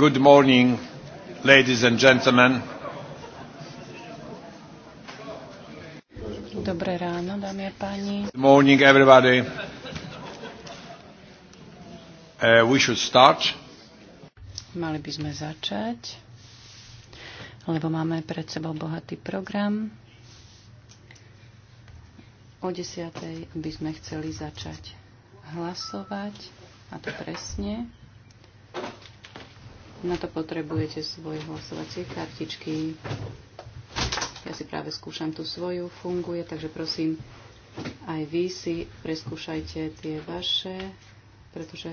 Good morning, ladies and gentlemen. Dobré ráno, dámy a páni. Good morning, everybody. Uh, we should start. Mali by sme začať, lebo máme pred sebou bohatý program. O desiatej by sme chceli začať hlasovať, a to presne. Na to potrebujete svoje hlasovacie kartičky. Ja si práve skúšam tú svoju, funguje, takže prosím, aj vy si preskúšajte tie vaše, pretože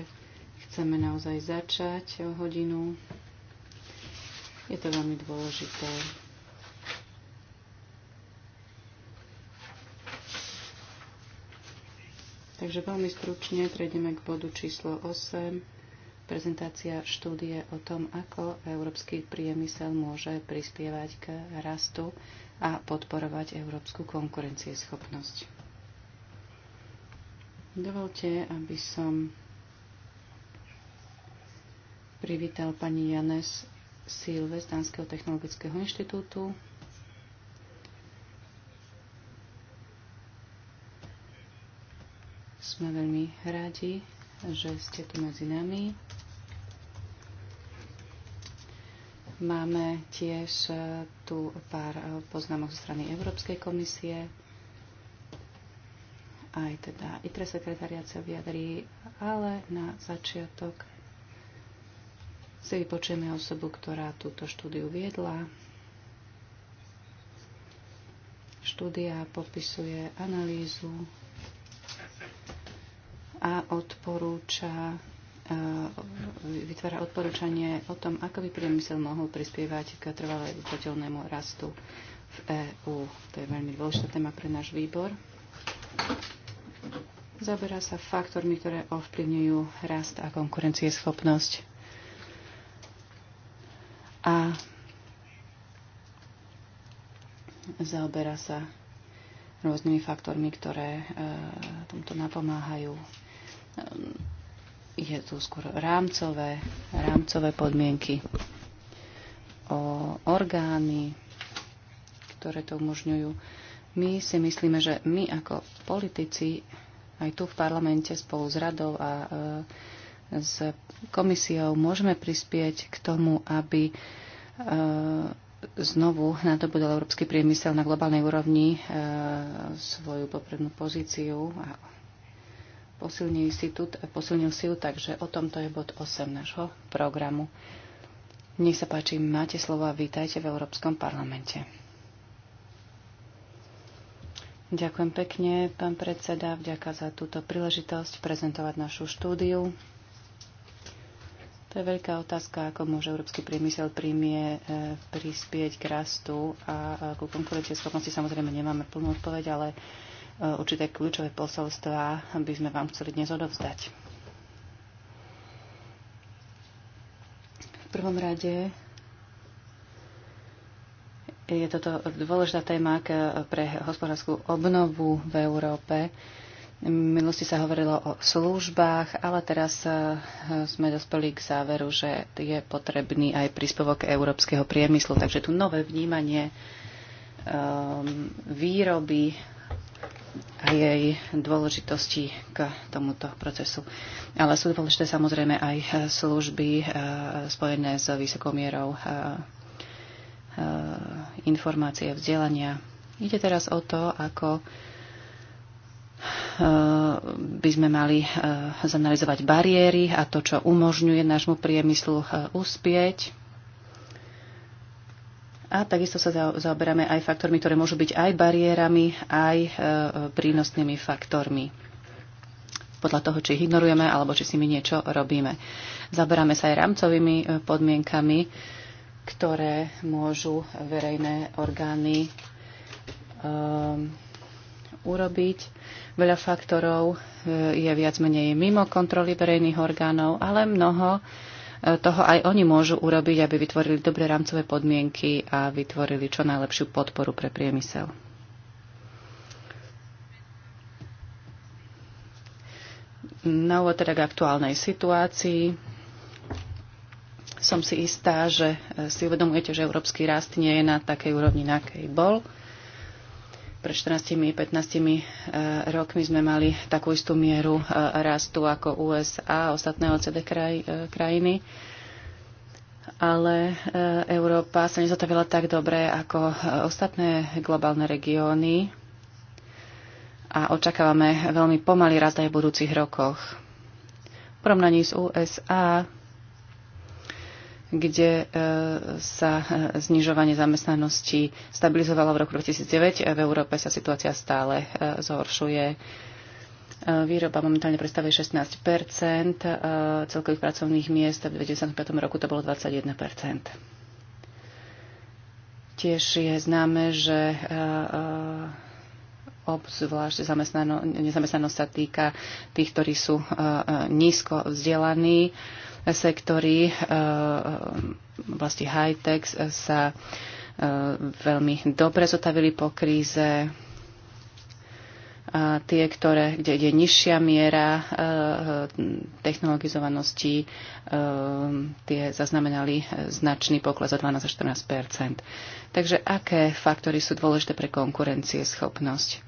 chceme naozaj začať o hodinu. Je to veľmi dôležité. Takže veľmi stručne prejdeme k bodu číslo 8 prezentácia štúdie o tom, ako európsky priemysel môže prispievať k rastu a podporovať európsku konkurencieschopnosť. Dovolte, aby som privítal pani Janes Silve z Dánskeho technologického inštitútu, sme veľmi radi, že ste tu medzi nami. Máme tiež e, tu pár e, poznámok zo strany Európskej komisie. Aj teda ITRE sekretariat sa vyjadrí, ale na začiatok si vypočujeme osobu, ktorá túto štúdiu viedla. Štúdia popisuje analýzu a odporúča e, vytvára odporúčanie o tom, ako by priemysel mohol prispievať k trvalé udržateľnému rastu v EÚ. To je veľmi dôležitá téma pre náš výbor. Zaberá sa faktormi, ktoré ovplyvňujú rast a konkurencieschopnosť. A zaoberá sa rôznymi faktormi, ktoré e, tomto napomáhajú Ehm, je tu skôr rámcové, rámcové podmienky o orgány, ktoré to umožňujú. My si myslíme, že my ako politici aj tu v parlamente spolu s radou a e, s komisiou môžeme prispieť k tomu, aby e, znovu nadobudol európsky priemysel na globálnej úrovni e, svoju poprednú pozíciu a posilnil silu, posilnil ju, takže o tomto je bod 8 nášho programu. Nech sa páči, máte slovo a vítajte v Európskom parlamente. Ďakujem pekne, pán predseda, vďaka za túto príležitosť prezentovať našu štúdiu. To je veľká otázka, ako môže európsky priemysel príjmie e, prispieť k rastu a ku konkurencie schopnosti. Samozrejme nemáme plnú odpoveď, ale E, určité kľúčové posolstvá by sme vám chceli dnes odovzdať. V prvom rade je toto dôležitá téma pre hospodárskú obnovu v Európe. V minulosti sa hovorilo o službách, ale teraz e, sme dospeli k záveru, že je potrebný aj príspevok európskeho priemyslu. Takže tu nové vnímanie e, výroby a jej dôležitosti k tomuto procesu. Ale sú dôležité samozrejme aj e, služby e, spojené s vysokou mierou e, informácie, vzdelania. Ide teraz o to, ako by sme mali zanalizovať bariéry a to, čo umožňuje nášmu priemyslu uspieť a takisto sa zaoberáme aj faktormi, ktoré môžu byť aj bariérami, aj e, prínosnými faktormi podľa toho, či ich ignorujeme alebo či si my niečo robíme. Zaberáme sa aj rámcovými e, podmienkami, ktoré môžu verejné orgány um, urobiť. Veľa faktorov je viac menej mimo kontroly verejných orgánov, ale mnoho E, toho aj oni môžu urobiť, aby vytvorili dobré rámcové podmienky a vytvorili čo najlepšiu podporu pre priemysel. Na úvod teda k aktuálnej situácii. Som si istá, že e, si uvedomujete, že európsky rast nie je na takej úrovni, na akej bol. Pred 14-15 e, rokmi sme mali takú istú mieru e, rastu ako USA a ostatné OCD kraj, e, krajiny ale Európa sa nezotavila tak dobre ako ostatné globálne regióny a očakávame veľmi pomalý rast aj v budúcich rokoch. V porovnaní s USA kde e, sa e, znižovanie zamestnanosti stabilizovalo v roku 2009. E, v Európe sa situácia stále zhoršuje. Výroba momentálne predstavuje 16 celkových pracovných miest a v 95. roku to bolo 21 Tiež je známe, že obzvlášť nezamestnanosť sa týka tých, ktorí sú nízko vzdelaní sektory eh, v oblasti high-tech eh, sa eh, veľmi dobre zotavili po kríze. A tie, ktoré, kde je nižšia miera technologizovanosti, tie zaznamenali značný pokles o 12 14 Takže aké faktory sú dôležité pre konkurencieschopnosť?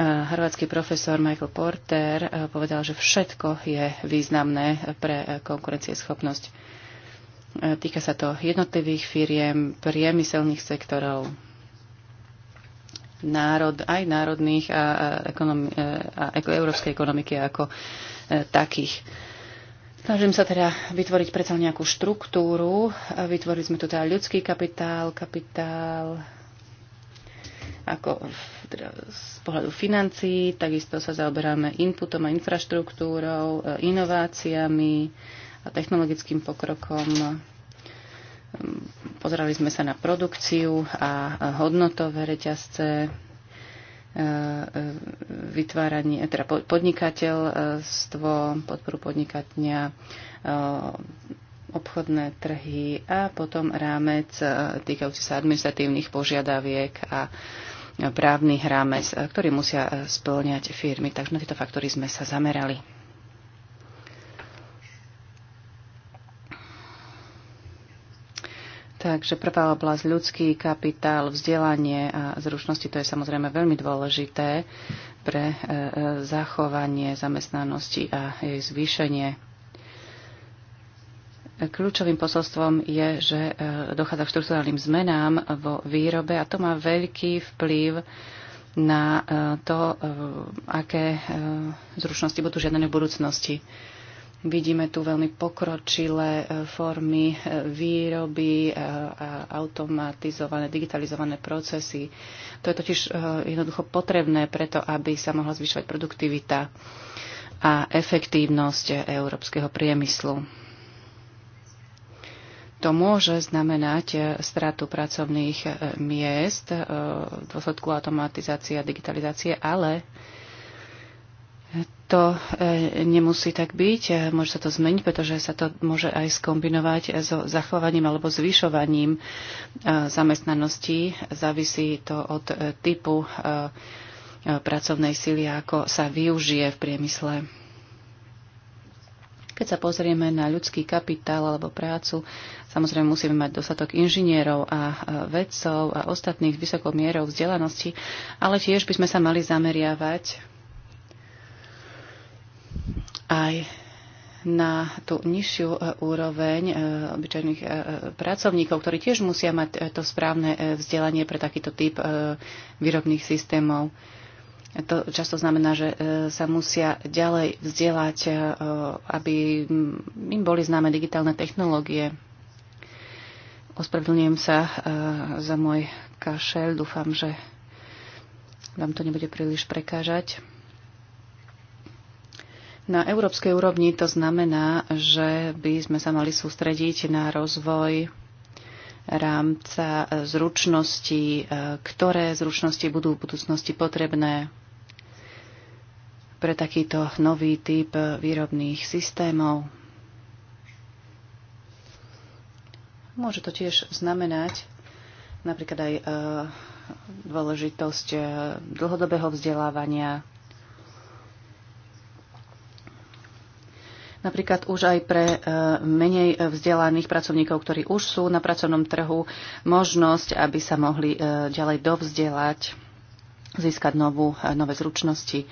Hrvatský profesor Michael Porter eh, povedal, že všetko je významné pre eh, konkurencieschopnosť. Eh, týka sa to jednotlivých firiem, priemyselných sektorov, národ, aj národných a, ekonomi, a európskej ekonomiky ako takých. Snažím sa teda vytvoriť predsa nejakú štruktúru. Vytvorili sme tu teda ľudský kapitál, kapitál ako teda z pohľadu financií, takisto sa zaoberáme inputom a infraštruktúrou, e, inováciami a technologickým pokrokom. Pozerali sme sa na produkciu a hodnotové reťazce, e, e, vytváranie, teda podnikateľstvo, podporu podnikatňa, obchodné trhy a potom rámec týkajúci sa administratívnych požiadaviek a právny rámec, e, ktorý musia e, splňať firmy. Takže na tieto faktory sme sa zamerali. Takže prvá oblasť ľudský kapitál, vzdelanie a zručnosti, to je samozrejme veľmi dôležité pre e, zachovanie zamestnanosti a jej zvýšenie. Kľúčovým posolstvom je, že e, dochádza k štruktúrálnym zmenám vo výrobe a to má veľký vplyv na e, to, e, aké zručnosti budú žiadané v budúcnosti. Vidíme tu veľmi pokročilé formy výroby, automatizované, digitalizované procesy. To je totiž jednoducho potrebné preto, aby sa mohla zvyšovať produktivita a efektívnosť európskeho priemyslu. To môže znamenať e, stratu pracovných e, miest e, v dôsledku automatizácie a digitalizácie, ale to nemusí tak byť. Môže sa to zmeniť, pretože sa to môže aj skombinovať so zachovaním alebo zvyšovaním zamestnanosti. Závisí to od typu pracovnej sily, ako sa využije v priemysle. Keď sa pozrieme na ľudský kapitál alebo prácu, samozrejme musíme mať dostatok inžinierov a vedcov a ostatných vysokou mierou vzdelanosti, ale tiež by sme sa mali zameriavať aj na tú nižšiu e, úroveň e, obyčajných e, pracovníkov, ktorí tiež musia mať to správne vzdelanie pre takýto typ výrobných systémov. To často znamená, že e, sa musia ďalej vzdelať, e, aby mm, im boli známe digitálne technológie. Ospravedlňujem sa e, za môj kašel. Dúfam, že vám to nebude príliš prekážať. Na európskej úrovni to znamená, že by sme sa mali sústrediť na rozvoj rámca zručností, ktoré zručnosti budú v budúcnosti potrebné pre takýto nový typ výrobných systémov. Môže to tiež znamenať napríklad aj e, dôležitosť e, dlhodobého vzdelávania. Napríklad už aj pre e, menej vzdelaných pracovníkov, ktorí už sú na pracovnom trhu, možnosť, aby sa mohli ďalej dovzdelať získať novú, nové zručnosti.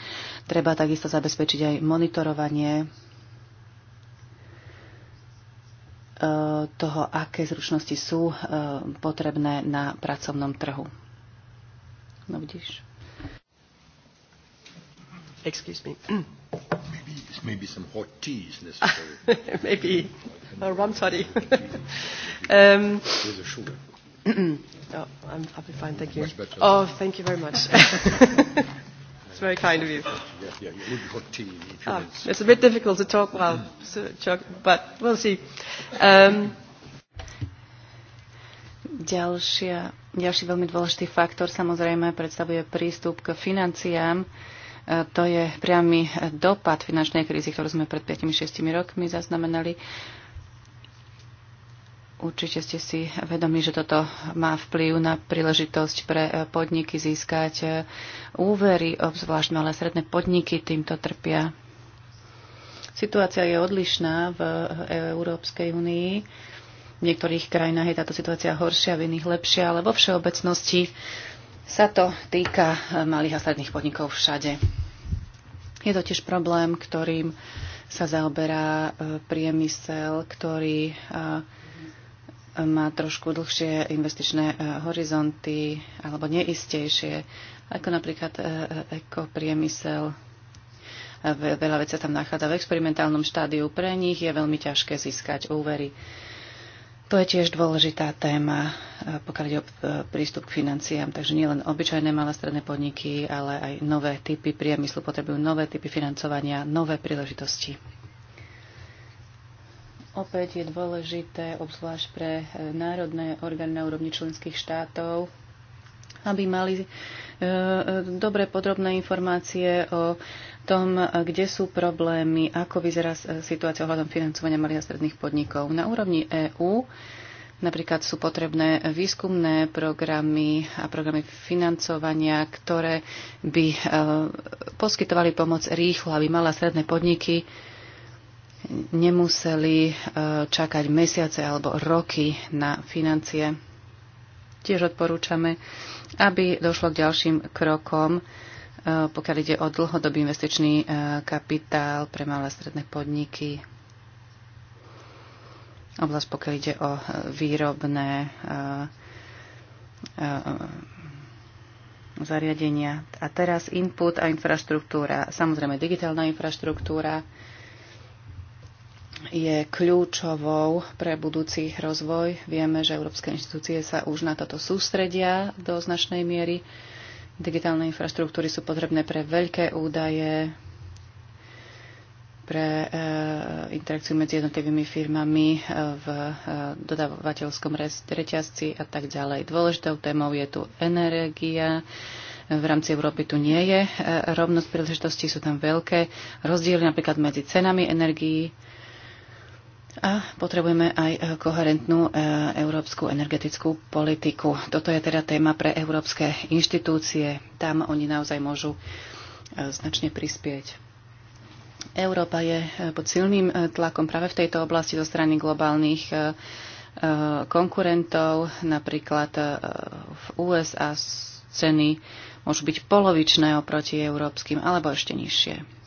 Treba takisto zabezpečiť aj monitorovanie e, toho, aké zručnosti sú e, potrebné na pracovnom trhu. No vidíš. Excuse me. Maybe, maybe some hot tea is necessary. maybe a rum toddy. um, There's a sugar oh, I'm, I'll be fine, thank you. Much better. Oh, thank you very much. it's very kind of you. Yeah, yeah, you need tea. If you ah, want. it's a bit difficult to talk while, so, but we'll see. Um, Ďalšia, ďalší veľmi dôležitý faktor samozrejme predstavuje prístup k financiám. E, to je priamy dopad finančnej krízy, ktorú sme pred 5-6 rokmi zaznamenali. Určite ste si vedomi, že toto má vplyv na príležitosť pre eh, podniky získať eh, úvery, obzvlášť malé stredné podniky týmto trpia. Situácia je odlišná v eh, Európskej únii. V niektorých krajinách je táto situácia horšia, v iných lepšia, ale vo všeobecnosti sa to týka malých a stredných podnikov všade. Je to tiež problém, ktorým sa zaoberá priemysel, ktorý má trošku dlhšie investičné e, horizonty alebo neistejšie, ako napríklad e, e, ekopriemysel. Veľa vecí sa tam nachádza v experimentálnom štádiu. Pre nich je veľmi ťažké získať úvery. To je tiež dôležitá téma, pokiaľ ide o prístup k financiám. Takže nielen obyčajné malé stredné podniky, ale aj nové typy priemyslu potrebujú nové typy financovania, nové príležitosti. Opäť je dôležité, obzvlášť pre e, národné orgány na úrovni členských štátov, aby mali e, e, dobre podrobné informácie o tom, kde sú problémy, ako vyzerá situácia ohľadom financovania malých a stredných podnikov. Na úrovni EÚ napríklad sú potrebné výskumné programy a programy financovania, ktoré by poskytovali pomoc rýchlo, aby malé a stredné podniky nemuseli e, čakať mesiace alebo roky na financie. Tiež odporúčame, aby došlo k ďalším krokom, e, pokiaľ ide o dlhodobý investičný e, kapitál pre malé a stredné podniky. Oblasť, pokiaľ ide o výrobné zariadenia. A teraz input a infraštruktúra. Samozrejme digitálna infraštruktúra, je kľúčovou pre budúci rozvoj. Vieme, že európske inštitúcie sa už na toto sústredia do značnej miery. Digitálne infraštruktúry sú potrebné pre veľké údaje, pre e, interakciu medzi jednotlivými firmami eh, v e, eh, dodávateľskom reťazci a tak ďalej. Dôležitou témou je tu energia. V rámci Európy tu nie je rovnosť príležitostí, sú tam veľké rozdiely napríklad medzi cenami energií a potrebujeme aj eh, koherentnú eh, európsku energetickú politiku. Toto je teda téma pre európske inštitúcie. Tam oni naozaj môžu eh, značne prispieť. Európa je pod silným tlakom práve v tejto oblasti zo strany globálnych konkurentov. Napríklad v USA ceny môžu byť polovičné oproti európskym alebo ešte nižšie.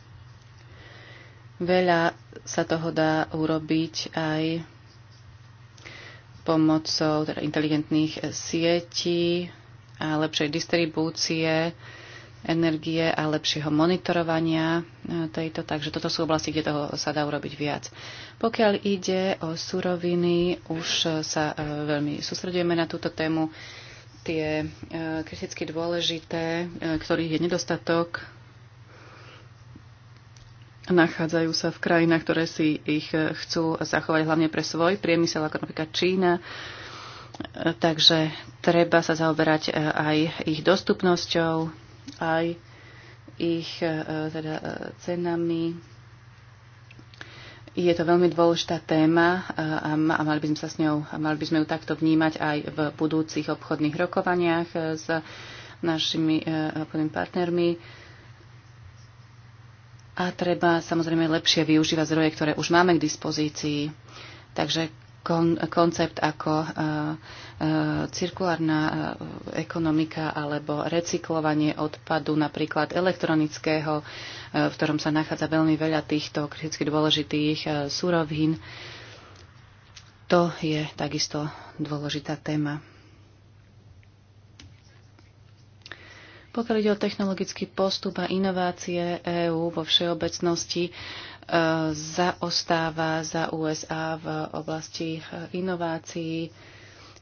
Veľa sa toho dá urobiť aj pomocou teda inteligentných sietí a lepšej distribúcie energie a lepšieho monitorovania e, tejto. Takže toto sú oblasti, kde toho sa dá urobiť viac. Pokiaľ ide o suroviny, už sa e, veľmi sústredujeme na túto tému. Tie e, kriticky dôležité, ktorých je nedostatok, nachádzajú sa v krajinách, ktoré si ich eh, chcú zachovať hlavne pre svoj priemysel, ako napríklad Čína. Eh, takže treba sa zaoberať eh, aj ich dostupnosťou, aj ich teda, cenami. Je to veľmi dôležitá téma a mali by sme sa s ňou, a mali by sme ju takto vnímať aj v budúcich obchodných rokovaniach s našimi obchodnými partnermi a treba samozrejme lepšie využívať zdroje, ktoré už máme k dispozícii. Takže kon, koncept ako uh, cirkulárna e, ekonomika alebo recyklovanie odpadu, napríklad elektronického, v ktorom sa nachádza veľmi veľa týchto kriticky dôležitých surovín. To je takisto dôležitá téma. Pokiaľ ide o technologický postup a inovácie EÚ vo všeobecnosti, e, zaostáva za USA v oblasti e, inovácií.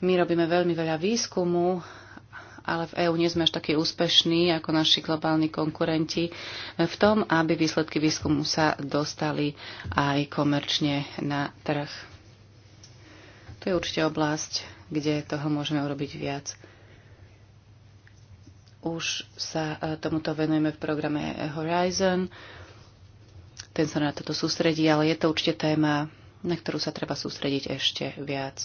My robíme veľmi veľa výskumu, ale v EÚ nie sme až takí úspešní ako naši globálni konkurenti v tom, aby výsledky výskumu sa dostali aj komerčne na trh. To je určite oblasť, kde toho môžeme urobiť viac. Už sa e, tomuto venujeme v programe Horizon. Ten sa na toto sústredí, ale je to určite téma, na ktorú sa treba sústrediť ešte viac.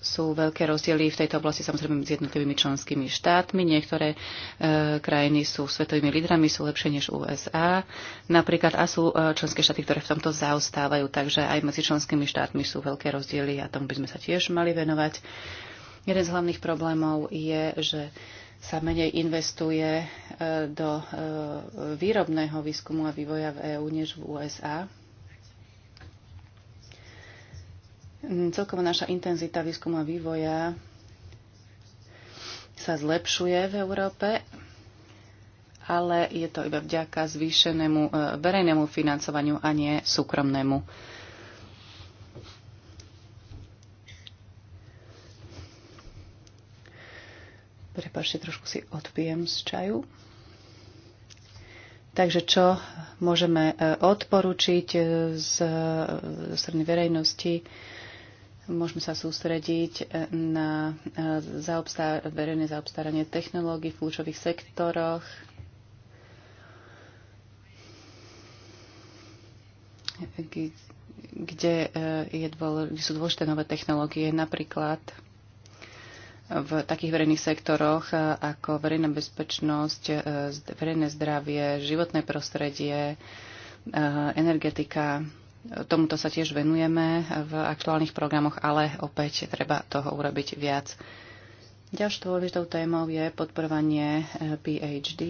sú veľké rozdiely v tejto oblasti samozrejme s jednotlivými členskými štátmi. Niektoré e, krajiny sú svetovými lídrami, sú lepšie než USA napríklad a sú e, členské štáty, ktoré v tomto zaostávajú, takže aj medzi členskými štátmi sú veľké rozdiely a tomu by sme sa tiež mali venovať. Jeden z hlavných problémov je, že sa menej investuje e, do e, výrobného výskumu a vývoja v EÚ než v USA. Mm, celkovo naša intenzita výskumu a vývoja sa zlepšuje v Európe, ale je to iba vďaka zvýšenému e, verejnému financovaniu a nie súkromnému. Prepačte, trošku si odpijem z čaju. Takže čo môžeme e, odporučiť e, z e, strany verejnosti? Môžeme sa sústrediť na zaobstá- verejné zaobstaranie technológií v kľúčových sektoroch, kde je dôlež- sú dôležité nové technológie, napríklad v takých verejných sektoroch e, ako verejná bezpečnosť, e, verejné zdravie, životné prostredie, e, energetika. Tomuto sa tiež venujeme v aktuálnych programoch, ale opäť treba toho urobiť viac. Ďalšou dôležitou témou je podporovanie PhD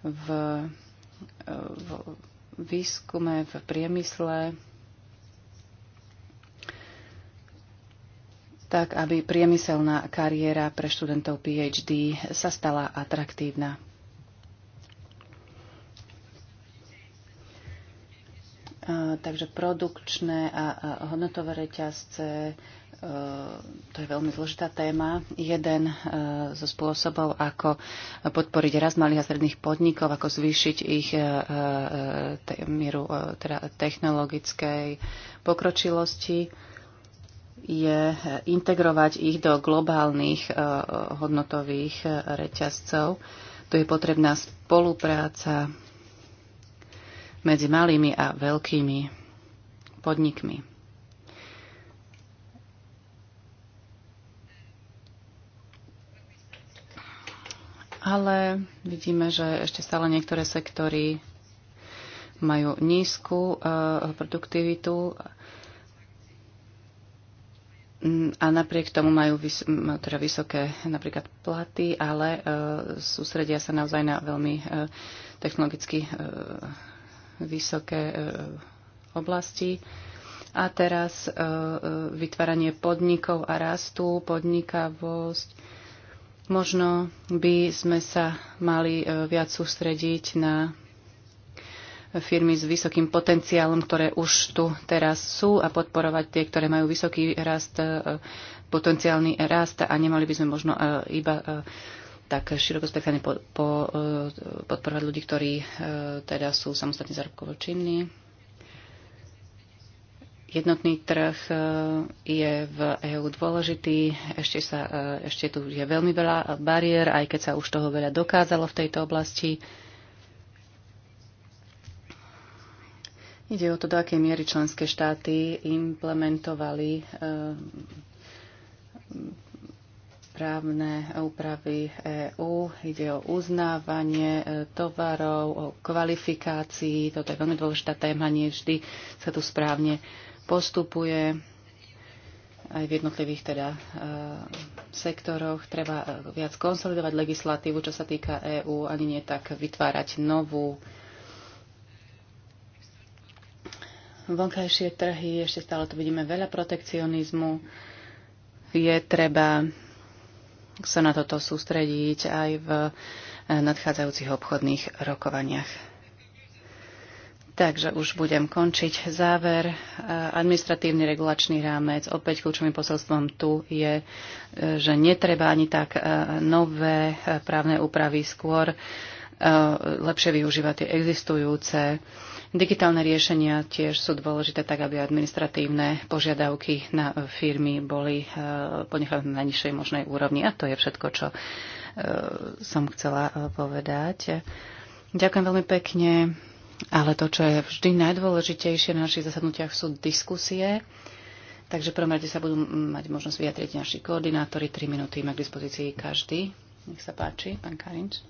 v, v výskume, v priemysle, tak aby priemyselná kariéra pre študentov PhD sa stala atraktívna. Takže produkčné a hodnotové reťazce, e, to je veľmi zložitá téma. Jeden e, zo spôsobov, ako podporiť rast malých a stredných podnikov, ako zvýšiť ich e, mieru teda technologickej pokročilosti, je integrovať ich do globálnych e, hodnotových e, reťazcov. Tu je potrebná spolupráca medzi malými a veľkými podnikmi. Ale vidíme, že ešte stále niektoré sektory majú nízku e, produktivitu Mm, a napriek tomu majú, vys- teda vysoké napríklad platy, ale e, sústredia sa naozaj na veľmi e, technologicky e, vysoké e, oblasti. A teraz e, e, vytváranie podnikov a rastu, podnikavosť. Možno by sme sa mali e, viac sústrediť na firmy s vysokým potenciálom, ktoré už tu teraz sú a podporovať tie, ktoré majú vysoký rast, e, potenciálny rast a nemali by sme možno e, iba e, tak širokospektrálne po, po, podporovať ľudí, ktorí teda sú samostatne zárobkovo činní. Jednotný trh je v EÚ dôležitý, ešte, sa, ešte tu je veľmi veľa bariér, aj keď sa už toho veľa dokázalo v tejto oblasti. Ide o to, do akej miery členské štáty implementovali eh, právne úpravy EÚ. Ide o uznávanie eh, tovarov, o kvalifikácii. Toto je veľmi dôležitá téma, nie vždy sa tu správne postupuje. Aj v jednotlivých teda eh, sektoroch treba viac konsolidovať legislatívu, čo sa týka EÚ, ani nie tak vytvárať novú vonkajšie trhy, ešte stále tu vidíme veľa protekcionizmu. Je treba sa na toto sústrediť aj v nadchádzajúcich obchodných rokovaniach. Takže už budem končiť. Záver. E, administratívny regulačný rámec. Opäť kľúčovým posolstvom tu je, e, že netreba ani tak e, nové právne úpravy, skôr lepšie využívať tie existujúce Digitálne riešenia tiež sú dôležité tak, aby administratívne požiadavky na firmy boli eh, ponechané na najnižšej možnej úrovni. A to je všetko, čo eh, som chcela eh, povedať. Ďakujem veľmi pekne. Ale to, čo je vždy najdôležitejšie na našich zasadnutiach, sú diskusie. Takže prvom rade sa budú mať možnosť vyjadriť naši koordinátori. 3 minúty má k dispozícii každý. Nech sa páči, pán Karinč.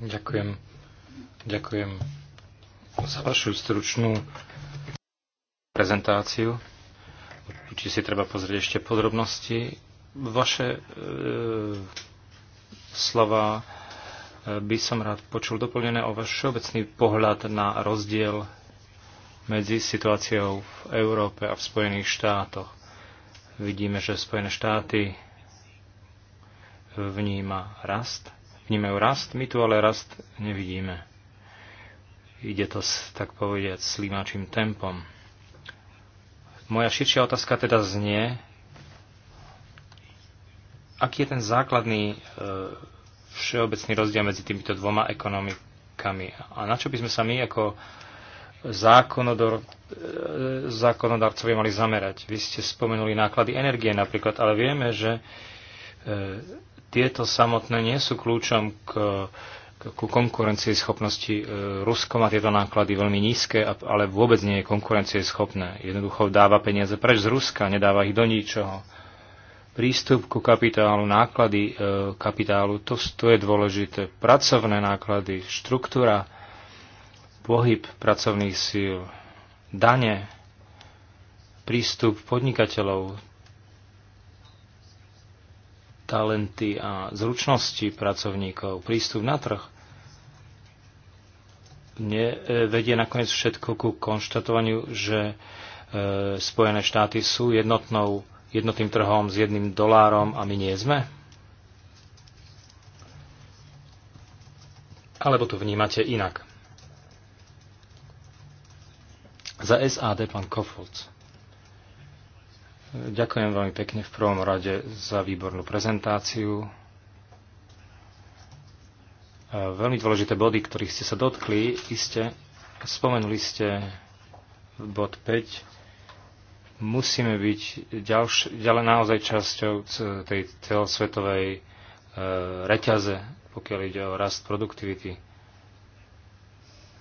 Ďakujem. Ďakujem za vašu stručnú prezentáciu. Určite si treba pozrieť ešte podrobnosti. Vaše e, slova e, by som rád počul doplnené o váš všeobecný pohľad na rozdiel medzi situáciou v Európe a v Spojených štátoch. Vidíme, že Spojené štáty vníma rast, vnímajú rast, my tu ale rast nevidíme. Ide to, s tak povediať, slimáčim tempom. Moja širšia otázka teda znie, aký je ten základný e, všeobecný rozdiel medzi týmito dvoma ekonomikami a na čo by sme sa my ako zákonodor, e, zákonodarcovia mali zamerať. Vy ste spomenuli náklady energie napríklad, ale vieme, že e, tieto samotné nie sú kľúčom k ku schopnosti e, Rusko má tieto náklady veľmi nízke, ale vôbec nie je schopné. Jednoducho dáva peniaze preč z Ruska, nedáva ich do ničoho. Prístup ku kapitálu, náklady e, kapitálu, to, to je dôležité. Pracovné náklady, štruktúra, pohyb pracovných síl, dane, prístup podnikateľov, talenty a zručnosti pracovníkov, prístup na trh, ne, vedie nakoniec všetko ku konštatovaniu, že e, Spojené štáty sú jednotnou, jednotným trhom s jedným dolárom a my nie sme? Alebo to vnímate inak? Za SAD pán Kofolc. Ďakujem veľmi pekne v prvom rade za výbornú prezentáciu. Veľmi dôležité body, ktorých ste sa dotkli, iste spomenuli ste bod 5. Musíme byť ďalš, ďalej naozaj časťou tej celosvetovej e, reťaze, pokiaľ ide o rast produktivity.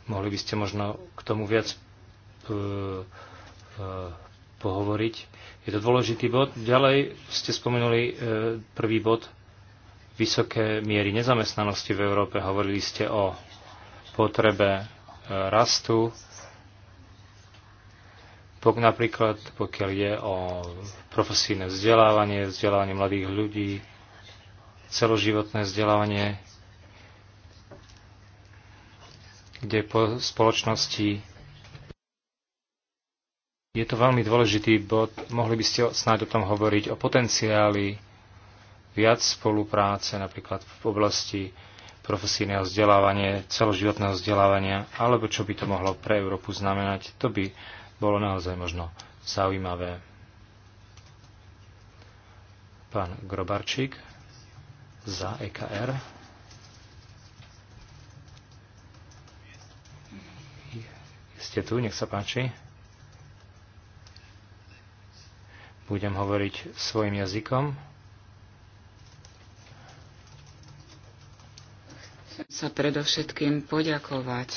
Mohli by ste možno k tomu viac pohovoriť. Je to dôležitý bod. Ďalej ste spomenuli e, prvý bod vysoké miery nezamestnanosti v Európe. Hovorili ste o potrebe e, rastu, pok, napríklad pokiaľ je o profesijné vzdelávanie, vzdelávanie mladých ľudí, celoživotné vzdelávanie, kde po spoločnosti je to veľmi dôležitý bod. Mohli by ste snáď o tom hovoriť, o potenciáli viac spolupráce napríklad v oblasti profesijného vzdelávania, celoživotného vzdelávania, alebo čo by to mohlo pre Európu znamenať, to by bolo naozaj možno zaujímavé. Pán Grobarčík za EKR. Ste tu, nech sa páči. Budem hovoriť svojim jazykom. Chcem sa predovšetkým poďakovať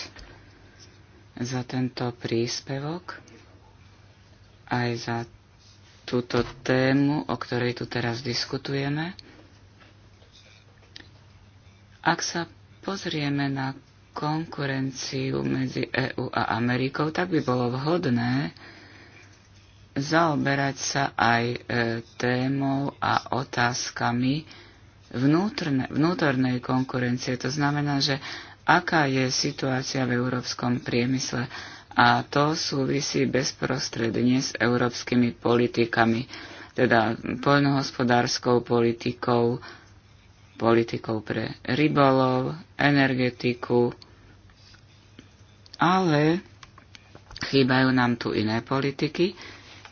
za tento príspevok, aj za túto tému, o ktorej tu teraz diskutujeme. Ak sa pozrieme na konkurenciu medzi EÚ a Amerikou, tak by bolo vhodné zaoberať sa aj e, témou a otázkami vnútorne, vnútornej konkurencie. To znamená, že aká je situácia v európskom priemysle a to súvisí bezprostredne s európskymi politikami, teda poľnohospodárskou politikou, politikou pre rybolov, energetiku, ale chýbajú nám tu iné politiky,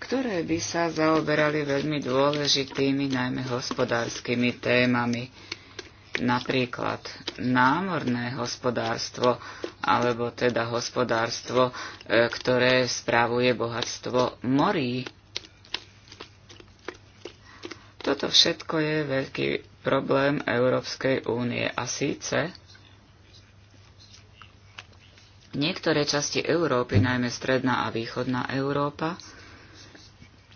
ktoré by sa zaoberali veľmi dôležitými, najmä hospodárskymi témami. Napríklad námorné hospodárstvo, alebo teda hospodárstvo, e, ktoré správuje bohatstvo morí. Toto všetko je veľký problém Európskej únie a síce niektoré časti Európy, najmä stredná a východná Európa,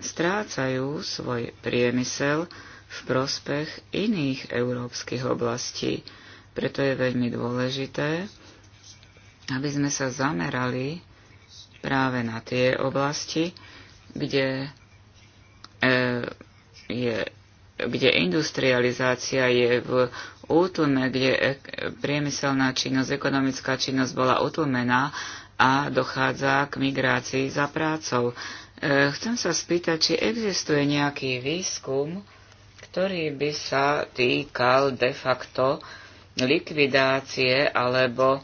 strácajú svoj priemysel v prospech iných európskych oblastí. Preto je veľmi dôležité, aby sme sa zamerali práve na tie oblasti, kde, e, je, kde industrializácia je v útlme, kde e, priemyselná činnosť, ekonomická činnosť bola utlmená a dochádza k migrácii za prácou. Eh, chcem sa spýtať, či existuje nejaký výskum, ktorý by sa týkal de facto likvidácie alebo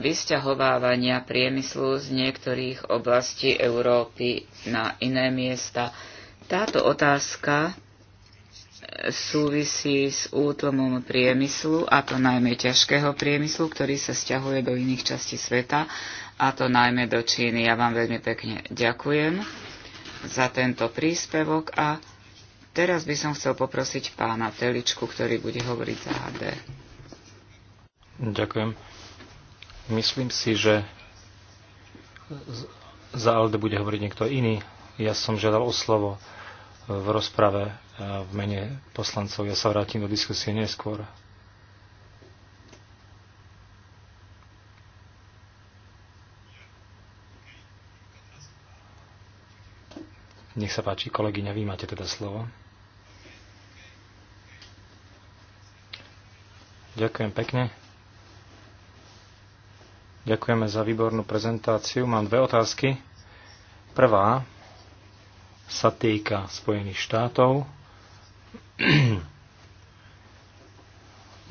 vysťahovávania priemyslu z niektorých oblastí Európy na iné miesta. Táto otázka eh, súvisí s útlmom priemyslu, a to najmä ťažkého priemyslu, ktorý sa sťahuje do iných častí sveta, a to najmä do Číny. Ja vám veľmi pekne ďakujem za tento príspevok a teraz by som chcel poprosiť pána Teličku, ktorý bude hovoriť za HD. Ďakujem. Myslím si, že za ALDE bude hovoriť niekto iný. Ja som žiadal o slovo v rozprave eh, v mene poslancov. Ja sa vrátim do diskusie neskôr. Nech sa páči, kolegyňa, vy máte teda slovo. Ďakujem pekne. Ďakujeme za výbornú prezentáciu. Mám dve otázky. Prvá sa týka Spojených štátov.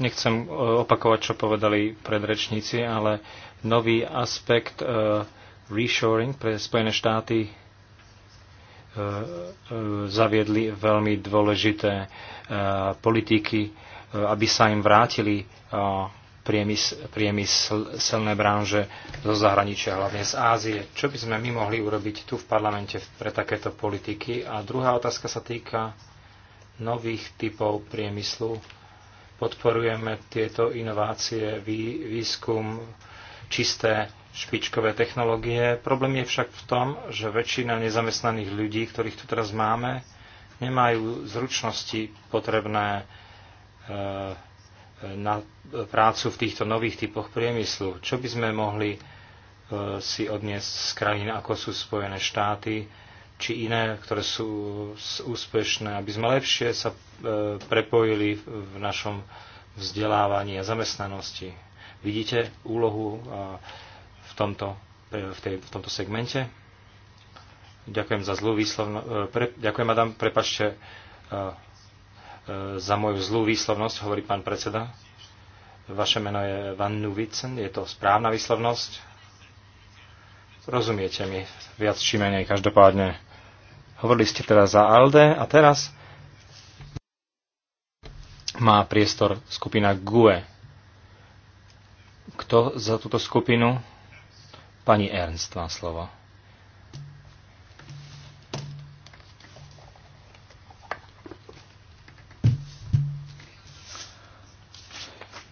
Nechcem e, opakovať, čo povedali predrečníci, ale nový aspekt e, reshoring pre Spojené štáty E, e, zaviedli veľmi dôležité e, politiky, aby sa im vrátili priemyselné branže zo zahraničia, hlavne z Ázie. Čo by sme my mohli urobiť tu v parlamente pre takéto politiky? A druhá otázka sa týka nových typov priemyslu. Podporujeme tieto inovácie, výskum, čisté špičkové technológie. Problém je však v tom, že väčšina nezamestnaných ľudí, ktorých tu teraz máme, nemajú zručnosti potrebné e, e, na prácu v týchto nových typoch priemyslu. Čo by sme mohli e, si odniesť z krajín, ako sú Spojené štáty, či iné, ktoré sú úspešné, aby sme lepšie sa prepojili v našom vzdelávaní a zamestnanosti. Vidíte úlohu v tomto, e, v, tej, v tomto segmente. Ďakujem za zlú výslovnosť. E, pre, ďakujem, Adam, prepačte e, za moju zlú výslovnosť, hovorí pán predseda. Vaše meno je Van Nuvicen, je to správna výslovnosť. Rozumiete mi viac či menej, každopádne. Hovorili ste teraz za ALDE a teraz má priestor skupina GUE. Kto za túto skupinu? Pani Ernst má slovo.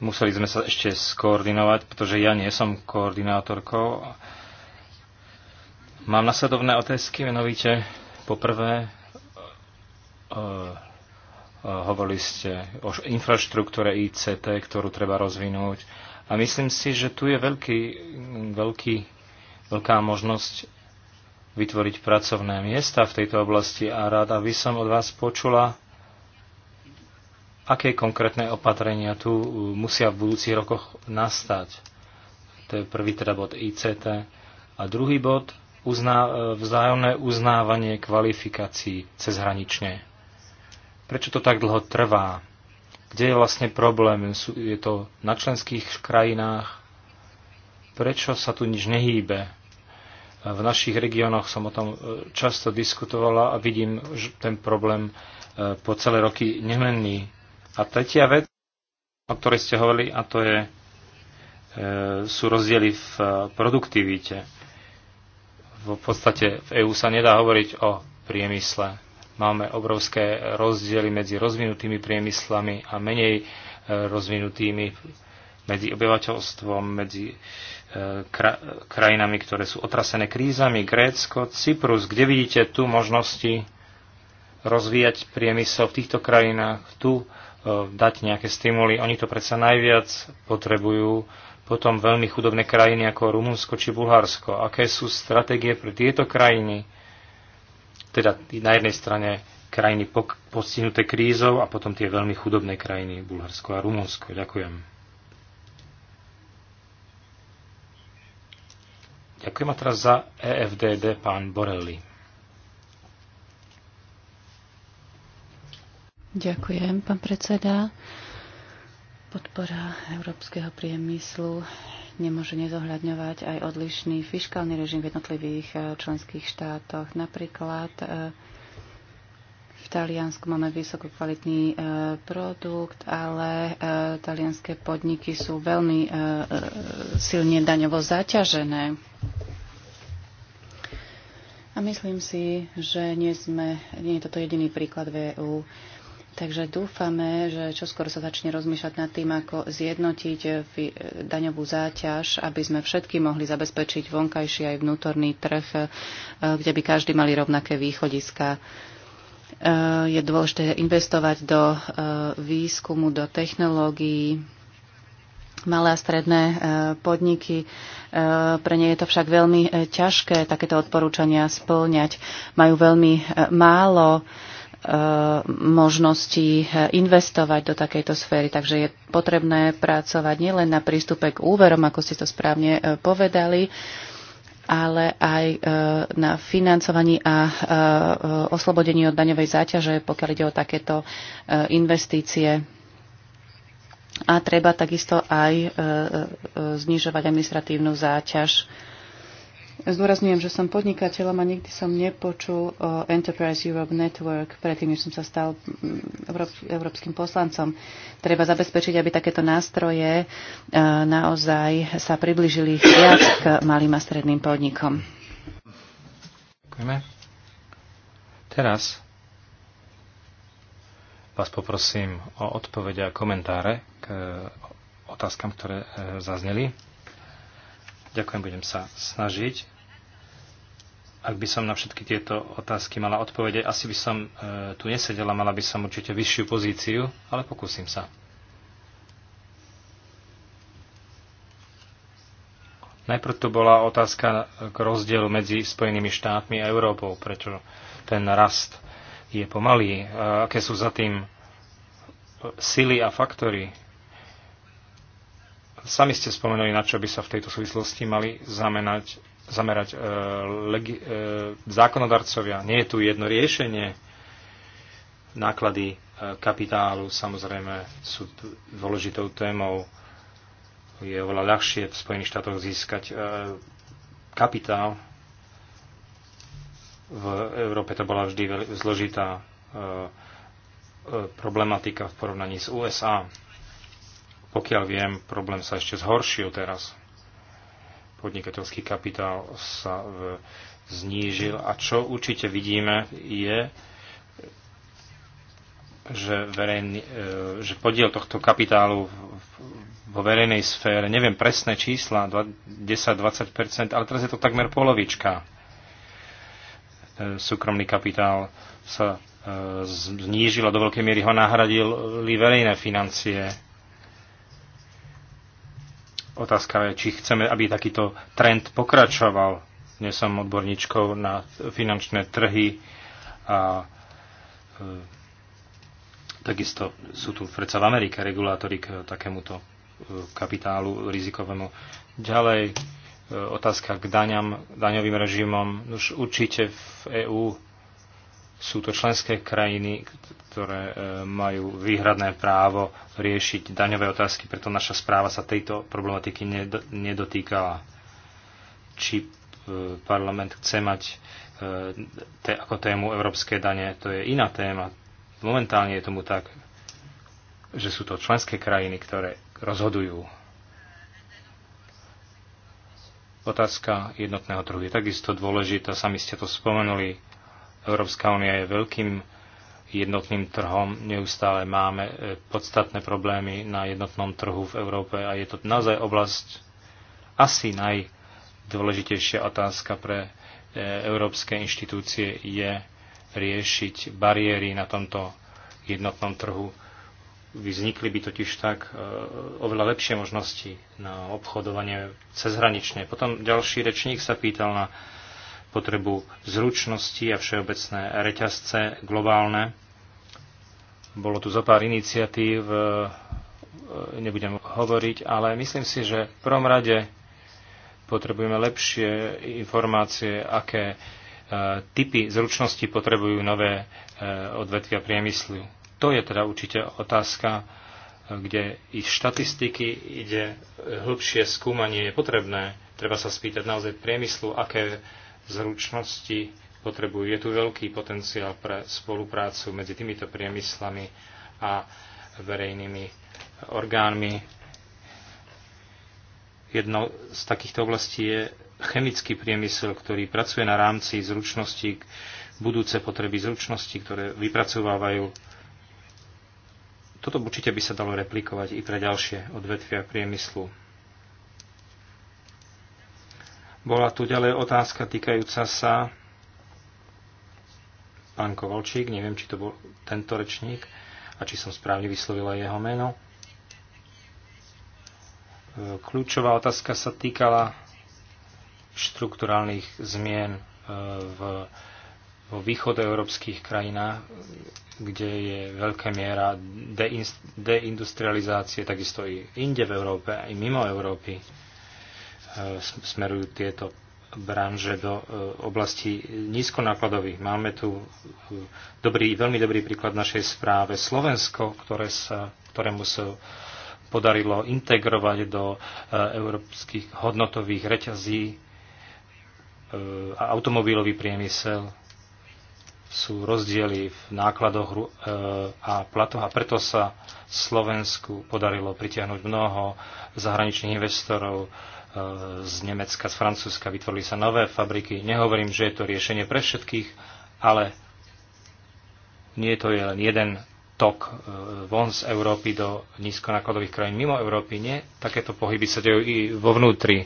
Museli sme sa ešte skoordinovať, pretože ja nie som koordinátorkou. Mám nasledovné otázky, menovite poprvé e, e, hovorili ste o infraštruktúre ICT, ktorú treba rozvinúť. A myslím si, že tu je veľký, veľký veľká možnosť vytvoriť pracovné miesta v tejto oblasti a ráda by som od vás počula, aké konkrétne opatrenia tu uh, musia v budúcich rokoch nastať. To je prvý teda bod ICT. A druhý bod, uzná, uh, vzájomné uznávanie kvalifikácií cezhranične. Prečo to tak dlho trvá? Kde je vlastne problém? Je to na členských krajinách? Prečo sa tu nič nehýbe? V našich regiónoch som o tom e, často diskutovala a vidím že ten problém e, po celé roky nemenný. A tretia vec, o ktorej ste hovorili, a to je, e, sú rozdiely v produktivite. V podstate v EÚ sa nedá hovoriť o priemysle. Máme obrovské rozdiely medzi rozvinutými priemyslami a menej rozvinutými medzi obyvateľstvom, medzi krajinami, ktoré sú otrasené krízami, Grécko, Cyprus. Kde vidíte tu možnosti rozvíjať priemysel v týchto krajinách, tu e, dať nejaké stimuly. Oni to predsa najviac potrebujú. Potom veľmi chudobné krajiny ako Rumunsko či Bulharsko. Aké sú stratégie pre tieto krajiny? Teda na jednej strane krajiny postihnuté krízou a potom tie veľmi chudobné krajiny Bulharsko a Rumunsko. Ďakujem. Ďakujem a teraz za EFDD pán Borelli. Ďakujem, pán predseda. Podpora európskeho priemyslu nemôže nezohľadňovať aj odlišný fiskálny režim v jednotlivých eh, členských štátoch. Napríklad eh, v Taliansku máme vysoko kvalitný e, produkt, ale e, talianské podniky sú veľmi e, silne daňovo zaťažené. A myslím si, že nie, sme, nie je toto jediný príklad v EU. Takže dúfame, že čoskoro sa začne rozmýšľať nad tým, ako zjednotiť daňovú záťaž, aby sme všetky mohli zabezpečiť vonkajší aj vnútorný trh, kde by každý mali rovnaké východiska. Eh, je dôležité investovať do eh, výskumu, do technológií, malé a stredné eh, podniky. Pre ne je to však veľmi ťažké takéto odporúčania splňať. Majú veľmi málo možností investovať do takejto sféry. Takže je potrebné pracovať nielen na prístupe k úverom, ako ste to správne povedali, ale aj e, na financovaní a e, oslobodení od daňovej záťaže, pokiaľ ide o takéto e, investície. A treba takisto aj znižovať administratívnu záťaž Zdôrazňujem, že som podnikateľom a nikdy som nepočul o Enterprise Europe Network predtým, než som sa stal mm, európskym poslancom. Treba zabezpečiť, aby takéto nástroje e, naozaj sa približili viac k malým a stredným podnikom. Ďakujeme. Teraz vás poprosím o odpovede a komentáre k otázkam, ktoré e, zazneli. Ďakujem, budem sa snažiť. Ak by som na všetky tieto otázky mala odpovede, asi by som e, tu nesedela, mala by som určite vyššiu pozíciu, ale pokúsim sa. Najprv tu bola otázka k rozdielu medzi Spojenými štátmi a Európou, prečo ten rast je pomalý, e, aké sú za tým sily a faktory. Sami ste spomenuli, na čo by sa v tejto súvislosti mali zamenať, zamerať e, legi, e, zákonodarcovia. Nie je tu jedno riešenie. Náklady e, kapitálu samozrejme sú dôležitou témou. Je oveľa ľahšie v Spojených štátoch získať e, kapitál. V Európe to bola vždy zložitá e, e, problematika v porovnaní s USA. Pokiaľ viem, problém sa ešte zhoršil teraz. Podnikateľský kapitál sa v, e, znížil a čo určite vidíme je, že, verejný, e, že podiel tohto kapitálu vo verejnej sfére, neviem presné čísla, 10-20%, ale teraz je to takmer polovička. E, súkromný kapitál sa znížil a do veľkej miery ho nahradili verejné financie Otázka je, či chceme, aby takýto trend pokračoval. Nie som odborníčkou na finančné trhy a e, Takisto sú tu predsa v Amerike regulátory k takémuto e, kapitálu rizikovému. Ďalej e, otázka k daňam, daňovým režimom. Už určite v EÚ sú to členské krajiny, ktoré e, majú výhradné právo riešiť daňové otázky, preto naša správa sa tejto problematiky nedotýkala. Či e, parlament chce mať e, te, ako tému európske dane, to je iná téma. Momentálne je tomu tak, že sú to členské krajiny, ktoré rozhodujú. Otázka jednotného trhu je takisto dôležitá, sami ste to spomenuli Európska únia je veľkým jednotným trhom. Neustále máme e, podstatné problémy na jednotnom trhu v Európe a je to naozaj oblasť asi najdôležitejšia otázka pre e, európske inštitúcie je riešiť bariéry na tomto jednotnom trhu. Vznikli by totiž tak e, oveľa lepšie možnosti na obchodovanie cezhranične. Potom ďalší rečník sa pýtal na potrebu zručnosti a všeobecné reťazce globálne. Bolo tu zo pár iniciatív, e, e, nebudem hovoriť, ale myslím si, že v prvom rade potrebujeme lepšie informácie, aké e, typy zručnosti potrebujú nové odvetvia priemyslu. To je teda určite otázka, kde i štatistiky ide hĺbšie skúmanie je potrebné. Treba sa spýtať naozaj priemyslu, aké zručnosti potrebujú. Je tu veľký potenciál pre spoluprácu medzi týmito priemyslami a verejnými orgánmi. Jednou z takýchto oblastí je chemický priemysel, ktorý pracuje na rámci zručnosti, budúce potreby zručnosti, ktoré vypracovávajú. Toto určite by sa dalo replikovať i pre ďalšie odvetvia priemyslu. Bola tu ďalej otázka týkajúca sa pán Kovalčík, neviem, či to bol tento rečník a či som správne vyslovila jeho meno. E, kľúčová otázka sa týkala štrukturálnych zmien e, v, vo východoeurópskych krajinách, kde je veľká miera deindustrializácie, takisto i inde v Európe, aj mimo Európy E, smerujú tieto branže do e, oblasti nízkonákladových. Máme tu e, dobrý, veľmi dobrý príklad našej správe Slovensko, ktoré sa, ktorému sa podarilo integrovať do európskych hodnotových reťazí a automobilový priemysel sú rozdiely v nákladoch a platoch a preto sa Slovensku podarilo pritiahnuť mnoho zahraničných investorov, E, z Nemecka, z Francúzska, vytvorili sa nové fabriky. Nehovorím, že je to riešenie pre všetkých, ale nie to je len jeden tok e, von z Európy do nízkonákladových krajín mimo Európy. Nie, takéto pohyby sa dejú i vo vnútri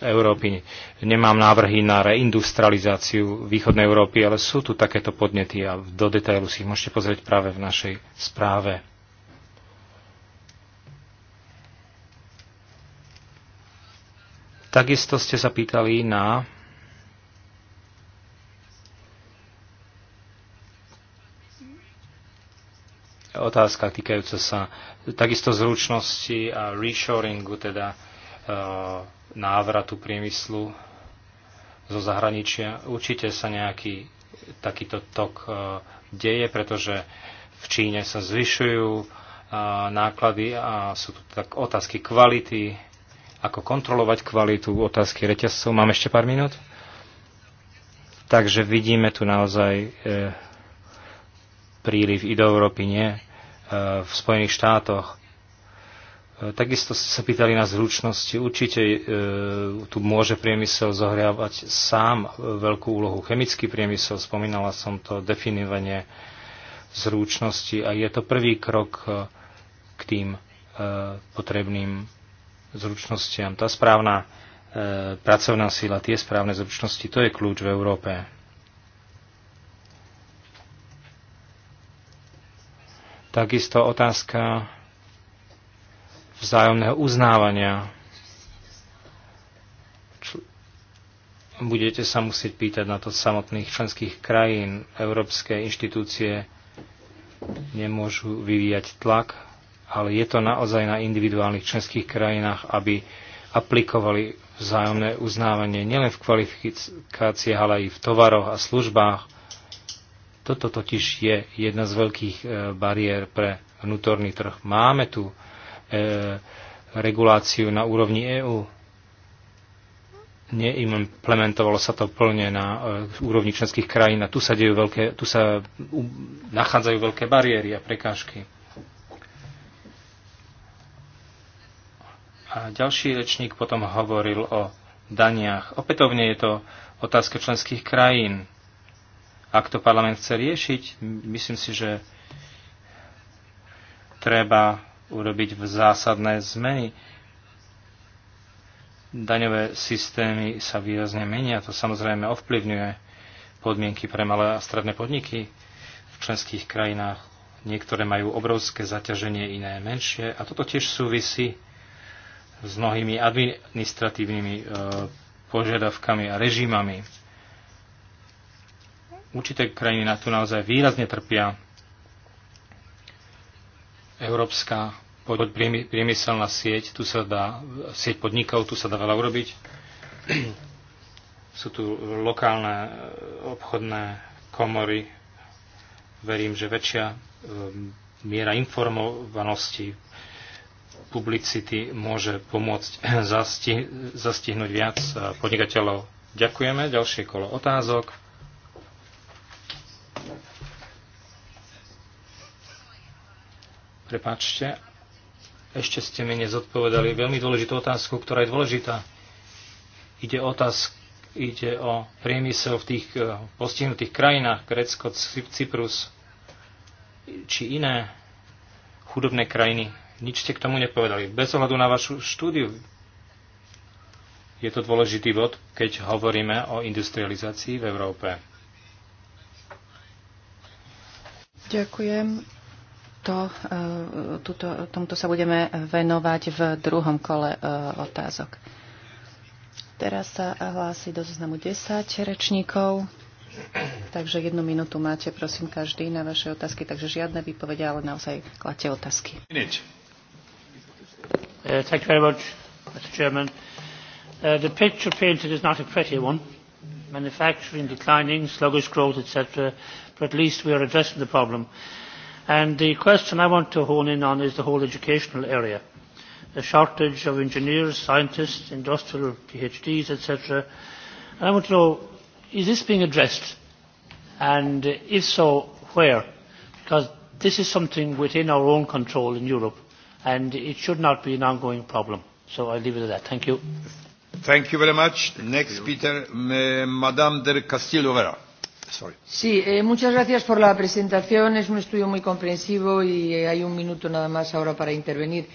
Európy. Nemám návrhy na reindustrializáciu východnej Európy, ale sú tu takéto podnety a do detailu si ich môžete pozrieť práve v našej správe. Takisto ste sa pýtali na otázka týkajúca sa takisto zručnosti a reshoringu, teda e, návratu priemyslu zo zahraničia. Určite sa nejaký takýto tok e, deje, pretože v Číne sa zvyšujú e, náklady a sú tu tak otázky kvality, ako kontrolovať kvalitu otázky reťazcov. Mám ešte pár minút? Takže vidíme tu naozaj e, príliv i do Európy, nie e, v Spojených štátoch. E, takisto ste sa pýtali na zručnosti. Určite e, tu môže priemysel zohrávať sám veľkú úlohu. Chemický priemysel, spomínala som to, definovanie zručnosti a je to prvý krok e, k tým e, potrebným zručnostiam, tá správna e, pracovná sila, tie správne zručnosti, to je kľúč v Európe. Takisto otázka vzájomného uznávania. Čl Budete sa musieť pýtať na to samotných členských krajín. Európske inštitúcie nemôžu vyvíjať tlak ale je to naozaj na individuálnych členských krajinách, aby aplikovali vzájomné uznávanie nielen v kvalifikáciách, ale aj v tovaroch a službách. Toto totiž je jedna z veľkých e, bariér pre vnútorný trh. Máme tu e, reguláciu na úrovni EÚ. Neimplementovalo sa to plne na e, úrovni členských krajín a tu sa, dejú veľké, tu sa u, nachádzajú veľké bariéry a prekážky. A ďalší rečník potom hovoril o daniach. Opätovne je to otázka členských krajín. Ak to parlament chce riešiť, myslím si, že treba urobiť v zásadné zmeny. Daňové systémy sa výrazne menia, to samozrejme ovplyvňuje podmienky pre malé a stredné podniky v členských krajinách. Niektoré majú obrovské zaťaženie, iné menšie a toto tiež súvisí s mnohými administratívnymi e, požiadavkami a režimami. Určité krajiny na to naozaj výrazne trpia. Európska priemyselná sieť, tu sa dá, sieť podnikov, tu sa dá veľa urobiť. Sú tu lokálne e, obchodné komory. Verím, že väčšia e, miera informovanosti publicity môže pomôcť zastihnúť viac eh, podnikateľov. Ďakujeme. Ďalšie kolo otázok. Prepačte, ešte ste mi nezodpovedali veľmi dôležitú otázku, ktorá je dôležitá. Ide, otázk, ide o priemysel v tých eh, postihnutých krajinách, Grécko, Cyprus či iné chudobné krajiny nič ste k tomu nepovedali. Bez ohľadu na vašu štúdiu je to dôležitý bod, keď hovoríme o industrializácii v Európe. Ďakujem. To, e, tuto, tomuto sa budeme venovať v druhom kole e, otázok. Teraz sa hlási do zoznamu 10 rečníkov. Takže jednu minútu máte, prosím, každý na vaše otázky. Takže žiadne výpovede, ale naozaj kladte otázky. Uh, thank you very much, Mr. Uh, the picture painted is not a pretty one. Manufacturing declining, sluggish growth, etc. But at least we are addressing the problem. And the question I want to hone in on is the whole educational area. The shortage of engineers, scientists, industrial PhDs, etc. And I want to know, is this being addressed? And if so, where? Because this is something within our own control in Europe and it should not be an ongoing problem. So I leave it at that. Thank you. Thank you very much. Next, Peter, Madame del Castillo Vera. Sí, eh, muchas gracias por la presentación. Es un estudio muy comprensivo y eh, hay un minuto nada más ahora para intervenir.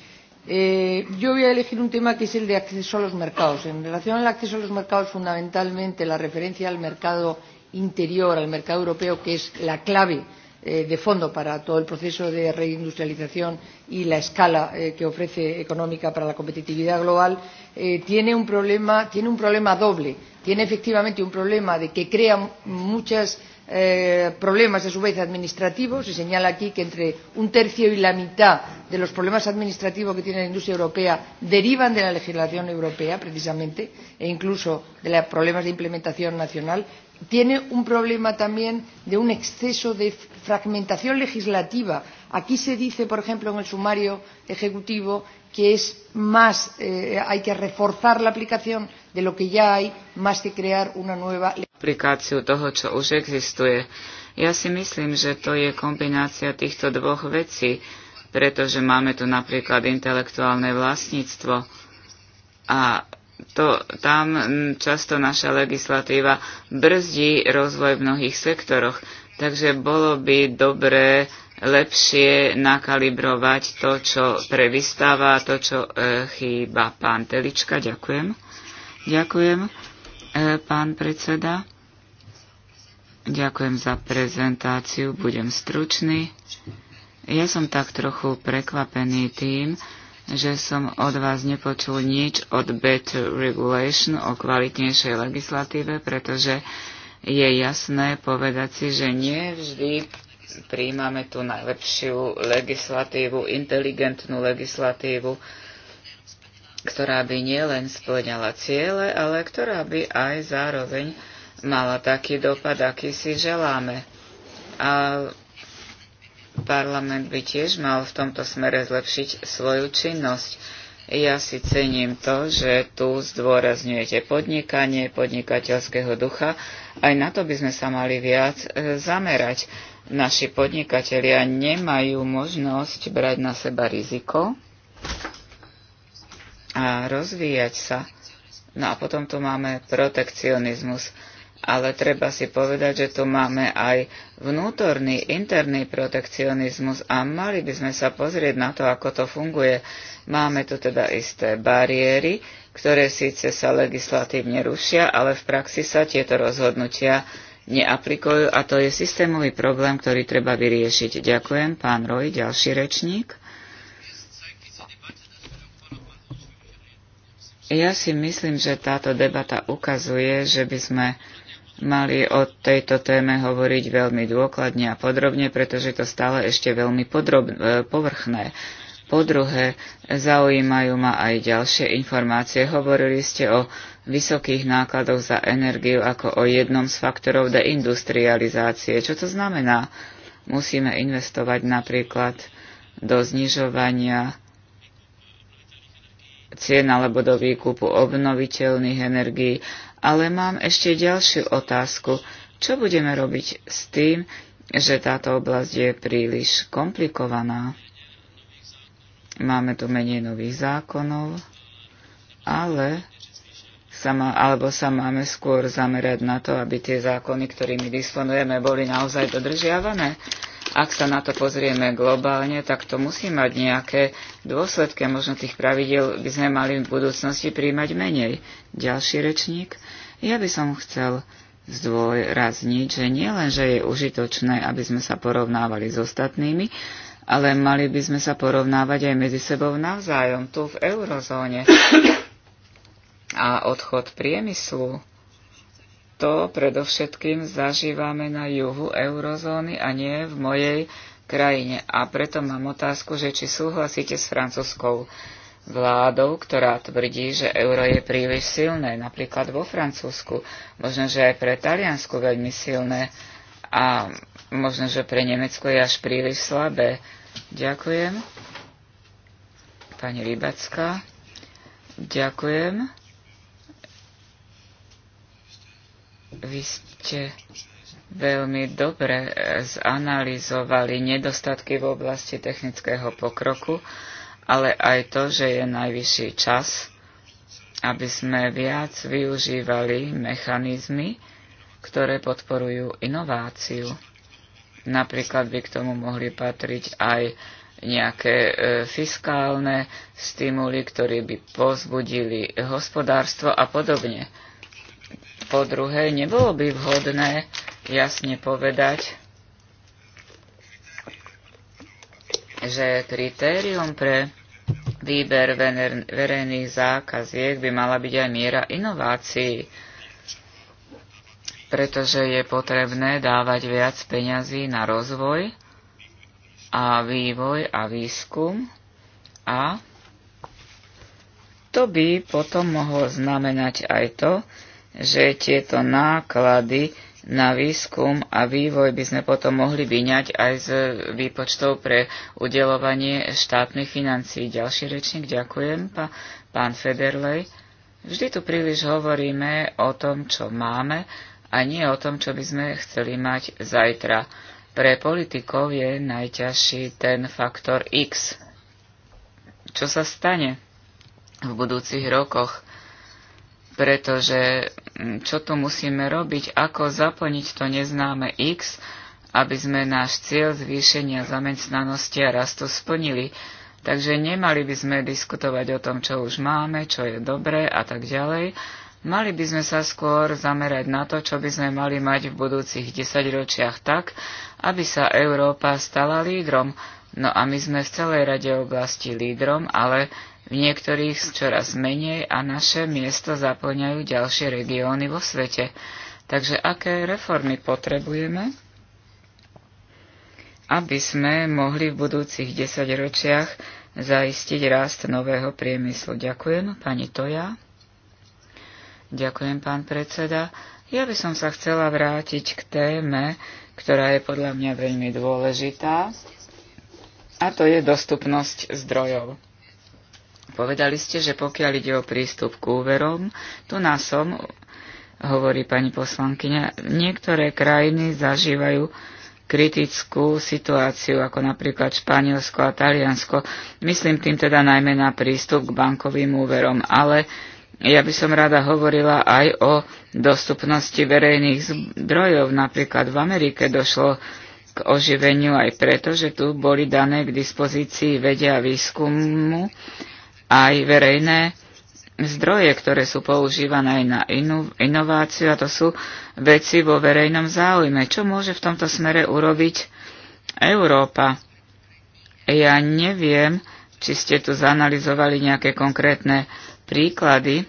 Eh, yo voy a elegir un tema que es el de acceso a los mercados. En relación al acceso a los mercados, fundamentalmente la referencia al mercado interior, al mercado europeo, que es la clave eh, de fondo para todo el proceso de reindustrialización y la escala eh, que ofrece económica para la competitividad global, eh, tiene, un problema, tiene un problema doble. Tiene efectivamente un problema de que crea muchas Eh, problemas a su vez administrativos se señala aquí que entre un tercio y la mitad de los problemas administrativos que tiene la industria europea derivan de la legislación europea precisamente e incluso de los problemas de implementación nacional tiene un problema también de un exceso de fragmentación legislativa. Aquí se dice, por ejemplo, en el sumario ejecutivo que es más, eh, hay que reforzar la aplicación de lo que ya hay más que crear una nueva aplikáciu toho, čo už existuje. Ja si myslím, že to je kombinácia týchto dvoch vecí, pretože máme tu napríklad intelektuálne vlastníctvo a to, tam často naša legislatíva brzdí rozvoj v mnohých sektoroch, takže bolo by dobré lepšie nakalibrovať to, čo prevystáva to, čo e, chýba. Pán Telička, ďakujem. Ďakujem, e, pán predseda. Ďakujem za prezentáciu, budem stručný. Ja som tak trochu prekvapený tým, že som od vás nepočul nič od Better Regulation o kvalitnejšej legislatíve, pretože je jasné povedať si, že nie vždy príjmame tú najlepšiu legislatívu, inteligentnú legislatívu, ktorá by nielen splňala ciele, ale ktorá by aj zároveň mala taký dopad, aký si želáme. A parlament by tiež mal v tomto smere zlepšiť svoju činnosť. Ja si cením to, že tu zdôrazňujete podnikanie, podnikateľského ducha. Aj na to by sme sa mali viac e, zamerať. Naši podnikatelia nemajú možnosť brať na seba riziko, a rozvíjať sa. No a potom tu máme protekcionizmus. Ale treba si povedať, že tu máme aj vnútorný, interný protekcionizmus a mali by sme sa pozrieť na to, ako to funguje. Máme tu teda isté bariéry, ktoré síce sa legislatívne rušia, ale v praxi sa tieto rozhodnutia neaplikujú a to je systémový problém, ktorý treba vyriešiť. Ďakujem, pán Roj, ďalší rečník. Ja si myslím, že táto debata ukazuje, že by sme mali o tejto téme hovoriť veľmi dôkladne a podrobne, pretože je to stále ešte veľmi podrob, e, povrchné. Po druhé, zaujímajú ma aj ďalšie informácie. Hovorili ste o vysokých nákladoch za energiu ako o jednom z faktorov deindustrializácie. Čo to znamená? Musíme investovať napríklad do znižovania cien alebo do výkupu obnoviteľných energií. Ale mám ešte ďalšiu otázku. Čo budeme robiť s tým, že táto oblasť je príliš komplikovaná? Máme tu menej nových zákonov, ale sa má, alebo sa máme skôr zamerať na to, aby tie zákony, ktorými disponujeme, boli naozaj dodržiavané. Ak sa na to pozrieme globálne, tak to musí mať nejaké dôsledky. Možno tých pravidel by sme mali v budúcnosti príjmať menej. Ďalší rečník. Ja by som chcel zdôrazniť, že nie len, že je užitočné, aby sme sa porovnávali s ostatnými, ale mali by sme sa porovnávať aj medzi sebou navzájom, tu v eurozóne. A odchod priemyslu to predovšetkým zažívame na juhu eurozóny a nie v mojej krajine. A preto mám otázku, že či súhlasíte s francúzskou vládou, ktorá tvrdí, že euro je príliš silné, napríklad vo Francúzsku, možno, že aj pre Taliansku veľmi silné a možno, že pre Nemecko je až príliš slabé. Ďakujem. Pani Rybacká. Ďakujem. Vy ste veľmi dobre eh, zanalizovali nedostatky v oblasti technického pokroku, ale aj to, že je najvyšší čas, aby sme viac využívali mechanizmy, ktoré podporujú inováciu. Napríklad by k tomu mohli patriť aj nejaké e, fiskálne stimuly, ktoré by pozbudili hospodárstvo a podobne. Po druhé, nebolo by vhodné jasne povedať, že kritérium pre výber verejných zákaziek by mala byť aj miera inovácií, pretože je potrebné dávať viac peňazí na rozvoj a vývoj a výskum a to by potom mohlo znamenať aj to, že tieto náklady na výskum a vývoj by sme potom mohli vyňať aj z výpočtov pre udelovanie štátnych financií. Ďalší rečník, ďakujem, pá, pán Federlej. Vždy tu príliš hovoríme o tom, čo máme a nie o tom, čo by sme chceli mať zajtra. Pre politikov je najťažší ten faktor X. Čo sa stane v budúcich rokoch? Pretože Mm, čo tu musíme robiť, ako zaplniť to neznáme X, aby sme náš cieľ zvýšenia zamestnanosti a rastu splnili. Takže nemali by sme diskutovať o tom, čo už máme, čo je dobré a tak ďalej. Mali by sme sa skôr zamerať na to, čo by sme mali mať v budúcich desaťročiach tak, aby sa Európa stala lídrom, No a my sme v celej rade oblasti lídrom, ale v niektorých čoraz menej a naše miesto zaplňajú ďalšie regióny vo svete. Takže aké reformy potrebujeme, aby sme mohli v budúcich desaťročiach zaistiť rast nového priemyslu? Ďakujem, pani Toja. Ďakujem, pán predseda. Ja by som sa chcela vrátiť k téme, ktorá je podľa mňa veľmi dôležitá a to je dostupnosť zdrojov. Povedali ste, že pokiaľ ide o prístup k úverom, tu nás som, hovorí pani poslankyňa, niektoré krajiny zažívajú kritickú situáciu, ako napríklad Španielsko a Taliansko. Myslím tým teda najmä na prístup k bankovým úverom, ale ja by som rada hovorila aj o dostupnosti verejných zdrojov. Napríklad v Amerike došlo k oživeniu aj preto, že tu boli dané k dispozícii vedia výskumu aj verejné zdroje, ktoré sú používané aj na inú, inováciu a to sú veci vo verejnom záujme. Čo môže v tomto smere urobiť Európa? Ja neviem, či ste tu zanalizovali nejaké konkrétne príklady.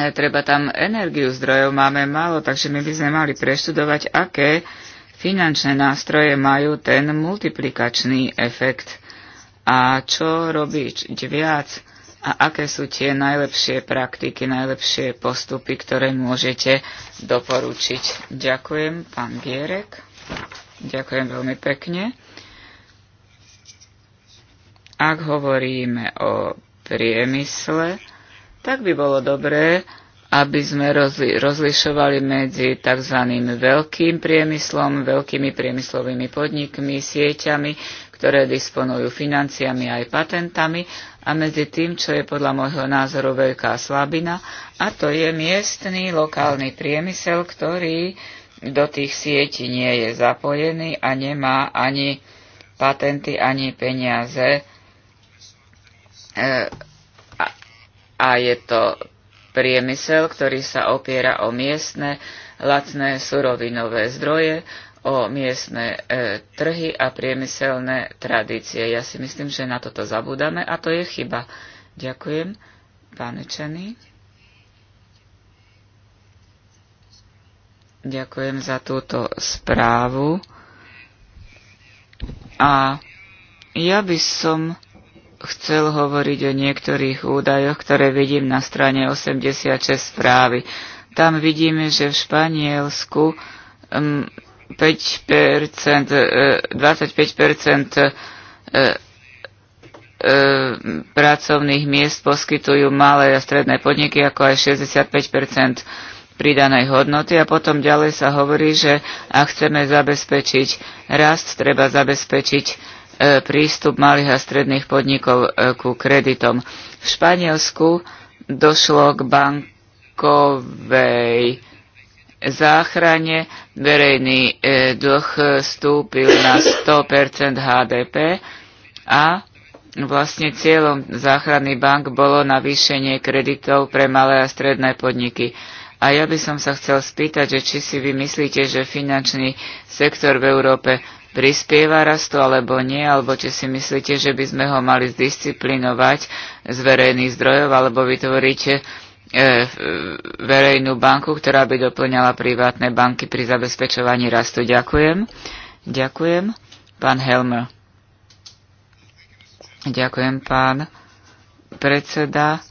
E, treba tam energiu zdrojov máme málo, takže my by sme mali preštudovať, aké Finančné nástroje majú ten multiplikačný efekt. A čo robiť viac? A aké sú tie najlepšie praktiky, najlepšie postupy, ktoré môžete doporučiť? Ďakujem, pán Gierek. Ďakujem veľmi pekne. Ak hovoríme o priemysle, tak by bolo dobré, aby sme rozli- rozlišovali medzi tzv. veľkým priemyslom, veľkými priemyslovými podnikmi, sieťami, ktoré disponujú financiami aj patentami a medzi tým, čo je podľa môjho názoru veľká slabina, a to je miestný lokálny priemysel, ktorý do tých sietí nie je zapojený a nemá ani patenty, ani peniaze. E, a, a je to priemysel, ktorý sa opiera o miestne, lacné surovinové zdroje, o miestne e, trhy a priemyselné tradície. Ja si myslím, že na toto zabúdame a to je chyba. Ďakujem, pán Čený. Ďakujem za túto správu. A ja by som chcel hovoriť o niektorých údajoch, ktoré vidím na strane 86 správy. Tam vidíme, že v Španielsku 5%, mm, 25% e, e, e, pracovných miest poskytujú malé a stredné podniky, ako aj 65% pridanej hodnoty a potom ďalej sa hovorí, že ak chceme zabezpečiť rast, treba zabezpečiť E, prístup malých a stredných podnikov e, ku kreditom. V Španielsku došlo k bankovej záchrane, verejný e, dlh stúpil na 100% HDP a vlastne cieľom záchrany bank bolo navýšenie kreditov pre malé a stredné podniky. A ja by som sa chcel spýtať, že či si vy myslíte, že finančný sektor v Európe prispieva rastu alebo nie, alebo či si myslíte, že by sme ho mali zdisciplinovať z verejných zdrojov alebo vytvoriť e, verejnú banku, ktorá by doplňala privátne banky pri zabezpečovaní rastu. Ďakujem. Ďakujem. Pán Helmer. Ďakujem, pán predseda.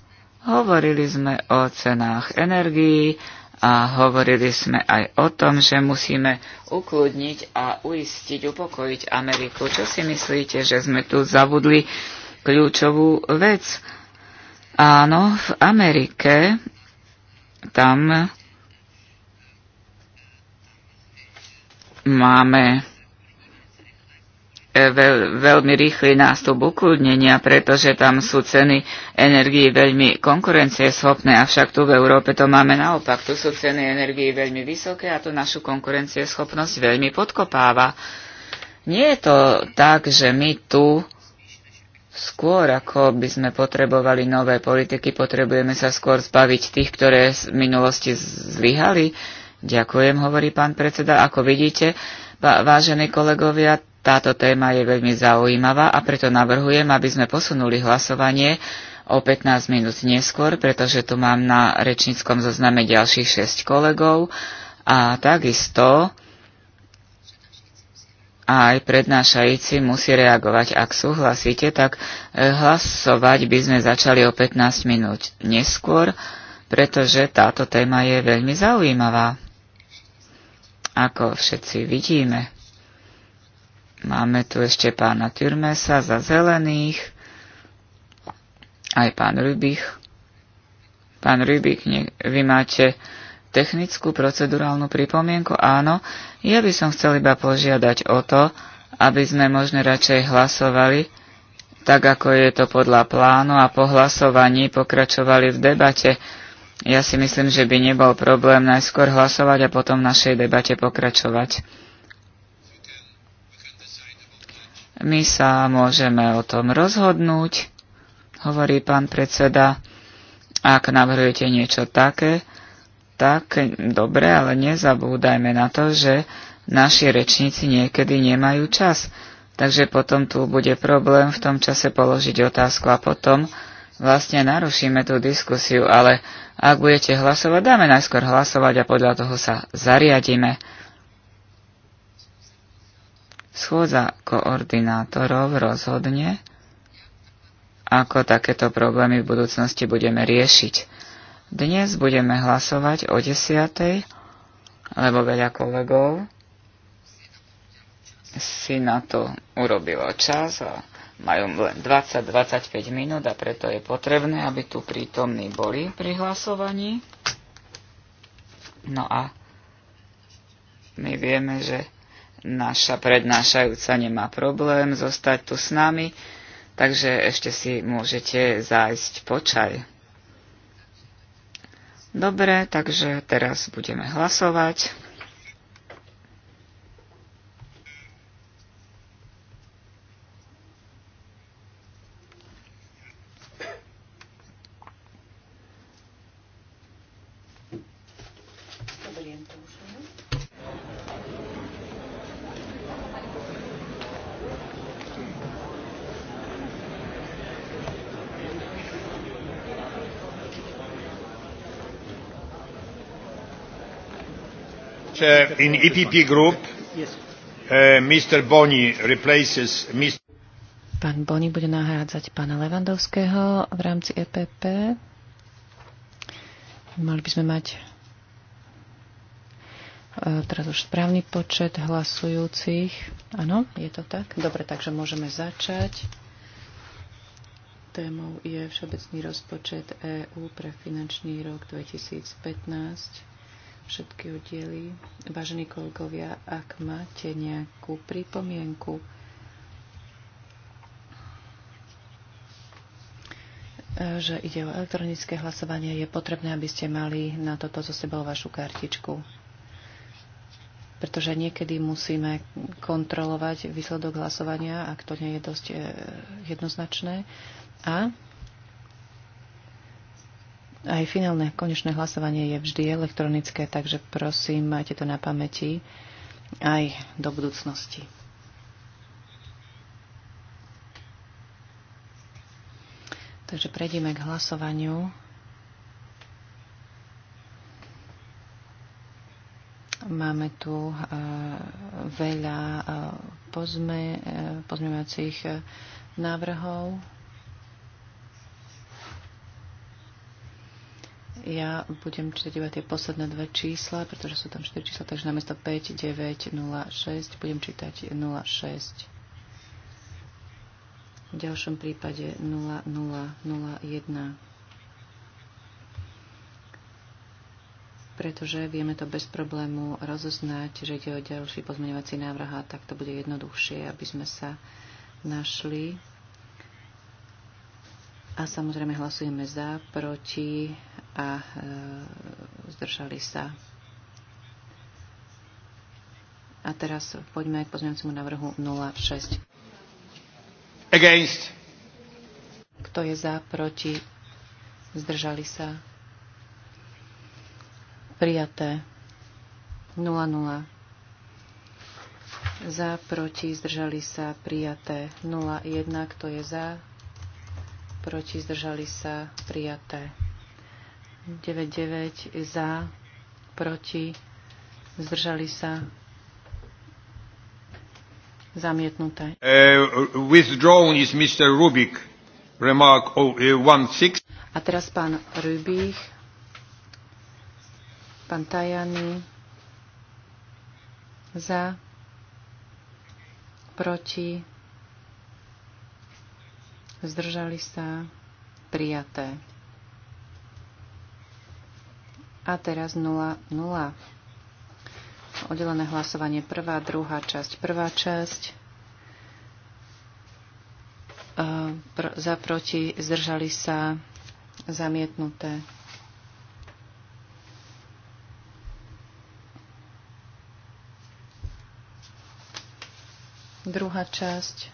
Hovorili sme o cenách energií, a hovorili sme aj o tom, že musíme ukludniť a uistiť, upokojiť Ameriku. Čo si myslíte, že sme tu zavudli kľúčovú vec? Áno, v Amerike tam máme veľ, veľmi rýchly nástup ukludnenia, pretože tam sú ceny energii veľmi konkurencieschopné, avšak tu v Európe to máme naopak. Tu sú ceny energii veľmi vysoké a to našu konkurencieschopnosť veľmi podkopáva. Nie je to tak, že my tu skôr, ako by sme potrebovali nové politiky, potrebujeme sa skôr zbaviť tých, ktoré v minulosti zlyhali. Ďakujem, hovorí pán predseda. Ako vidíte, vážení kolegovia, táto téma je veľmi zaujímavá a preto navrhujem, aby sme posunuli hlasovanie o 15 minút neskôr, pretože tu mám na rečníckom zozname ďalších 6 kolegov a takisto aj prednášajíci musí reagovať. Ak súhlasíte, tak e, hlasovať by sme začali o 15 minút neskôr, pretože táto téma je veľmi zaujímavá, ako všetci vidíme. Máme tu ešte pána Tyrmesa za zelených, aj pán Rybich. Pán Rybich, ne, vy máte technickú procedurálnu pripomienku? Áno, ja by som chcel iba požiadať o to, aby sme možno radšej hlasovali, tak ako je to podľa plánu a po hlasovaní pokračovali v debate. Ja si myslím, že by nebol problém najskôr hlasovať a potom v našej debate pokračovať. My sa môžeme o tom rozhodnúť, hovorí pán predseda. Ak navrhujete niečo také, tak dobre, ale nezabúdajme na to, že naši rečníci niekedy nemajú čas. Takže potom tu bude problém v tom čase položiť otázku a potom vlastne narušíme tú diskusiu, ale ak budete hlasovať, dáme najskôr hlasovať a podľa toho sa zariadíme. Schôdza koordinátorov rozhodne, ako takéto problémy v budúcnosti budeme riešiť. Dnes budeme hlasovať o desiatej, lebo veľa kolegov si na to urobilo čas a majú len 20-25 minút a preto je potrebné, aby tu prítomní boli pri hlasovaní. No a my vieme, že naša prednášajúca nemá problém zostať tu s nami, takže ešte si môžete zájsť počaj. Dobre, takže teraz budeme hlasovať. Uh, in EPP group, uh, Mr. Boni replaces Mr. Pán Boni bude nahrádzať pána Levandovského v rámci EPP. Mali by sme mať uh, teraz už správny počet hlasujúcich. Áno, je to tak? Dobre, takže môžeme začať. Témou je Všeobecný rozpočet EÚ pre finančný rok 2015 všetky oddiely. Vážení kolegovia, ak máte nejakú pripomienku, že ide o elektronické hlasovanie, je potrebné, aby ste mali na toto zo sebou vašu kartičku. Pretože niekedy musíme kontrolovať výsledok hlasovania, ak to nie je dosť eh, jednoznačné. A aj finálne konečné hlasovanie je vždy elektronické, takže prosím, majte to na pamäti aj do budúcnosti. Takže prejdeme k hlasovaniu. Máme tu uh, veľa uh, pozme, uh, uh, návrhov. Ja budem čítať iba tie posledné dve čísla, pretože sú tam 4 čísla, takže namiesto 5, 9, 0, 6 budem čítať 0, 6. V ďalšom prípade 0, 0, 0, 1. pretože vieme to bez problému rozoznať, že ide o ďalší pozmeňovací návrh a tak to bude jednoduchšie, aby sme sa našli. A samozrejme hlasujeme za, proti, a e, zdržali sa. A teraz poďme k pozmeňujúcemu návrhu 06. Against. Kto je za, proti, zdržali sa. Prijaté. 00. Za, proti, zdržali sa. Prijaté. 01. Kto je za, proti, zdržali sa. Prijaté. 99 za, proti, zdržali sa, zamietnuté. Uh, withdrawn is Mr. Rubik, remark 1.6. Uh, A teraz pán Rubik, pán Tajany, za, proti, zdržali sa, prijaté. A teraz 0, 0. Oddelené hlasovanie prvá, druhá časť. Prvá časť e, pr- za proti zdržali sa zamietnuté. Druhá časť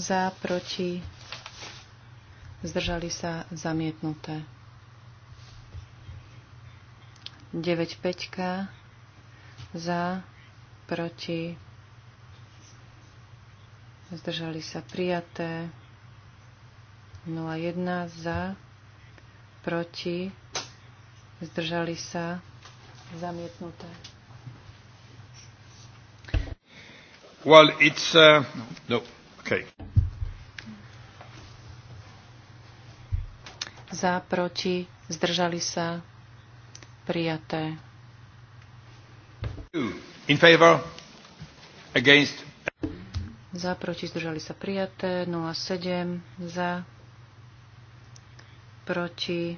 za proti zdržali sa zamietnuté. 9 5 za, proti, zdržali sa prijaté, 0-1 za, proti, zdržali sa zamietnuté. Well, it's, uh, no, okay. Za, proti, zdržali sa prijaté. In favor, against. Za, proti, zdržali sa prijaté. 07 za, proti,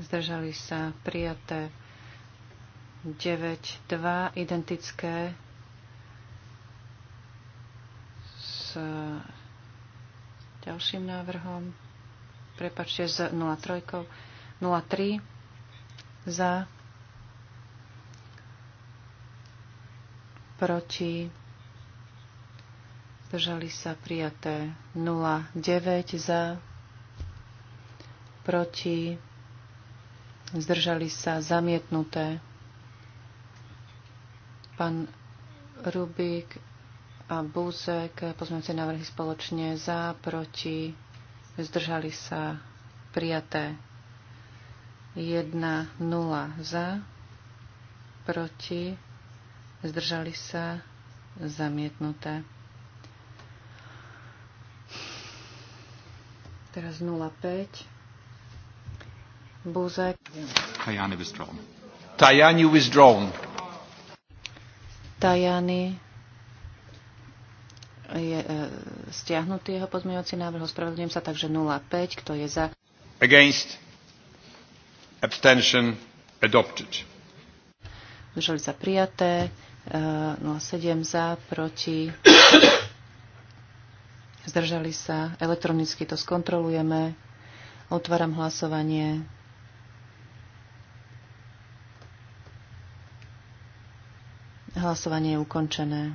zdržali sa prijaté. 9, 2 identické s ďalším návrhom. Prepačte, s 03. 03 za, proti, zdržali sa prijaté 09 za, proti, zdržali sa zamietnuté. Pán Rubik a Búzek, pozmeňujúce návrhy spoločne za, proti, zdržali sa prijaté 1, 0 za, proti, zdržali sa, zamietnuté. Teraz 05. Buzek. Tajani withdrawn. Tajani withdrawn. Tajani je e, stiahnutý jeho pozmeňovací návrh, ospravedlňujem sa, takže 05, kto je za. Against. Abstention. Adopted. Zdržali sa prijaté. 07 e, no za, proti. Zdržali sa. Elektronicky to skontrolujeme. Otváram hlasovanie. Hlasovanie je ukončené.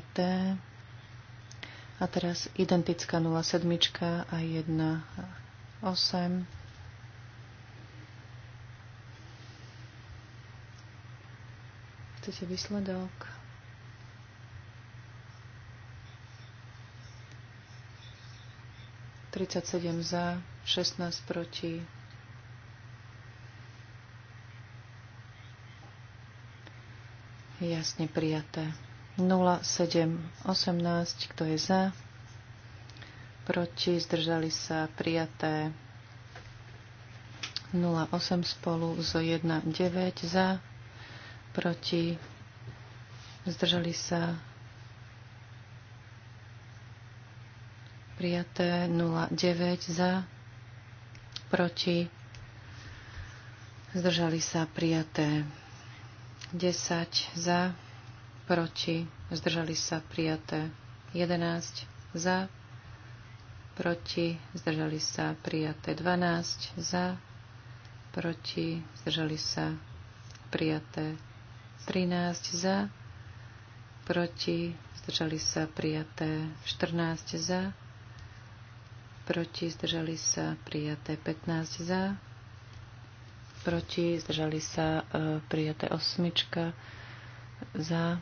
prijaté. A teraz identická 07 a 1 8. Chcete výsledok? Tridsať sedem za, 16 proti. Jasne prijaté. 0718, kto je za, proti, zdržali sa prijaté 08 spolu zo 19 za, proti, zdržali sa prijaté 09 za, proti, zdržali sa prijaté 10 za, proti, zdržali sa prijaté 11 za, proti, zdržali sa prijaté 12 za, proti, zdržali sa prijaté 13 za, proti, zdržali sa prijaté 14 za, proti, zdržali sa prijaté 15 za, proti, zdržali sa e, prijaté osmička za,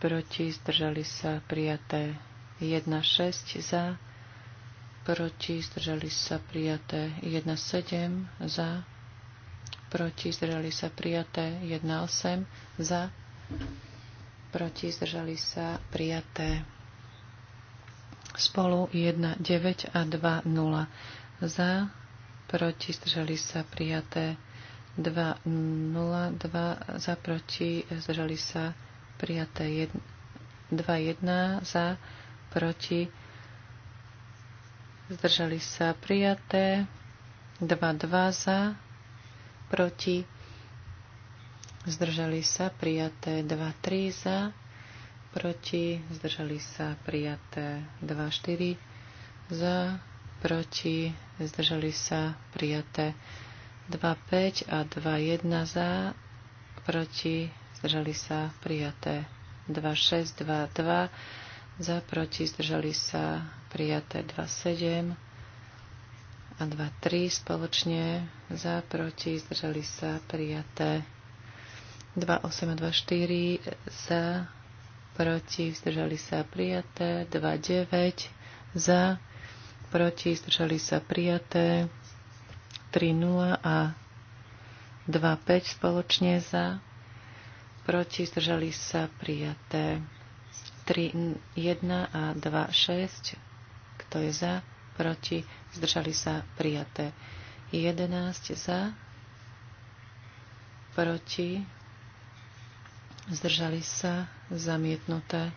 proti, zdržali sa prijaté 1, 6 za, proti, zdržali sa prijaté 1, 7 za, proti, zdržali sa prijaté 1, 8 za, proti, zdržali sa prijaté spolu 1, 9 a 2, 0 za, proti, zdržali sa prijaté 2, 0, 2 za, proti, zdržali sa prijaté prijaté 2-1 za, proti, zdržali sa prijaté 2-2 za, proti, zdržali sa prijaté 2-3 za, proti, zdržali sa prijaté 2-4 za, proti, zdržali sa prijaté 2-5 a 2-1 za, proti, zdržali sa prijaté 2622, za proti zdržali sa prijaté 27 a 23 spoločne, za proti zdržali sa prijaté 28 a 24, za proti zdržali sa prijaté 29, za proti zdržali sa prijaté 30 a 25 spoločne za proti, zdržali sa prijaté. 3, 1 a 2, 6. Kto je za, proti, zdržali sa prijaté. 11 za, proti, zdržali sa zamietnuté.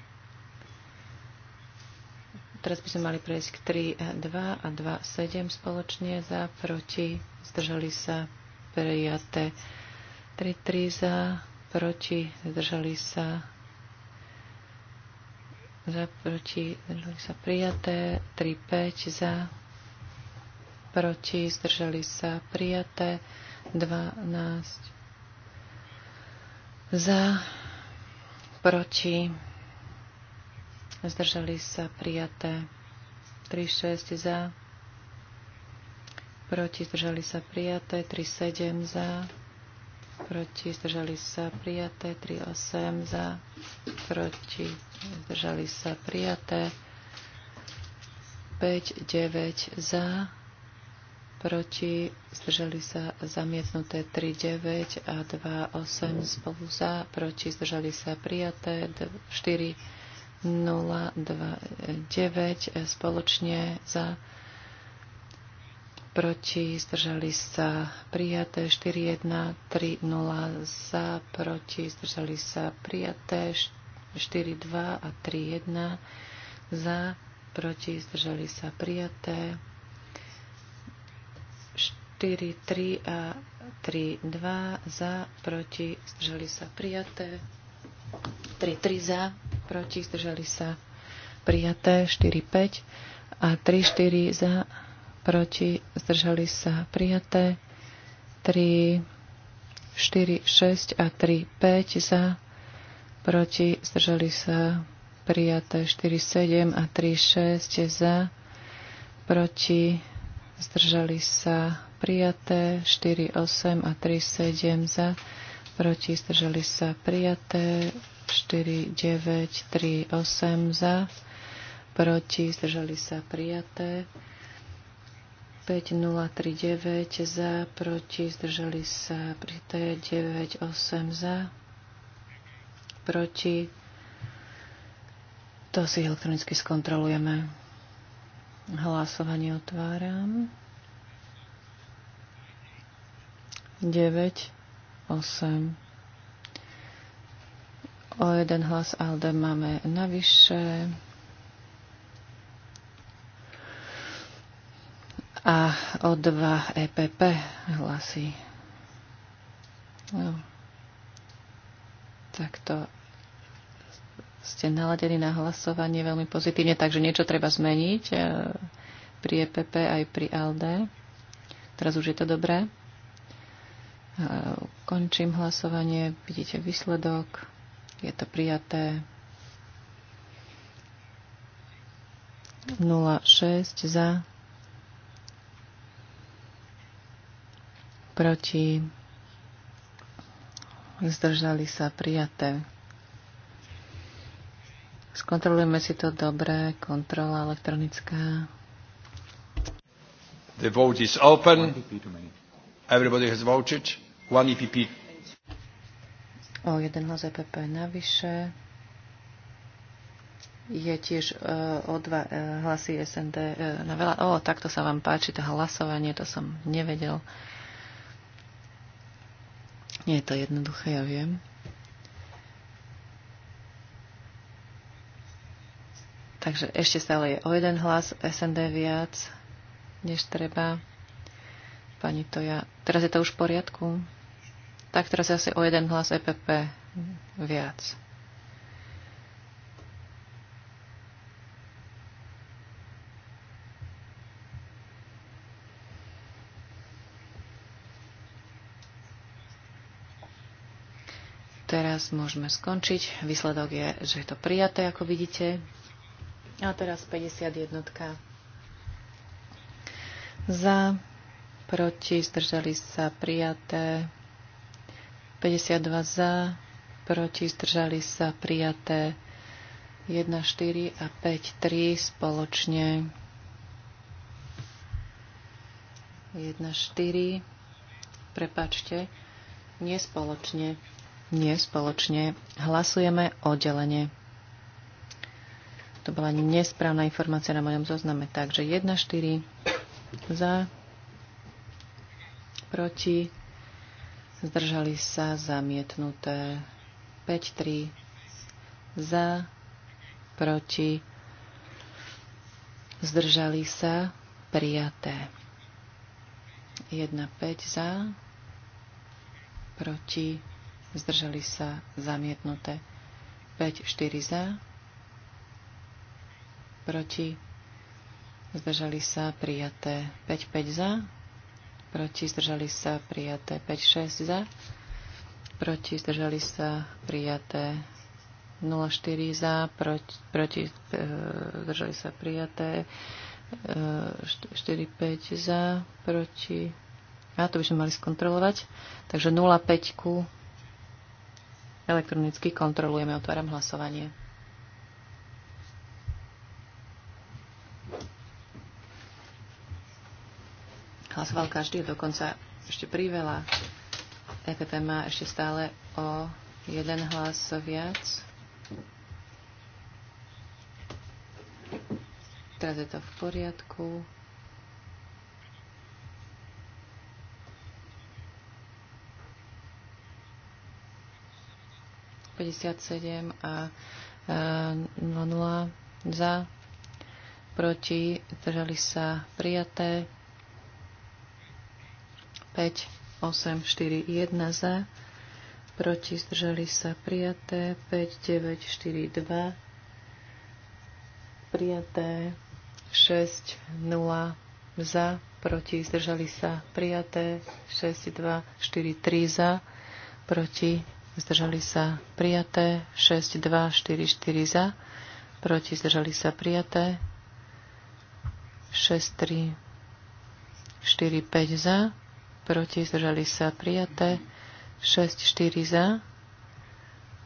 Teraz by sme mali prejsť k 3, 2 a 2, 7 spoločne za, proti, zdržali sa prijaté. 3, 3 za, proti, zdržali sa za, proti, zdržali sa prijaté, 3, 5 za, proti, zdržali sa prijaté, 12 za, proti, zdržali sa prijaté, 3, 6 za, proti, zdržali sa prijaté, 3, 7 za, proti, zdržali sa prijaté, 3, 8, za, proti, zdržali sa prijaté, 5, 9 za, proti, zdržali sa zamietnuté 3, 9 a 2, 8 spolu za, proti, zdržali sa prijaté 4, 0, 2, 9 spoločne za, proti, zdržali sa prijaté 4, 4130 za, proti, zdržali sa prijaté 2 a 1, za, proti, zdržali sa prijaté 3 a 2, za, proti, zdržali sa prijaté 3, za, proti, zdržali sa prijaté 45 a 3, 4 za, proti, zdržali sa prijaté, 3, 4, 6 a 3, 5 za, proti, zdržali sa prijaté, 4, 7 a 3, 6 za, proti, zdržali sa prijaté, 4, 8 a 3, 7 za, proti, zdržali sa prijaté, 4, 9, 3, 8 za, proti, zdržali sa prijaté, 5039 za, proti, zdržali sa prijaté 98 za, proti. To si elektronicky skontrolujeme. Hlasovanie otváram. 9, 8. O jeden hlas ALDE máme navyše. A o 2 EPP hlasí. No. Takto ste naladení na hlasovanie veľmi pozitívne, takže niečo treba zmeniť e, pri EPP aj pri LD. Teraz už je to dobré. E, končím hlasovanie, vidíte výsledok, je to prijaté. 06 za, proti, zdržali sa prijaté. Skontrolujeme si to dobre, kontrola elektronická. The vote is open. Everybody has voted. One EPP. O jeden hlas EPP navyše. Je tiež uh, o dva uh, hlasy SND uh, e, na veľa. O, takto sa vám páči to hlasovanie, to som nevedel. Uh, nie je to jednoduché, ja viem. Takže ešte stále je o jeden hlas SND viac, než treba. Pani to ja. Teraz je to už v poriadku. Tak teraz je asi o jeden hlas EPP viac. Teraz môžeme skončiť. Výsledok je, že je to prijaté, ako vidíte. A teraz 51. Za, proti, zdržali sa prijaté. 52 za, proti, zdržali sa prijaté. 1, 4 a 5, 3 spoločne. 1, 4, prepačte, nespoločne. Nie, spoločne. Hlasujeme oddelenie. To bola nesprávna informácia na mojom zozname. Takže 1-4 za, proti, zdržali sa zamietnuté. 5-3 za, proti, zdržali sa prijaté. 1-5 za, proti, zdržali sa zamietnuté. 5, 4 za, proti, zdržali sa prijaté. 5, 5 za, proti, zdržali sa prijaté. 5, 6 za, proti, zdržali sa prijaté. 0,4 za, proti, proti e, zdržali sa prijaté. 4, e, 5 za, proti. A to by sme mali skontrolovať. Takže 0,5 ku Elektronicky kontrolujeme, otváram hlasovanie. Hlasoval každý, dokonca ešte priveľa. EPP má ešte stále o jeden hlas viac. Teraz je to v poriadku. 57 a 00 e, za, proti, zdržali sa prijaté, 5, 8, 4, 1 za, proti, zdržali sa prijaté, 5, 9, 4, 2, prijaté, 6, 0 za, proti, zdržali sa prijaté, 6, 2, 4, 3 za, proti, zdržali sa prijaté, 6, 2, 4, 4 za, proti zdržali sa prijaté, 6, 3, 4, 5 za, proti zdržali sa prijaté, 6, 4 za,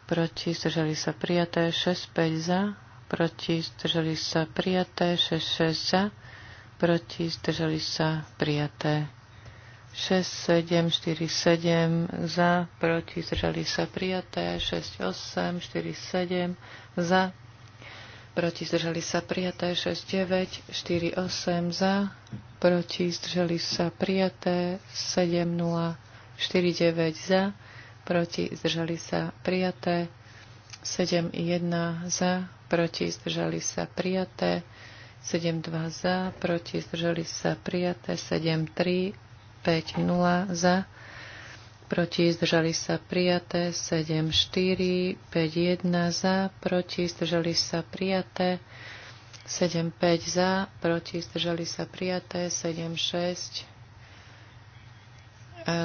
proti zdržali sa prijaté, 6, 5 za, proti zdržali sa prijaté, 6, 6 za, proti zdržali sa prijaté. 6, 7, 4, 7 za, proti, zdržali sa prijaté, 6, 8, 4, 7 za, proti, zdržali sa prijaté, 6, 9, 4, 8 za, proti, zdržali sa prijaté, 7, 0, 4, 9 za, proti, zdržali sa prijaté, 7, 1 za, proti, zdržali sa prijaté, 7, 2 za, proti, zdržali sa prijaté, 7, 3 5-0 za, proti zdržali sa prijaté 7-4, 5-1 za, proti zdržali sa prijaté 7-5 za, proti zdržali sa prijaté 7-6 za,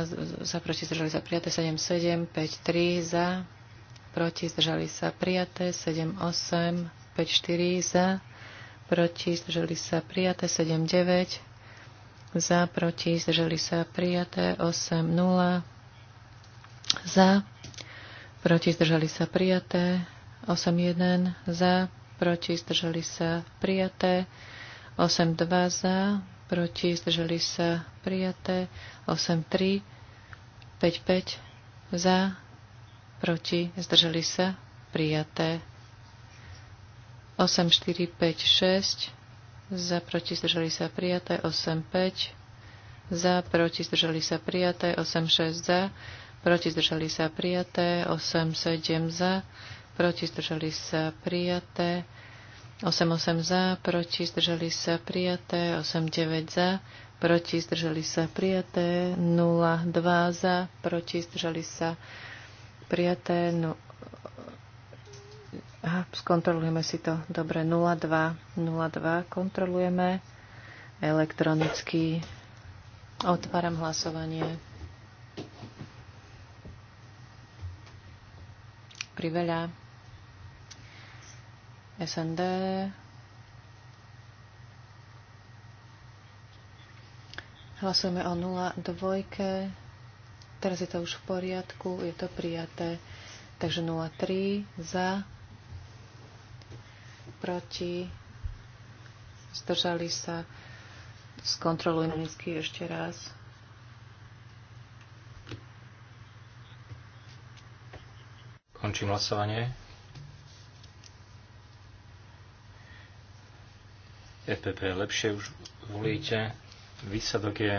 proti zdržali sa prijaté 7-7, 5-3 za, proti zdržali sa prijaté 7-8, 5-4 za, proti zdržali sa prijaté 7-9 za, proti, zdržali sa prijaté, 8, 0, za, proti, zdržali sa prijaté, 8, 1, za, proti, zdržali sa prijaté, 8, 2, za, proti, zdržali sa prijaté, 8, 3, 5, 5, za, proti, zdržali sa prijaté, 8, 4, 5, 6, za, proti, zdržali sa prijaté, 8-5, za, proti, zdržali sa prijaté, 8-6 za, proti, zdržali sa prijaté, 8-7 za, proti, zdržali sa prijaté, 8-8 za, proti, zdržali sa prijaté, 8-9 za, proti, zdržali sa prijaté, 0-2 za, proti, zdržali sa prijaté, 0, Aha, skontrolujeme si to. Dobre, 02, 02 kontrolujeme elektronicky. Otváram hlasovanie. Priveľa. SND. Hlasujeme o 02. Teraz je to už v poriadku, je to prijaté. Takže 03 za, proti, zdržali sa, skontrolujem nízky ešte raz. Končím hlasovanie. EPP lepšie už volíte. Výsledok je...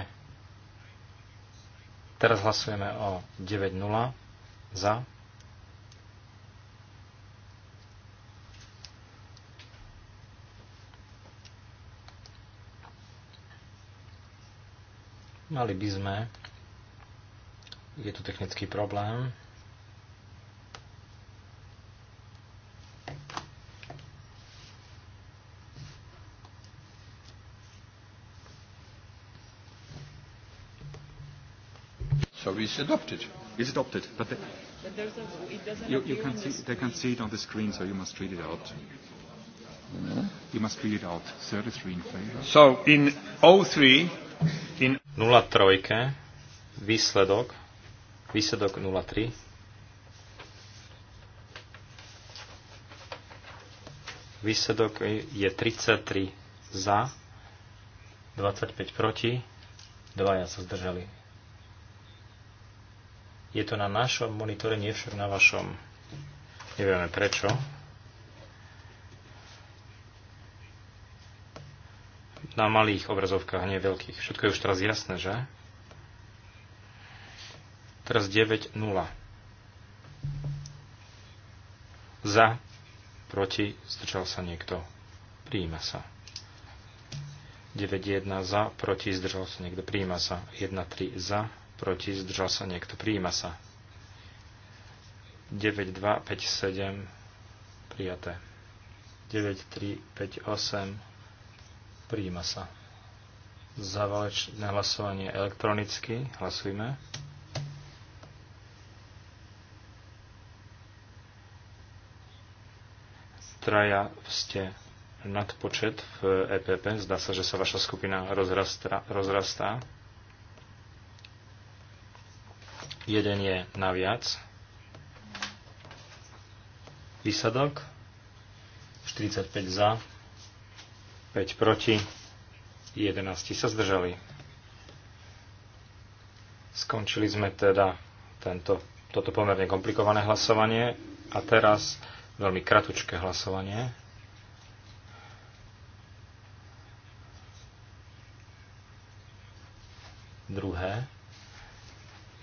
Teraz hlasujeme o 9.0 za. Mali by sme. Je tu technický problém. So it's adopted. It's adopted, but, the, but there's a, it doesn't you, you can see, they can see it on the screen, so you must read it out. Mm You must read it out. 33 in favor. So in 03, in 03, výsledok, výsledok 03. Výsledok je 33 za, 25 proti, ja sa zdržali. Je to na našom monitore, nie však na vašom. Nevieme prečo. na malých obrazovkách, nie veľkých. Všetko je už teraz jasné, že? Teraz 9.0. Za, proti, zdržal sa niekto. Príjima sa. 9.1 za, proti, zdržal sa niekto. Príjima sa. 1.3 za, proti, zdržal sa niekto. Príjima sa. 9.2, 5.7 prijaté. 9.3, 5.8 Prijíma sa. Zavalečné hlasovanie elektronicky. Hlasujme. Traja ste nadpočet v EPP. Zdá sa, že sa vaša skupina rozrastá. rozrastá. Jeden je naviac. Výsadok 45 za, 5 proti, 11 sa zdržali. Skončili sme teda tento, toto pomerne komplikované hlasovanie a teraz veľmi kratučké hlasovanie. Druhé.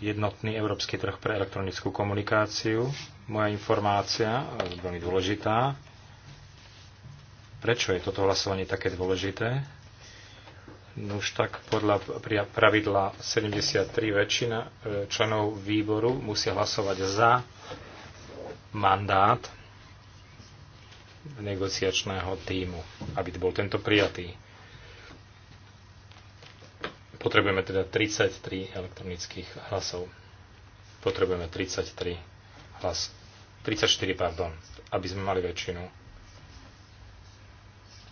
Jednotný európsky trh pre elektronickú komunikáciu. Moja informácia, veľmi dôležitá, Prečo je toto hlasovanie také dôležité? No už tak podľa pravidla 73 väčšina e, členov výboru musia hlasovať za mandát negociačného týmu, aby bol tento prijatý. Potrebujeme teda 33 elektronických hlasov. Potrebujeme 33 hlas. 34, pardon, aby sme mali väčšinu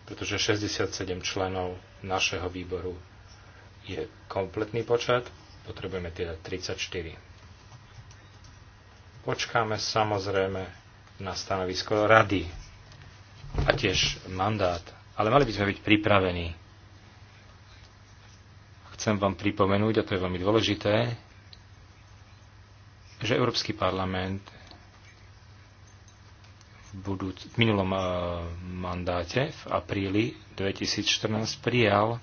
pretože 67 členov našeho výboru je kompletný počet, potrebujeme teda 34. Počkáme samozrejme na stanovisko rady a tiež mandát, ale mali by sme byť pripravení. Chcem vám pripomenúť, a to je veľmi dôležité, že Európsky parlament budúc, v minulom uh, mandáte v apríli 2014 prijal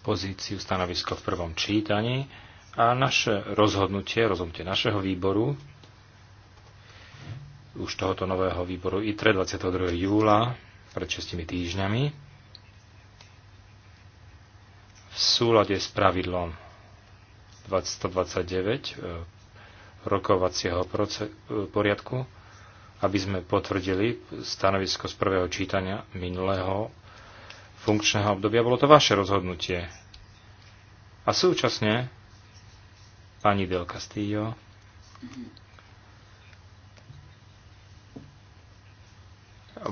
pozíciu stanovisko v prvom čítaní a naše rozhodnutie, rozhodnutie našeho výboru, už tohoto nového výboru ITRE 22. júla pred 6 týždňami v súlade s pravidlom 229 rokovacieho poriadku, aby sme potvrdili stanovisko z prvého čítania minulého funkčného obdobia. Bolo to vaše rozhodnutie. A súčasne pani Del Castillo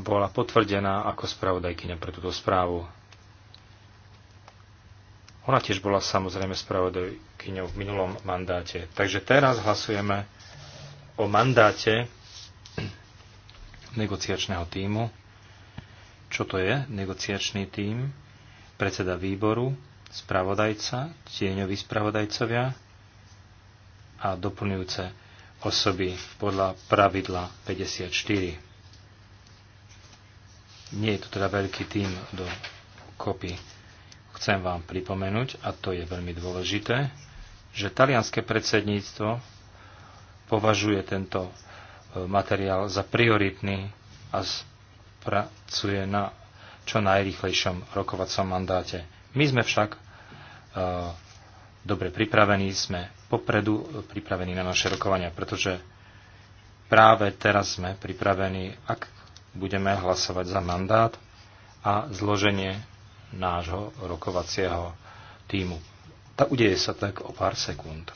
bola potvrdená ako spravodajkyňa pre túto správu. Ona tiež bola samozrejme spravodajkyňou v minulom mandáte. Takže teraz hlasujeme o mandáte negociačného týmu. Čo to je negociačný tím? Predseda výboru, spravodajca, tieňoví spravodajcovia a doplňujúce osoby podľa pravidla 54. Nie je to teda veľký tým do kopy chcem vám pripomenúť, a to je veľmi dôležité, že talianské predsedníctvo považuje tento e, materiál za prioritný a pracuje na čo najrýchlejšom rokovacom mandáte. My sme však e, dobre pripravení, sme popredu pripravení na naše rokovania, pretože práve teraz sme pripravení, ak budeme hlasovať za mandát a zloženie nášho rokovacieho týmu. Tak udeje sa tak o pár sekúnd.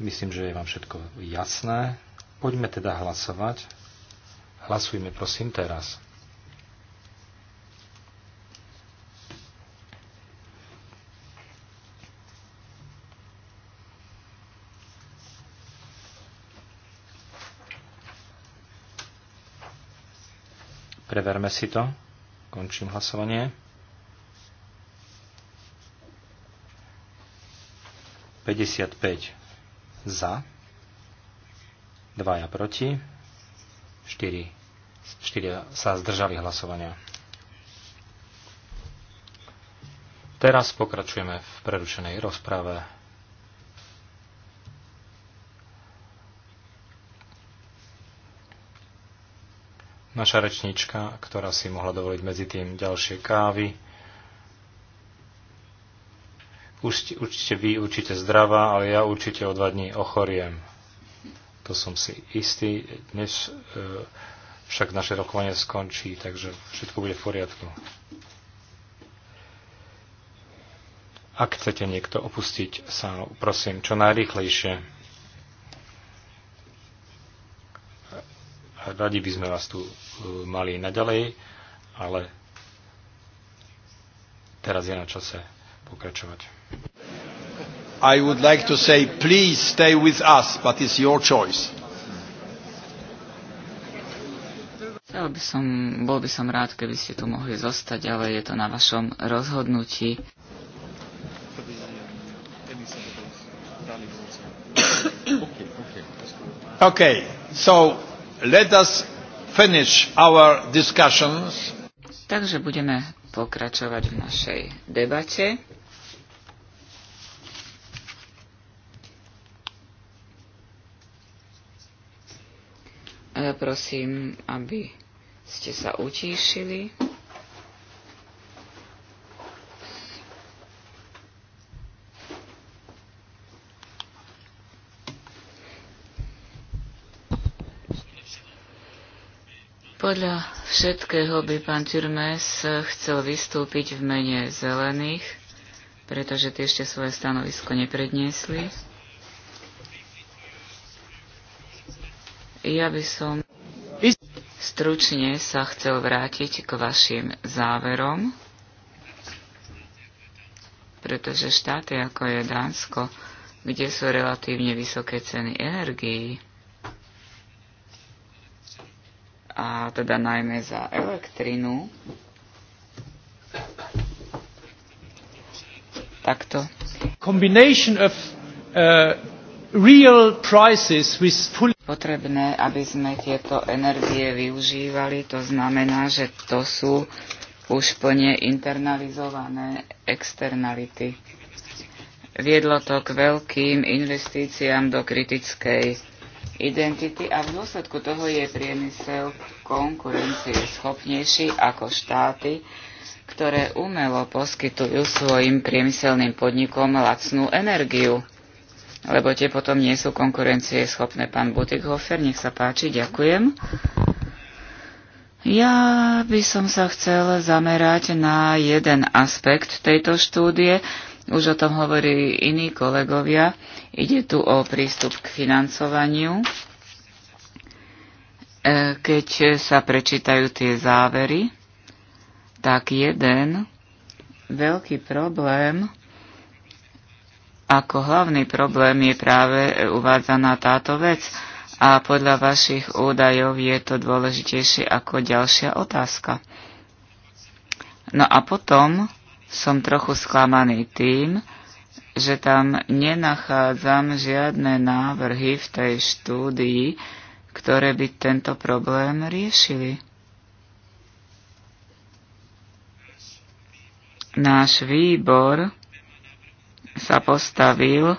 Myslím, že je vám všetko jasné. Poďme teda hlasovať. Hlasujme prosím teraz. Preverme si to. Končím hlasovanie. 55 za, 2 proti, 4, 4 sa zdržali hlasovania. Teraz pokračujeme v prerušenej rozprave. Naša rečníčka, ktorá si mohla dovoliť medzi tým ďalšie kávy. Už, určite vy určite zdravá, ale ja určite o dva dní ochoriem. To som si istý. Dnes e, však naše rokovanie skončí, takže všetko bude v poriadku. Ak chcete niekto opustiť sa prosím, čo najrýchlejšie. Radi by sme vás tu e, mali naďalej, ale teraz je na čase pokračovať. I would like to say, please stay with us, but it's your choice. Chcel by som, bol by som rád, keby ste tu mohli zostať, ale je to na vašom rozhodnutí. Okay, so Let us finish our discussions. Takže budeme pokračovať v našej debate. E, prosím, aby ste sa utíšili. Podľa všetkého by pán Tyrmes chcel vystúpiť v mene zelených, pretože tie ešte svoje stanovisko nepredniesli. Ja by som stručne sa chcel vrátiť k vašim záverom, pretože štáty ako je Dánsko, kde sú relatívne vysoké ceny energií, a teda najmä za elektrinu. Takto. Combination of uh, real prices with full potrebné, aby sme tieto energie využívali. To znamená, že to sú už plne internalizované externality. Viedlo to k veľkým investíciám do kritickej identity a v dôsledku toho je priemysel konkurencie schopnejší ako štáty, ktoré umelo poskytujú svojim priemyselným podnikom lacnú energiu. Lebo tie potom nie sú konkurencie schopné. Pán Butikhofer, nech sa páči, ďakujem. Ja by som sa chcel zamerať na jeden aspekt tejto štúdie, už o tom hovorí iní kolegovia. Ide tu o prístup k financovaniu. E, keď sa prečítajú tie závery, tak jeden veľký problém, ako hlavný problém je práve uvádzaná táto vec a podľa vašich údajov je to dôležitejšie ako ďalšia otázka. No a potom som trochu sklamaný tým, že tam nenachádzam žiadne návrhy v tej štúdii, ktoré by tento problém riešili. Náš výbor sa postavil e,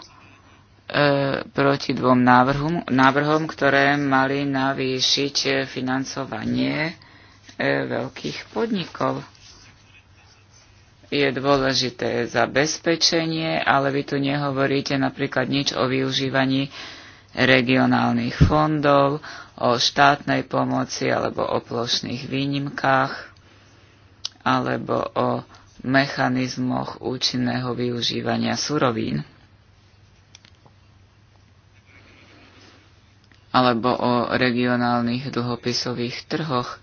proti dvom návrhom, návrhom, ktoré mali navýšiť financovanie e, veľkých podnikov je dôležité zabezpečenie, ale vy tu nehovoríte napríklad nič o využívaní regionálnych fondov, o štátnej pomoci alebo o plošných výnimkách alebo o mechanizmoch účinného využívania surovín alebo o regionálnych dlhopisových trhoch.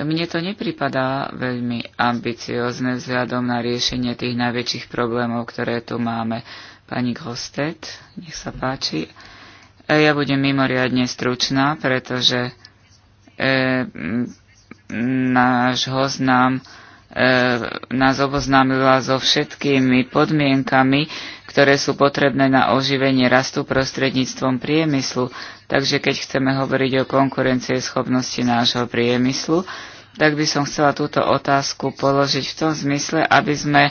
Mne to nepripadá veľmi ambiciozne vzhľadom na riešenie tých najväčších problémov, ktoré tu máme. Pani Gostet, nech sa páči. E, ja budem mimoriadne stručná, pretože e, náš host nám e, nás oboznámila so všetkými podmienkami, ktoré sú potrebné na oživenie rastu prostredníctvom priemyslu. Takže keď chceme hovoriť o schopnosti nášho priemyslu, tak by som chcela túto otázku položiť v tom zmysle, aby sme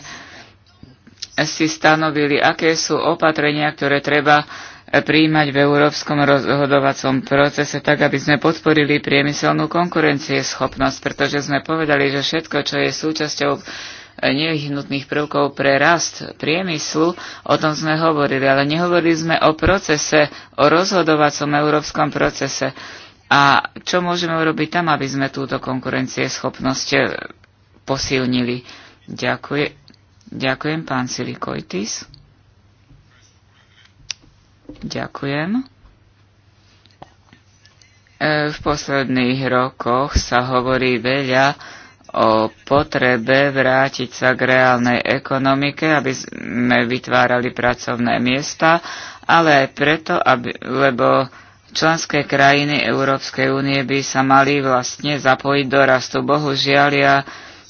si stanovili, aké sú opatrenia, ktoré treba príjmať v európskom rozhodovacom procese tak, aby sme podporili priemyselnú konkurencieschopnosť, pretože sme povedali, že všetko, čo je súčasťou nevyhnutných prvkov pre rast priemyslu, o tom sme hovorili, ale nehovorili sme o procese, o rozhodovacom európskom procese. A čo môžeme urobiť tam, aby sme túto konkurencieschopnosť eh, posilnili? Ďakujem, Ďakujem pán Silikojtis. Ďakujem. Eh, v posledných rokoch sa hovorí veľa o potrebe vrátiť sa k reálnej ekonomike, aby sme vytvárali pracovné miesta, ale aj preto, aby, lebo členské krajiny Európskej únie by sa mali vlastne zapojiť do rastu. Bohužiaľ, ja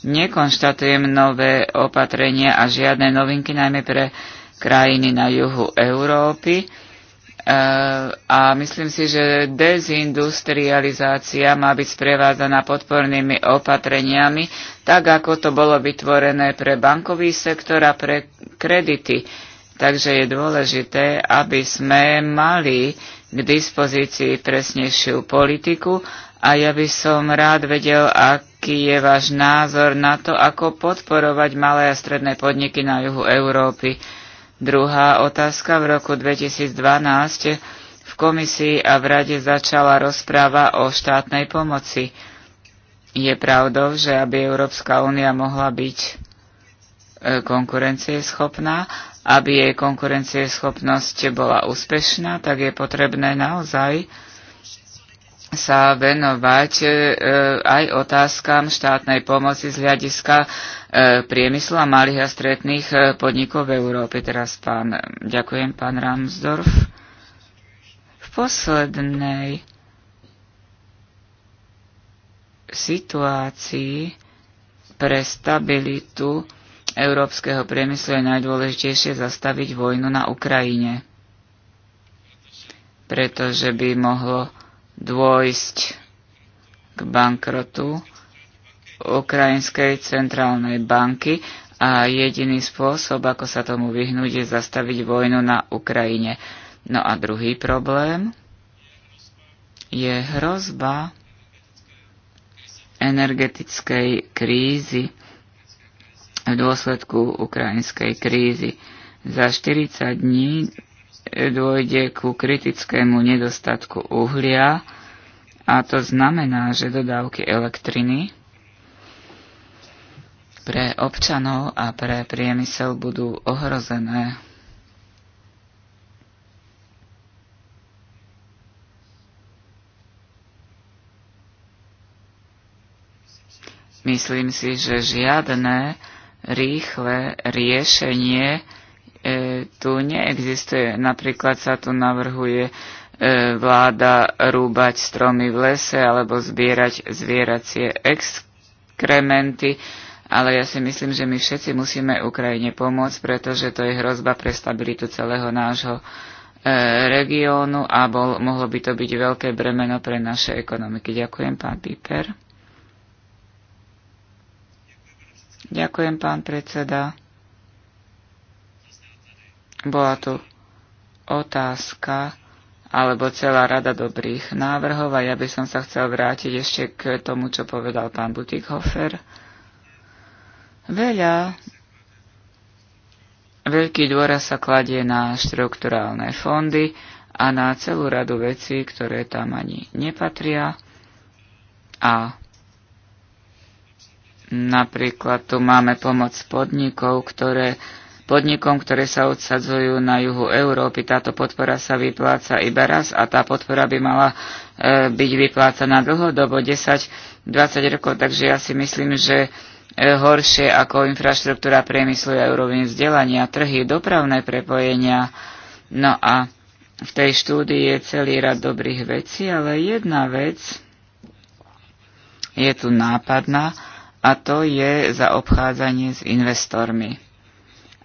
nekonštatujem nové opatrenia a žiadne novinky, najmä pre krajiny na juhu Európy E, a myslím si, že dezindustrializácia má byť sprevádzaná podpornými opatreniami, tak ako to bolo vytvorené pre bankový sektor a pre kredity. Takže je dôležité, aby sme mali k dispozícii presnejšiu politiku a ja by som rád vedel, aký je váš názor na to, ako podporovať malé a stredné podniky na juhu Európy Druhá otázka. V roku 2012 v komisii a v rade začala rozpráva o štátnej pomoci. Je pravdou, že aby Európska únia mohla byť e, konkurencieschopná, aby jej konkurencieschopnosť bola úspešná, tak je potrebné naozaj sa venovať e, e, aj otázkam štátnej pomoci z hľadiska E, priemyslu a malých a stretných e, podnikov v Európe. Teraz pán, ďakujem pán Ramsdorf. V poslednej situácii pre stabilitu európskeho priemyslu je najdôležitejšie zastaviť vojnu na Ukrajine, pretože by mohlo dôjsť k bankrotu Ukrajinskej centrálnej banky a jediný spôsob, ako sa tomu vyhnúť, je zastaviť vojnu na Ukrajine. No a druhý problém je hrozba energetickej krízy v dôsledku ukrajinskej krízy. Za 40 dní dôjde ku kritickému nedostatku uhlia a to znamená, že dodávky elektriny pre občanov a pre priemysel budú ohrozené. Myslím si, že žiadne rýchle riešenie e, tu neexistuje. Napríklad sa tu navrhuje e, vláda rúbať stromy v lese alebo zbierať zvieracie exkrementy. E, ale ja si myslím, že my všetci musíme Ukrajine pomôcť, pretože to je hrozba pre stabilitu celého nášho e, regiónu a bol, mohlo by to byť veľké bremeno pre naše ekonomiky. Ďakujem, pán Piper. Ďakujem, pán predseda. Bola tu otázka alebo celá rada dobrých návrhov a ja by som sa chcel vrátiť ešte k tomu, čo povedal pán Butikhofer. Veľa Veľký dôraz sa kladie na štrukturálne fondy a na celú radu vecí, ktoré tam ani nepatria. A napríklad tu máme pomoc podnikov, ktoré, podnikom, ktoré sa odsadzujú na juhu Európy. Táto podpora sa vypláca iba raz a tá podpora by mala e, byť vyplácaná dlhodobo 10-20 rokov. Takže ja si myslím, že E, horšie ako infraštruktúra priemyslu a úroveň vzdelania, trhy, dopravné prepojenia. No a v tej štúdii je celý rad dobrých vecí, ale jedna vec je tu nápadná a to je zaobchádzanie s investormi.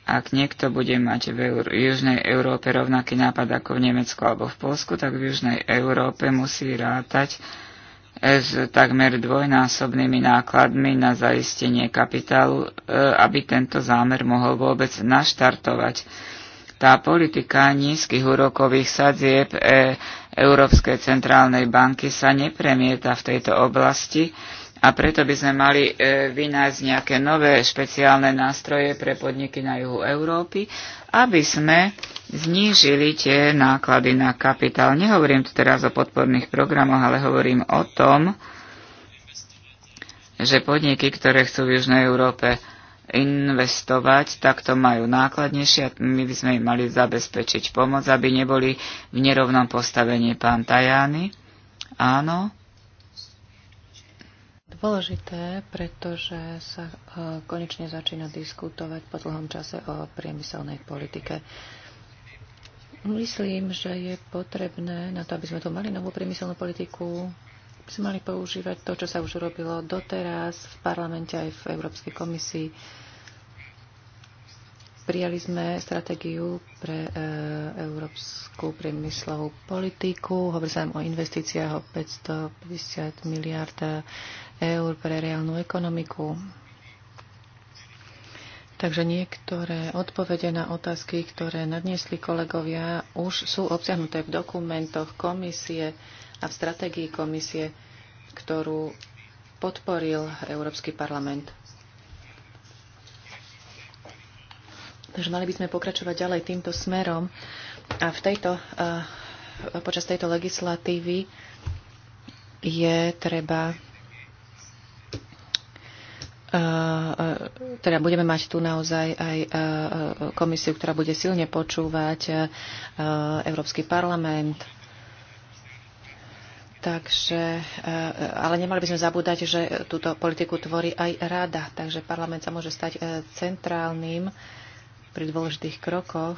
Ak niekto bude mať v, Eur- v Južnej Európe rovnaký nápad ako v Nemecku alebo v Polsku, tak v Južnej Európe musí rátať s takmer dvojnásobnými nákladmi na zaistenie kapitálu, e, aby tento zámer mohol vôbec naštartovať. Tá politika nízkych úrokových sadzieb e, Európskej centrálnej banky sa nepremieta v tejto oblasti, a preto by sme mali e, vynájsť nejaké nové špeciálne nástroje pre podniky na juhu Európy, aby sme znížili tie náklady na kapitál. Nehovorím tu teraz o podporných programoch, ale hovorím o tom, že podniky, ktoré chcú v Južnej Európe investovať, tak to majú nákladnejšie a my by sme im mali zabezpečiť pomoc, aby neboli v nerovnom postavení pán Tajány. Áno dôležité, pretože sa e, konečne začína diskutovať po dlhom čase o priemyselnej politike. Myslím, že je potrebné na to, aby sme tu mali novú priemyselnú politiku, by sme mali používať to, čo sa už urobilo doteraz v parlamente aj v Európskej komisii. Prijali sme stratégiu pre e, európsku priemyslovú politiku. Hovorí sa o investíciách o 550 miliardách eur pre reálnu ekonomiku. Takže niektoré odpovede na otázky, ktoré nadniesli kolegovia, už sú obsiahnuté v dokumentoch komisie a v stratégii komisie, ktorú podporil Európsky parlament. Takže mali by sme pokračovať ďalej týmto smerom a v tejto, eh, počas tejto legislatívy je treba teda budeme mať tu naozaj aj komisiu, ktorá bude silne počúvať Európsky parlament. Takže, ale nemali by sme zabúdať, že túto politiku tvorí aj rada, takže parlament sa môže stať e, centrálnym pri dôležitých krokoch.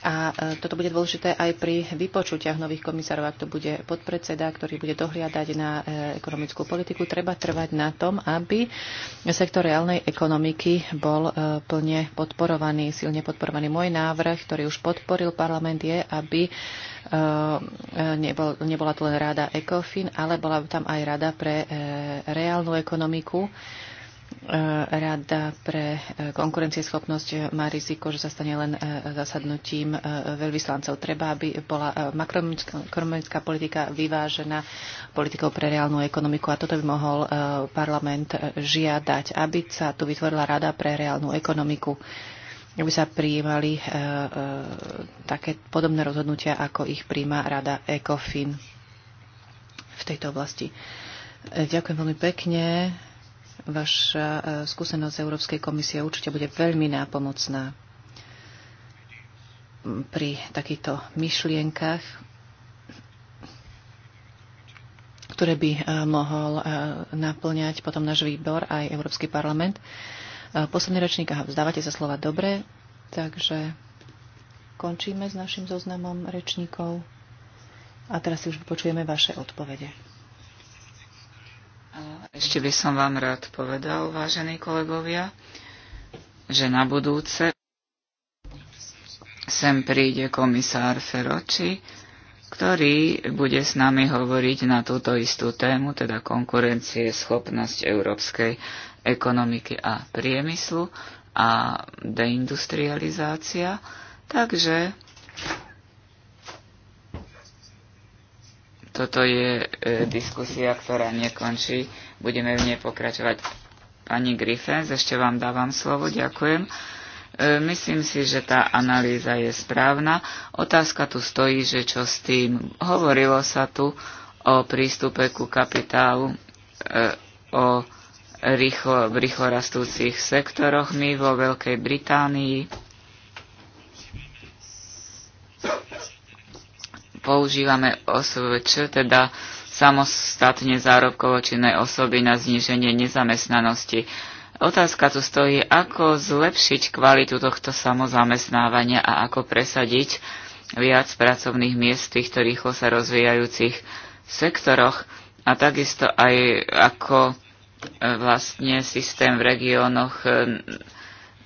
A e, toto bude dôležité aj pri vypočutiach nových komisárov, ak to bude podpredseda, ktorý bude dohliadať na e, ekonomickú politiku. Treba trvať na tom, aby sektor reálnej ekonomiky bol e, plne podporovaný, silne podporovaný. Môj návrh, ktorý už podporil parlament, je, aby nebol, nebola tu len rada ECOFIN, ale bola tam aj rada pre reálnu ekonomiku Rada pre e, konkurencieschopnosť má riziko, že sa stane len e, zasadnutím e, veľvyslancov. Treba, aby bola makroekonomická politika vyvážená politikou pre reálnu ekonomiku a toto by mohol parlament žiadať, aby sa tu vytvorila Rada pre reálnu ekonomiku aby sa prijímali e, e, také podobné rozhodnutia, ako ich príjma Rada ECOFIN v tejto oblasti. E, ďakujem veľmi pekne. Vaša e, skúsenosť z Európskej komisie určite bude veľmi nápomocná pri takýchto myšlienkach, ktoré by e, mohol e, naplňať potom náš výbor aj Európsky parlament. Posledný ročník, aha, vzdávate sa slova dobre, takže končíme s našim zoznamom rečníkov a teraz si už počujeme vaše odpovede. Ešte by som vám rád povedal, vážení kolegovia, že na budúce sem príde komisár Feroči, ktorý bude s nami hovoriť na túto istú tému, teda konkurencie, schopnosť európskej ekonomiky a priemyslu a deindustrializácia. Takže Toto je e, diskusia, ktorá nekončí. Budeme v nej pokračovať. Pani Griffens, ešte vám dávam slovo. Ďakujem. E, myslím si, že tá analýza je správna. Otázka tu stojí, že čo s tým. Hovorilo sa tu o prístupe ku kapitálu, e, o rýchlo, v rýchlo rastúcich sektoroch. My vo Veľkej Británii používame OSVČ, teda samostatne zárobkovo osoby na zníženie nezamestnanosti. Otázka tu stojí, ako zlepšiť kvalitu tohto samozamestnávania a ako presadiť viac pracovných miest v týchto rýchlo sa rozvíjajúcich sektoroch a takisto aj ako e, vlastne systém v regiónoch e,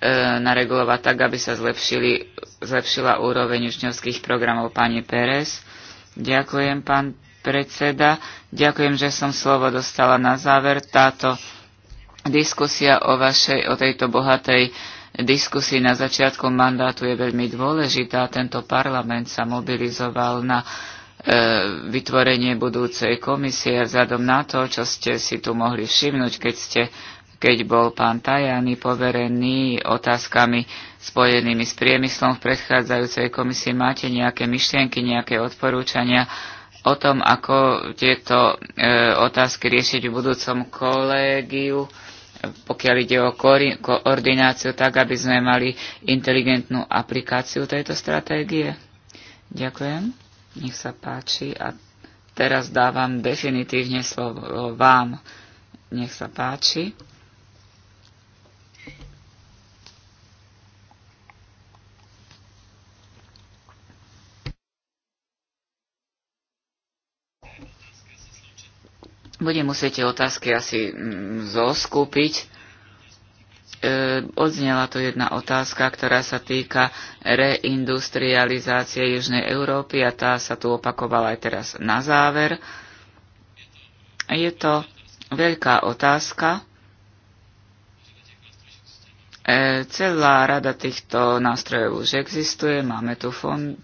E, naregulovať tak, aby sa zlepšili, zlepšila úroveň učňovských programov pani Pérez. Ďakujem, pán predseda. Ďakujem, že som slovo dostala na záver. Táto diskusia o, vašej, o tejto bohatej diskusii na začiatku mandátu je veľmi dôležitá. Tento parlament sa mobilizoval na e, vytvorenie budúcej komisie vzhľadom na to, čo ste si tu mohli všimnúť, keď ste keď bol pán Tajani poverený otázkami spojenými s priemyslom v predchádzajúcej komisii. Máte nejaké myšlienky, nejaké odporúčania o tom, ako tieto e, otázky riešiť v budúcom kolégiu, pokiaľ ide o koordináciu, tak aby sme mali inteligentnú aplikáciu tejto stratégie? Ďakujem. Nech sa páči. A teraz dávam definitívne slovo vám. Nech sa páči. Budem musieť tie otázky asi mm, zoskúpiť. E, odznela tu jedna otázka, ktorá sa týka reindustrializácie Južnej Európy a tá sa tu opakovala aj teraz na záver. Je to veľká otázka. E, celá rada týchto nástrojov už existuje. Máme tu fond,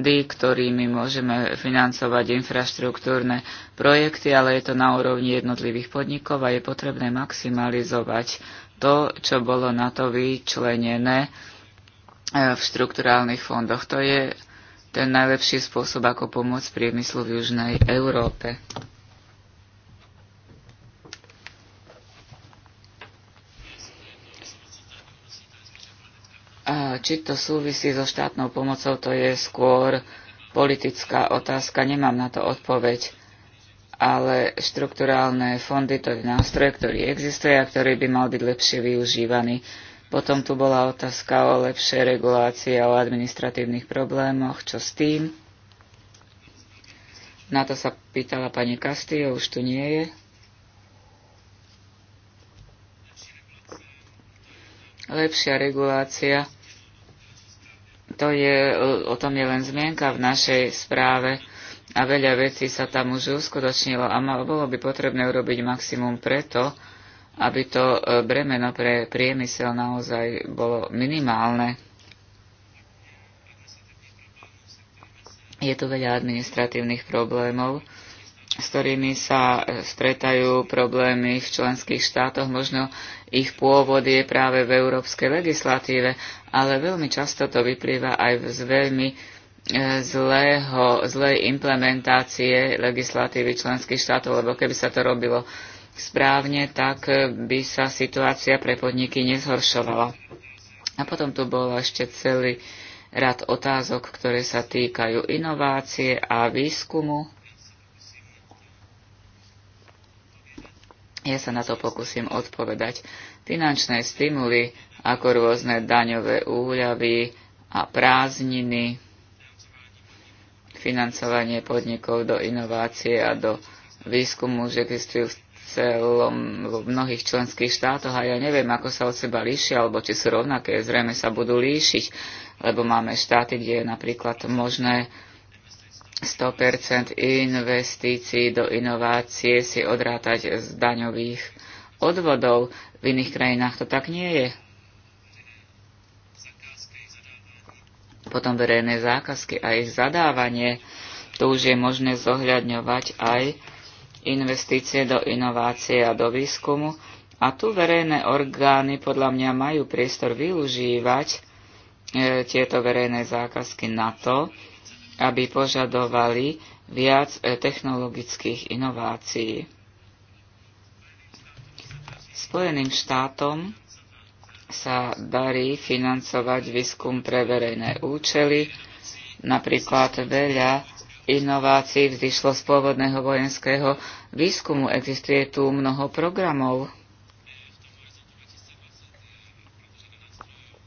ktorými môžeme financovať infraštruktúrne projekty, ale je to na úrovni jednotlivých podnikov a je potrebné maximalizovať to, čo bolo na to vyčlenené e, v štrukturálnych fondoch. To je ten najlepší spôsob, ako pomôcť priemyslu v Južnej Európe. či to súvisí so štátnou pomocou, to je skôr politická otázka, nemám na to odpoveď. Ale štrukturálne fondy to je nástroj, ktorý existuje a ktorý by mal byť lepšie využívaný. Potom tu bola otázka o lepšej regulácii a o administratívnych problémoch. Čo s tým? Na to sa pýtala pani Kastýho, už tu nie je. lepšia regulácia. To je, o tom je len zmienka v našej správe a veľa vecí sa tam už uskutočnilo a malo, bolo by potrebné urobiť maximum preto, aby to e, bremeno pre priemysel naozaj bolo minimálne. Je tu veľa administratívnych problémov, s ktorými sa e, stretajú problémy v členských štátoch. Možno ich pôvod je práve v európskej legislatíve, ale veľmi často to vyplýva aj z veľmi e, zlého, zlej implementácie legislatívy členských štátov, lebo keby sa to robilo správne, tak e, by sa situácia pre podniky nezhoršovala. A potom tu bol ešte celý rad otázok, ktoré sa týkajú inovácie a výskumu Ja sa na to pokúsim odpovedať. Finančné stimuly, ako rôzne daňové úľavy a prázdniny, financovanie podnikov do inovácie a do výskumu, že existujú v celom, v mnohých členských štátoch a ja neviem, ako sa od seba líšia, alebo či sú rovnaké, zrejme sa budú líšiť, lebo máme štáty, kde je napríklad možné 100% investícií do inovácie si odrátať z daňových odvodov. V iných krajinách to tak nie je. Potom verejné zákazky a ich zadávanie. Tu už je možné zohľadňovať aj investície do inovácie a do výskumu. A tu verejné orgány podľa mňa majú priestor využívať e, tieto verejné zákazky na to, aby požadovali viac eh, technologických inovácií. Spojeným štátom sa darí financovať výskum pre verejné účely. Napríklad veľa inovácií vzýšlo z pôvodného vojenského výskumu. Existuje tu mnoho programov.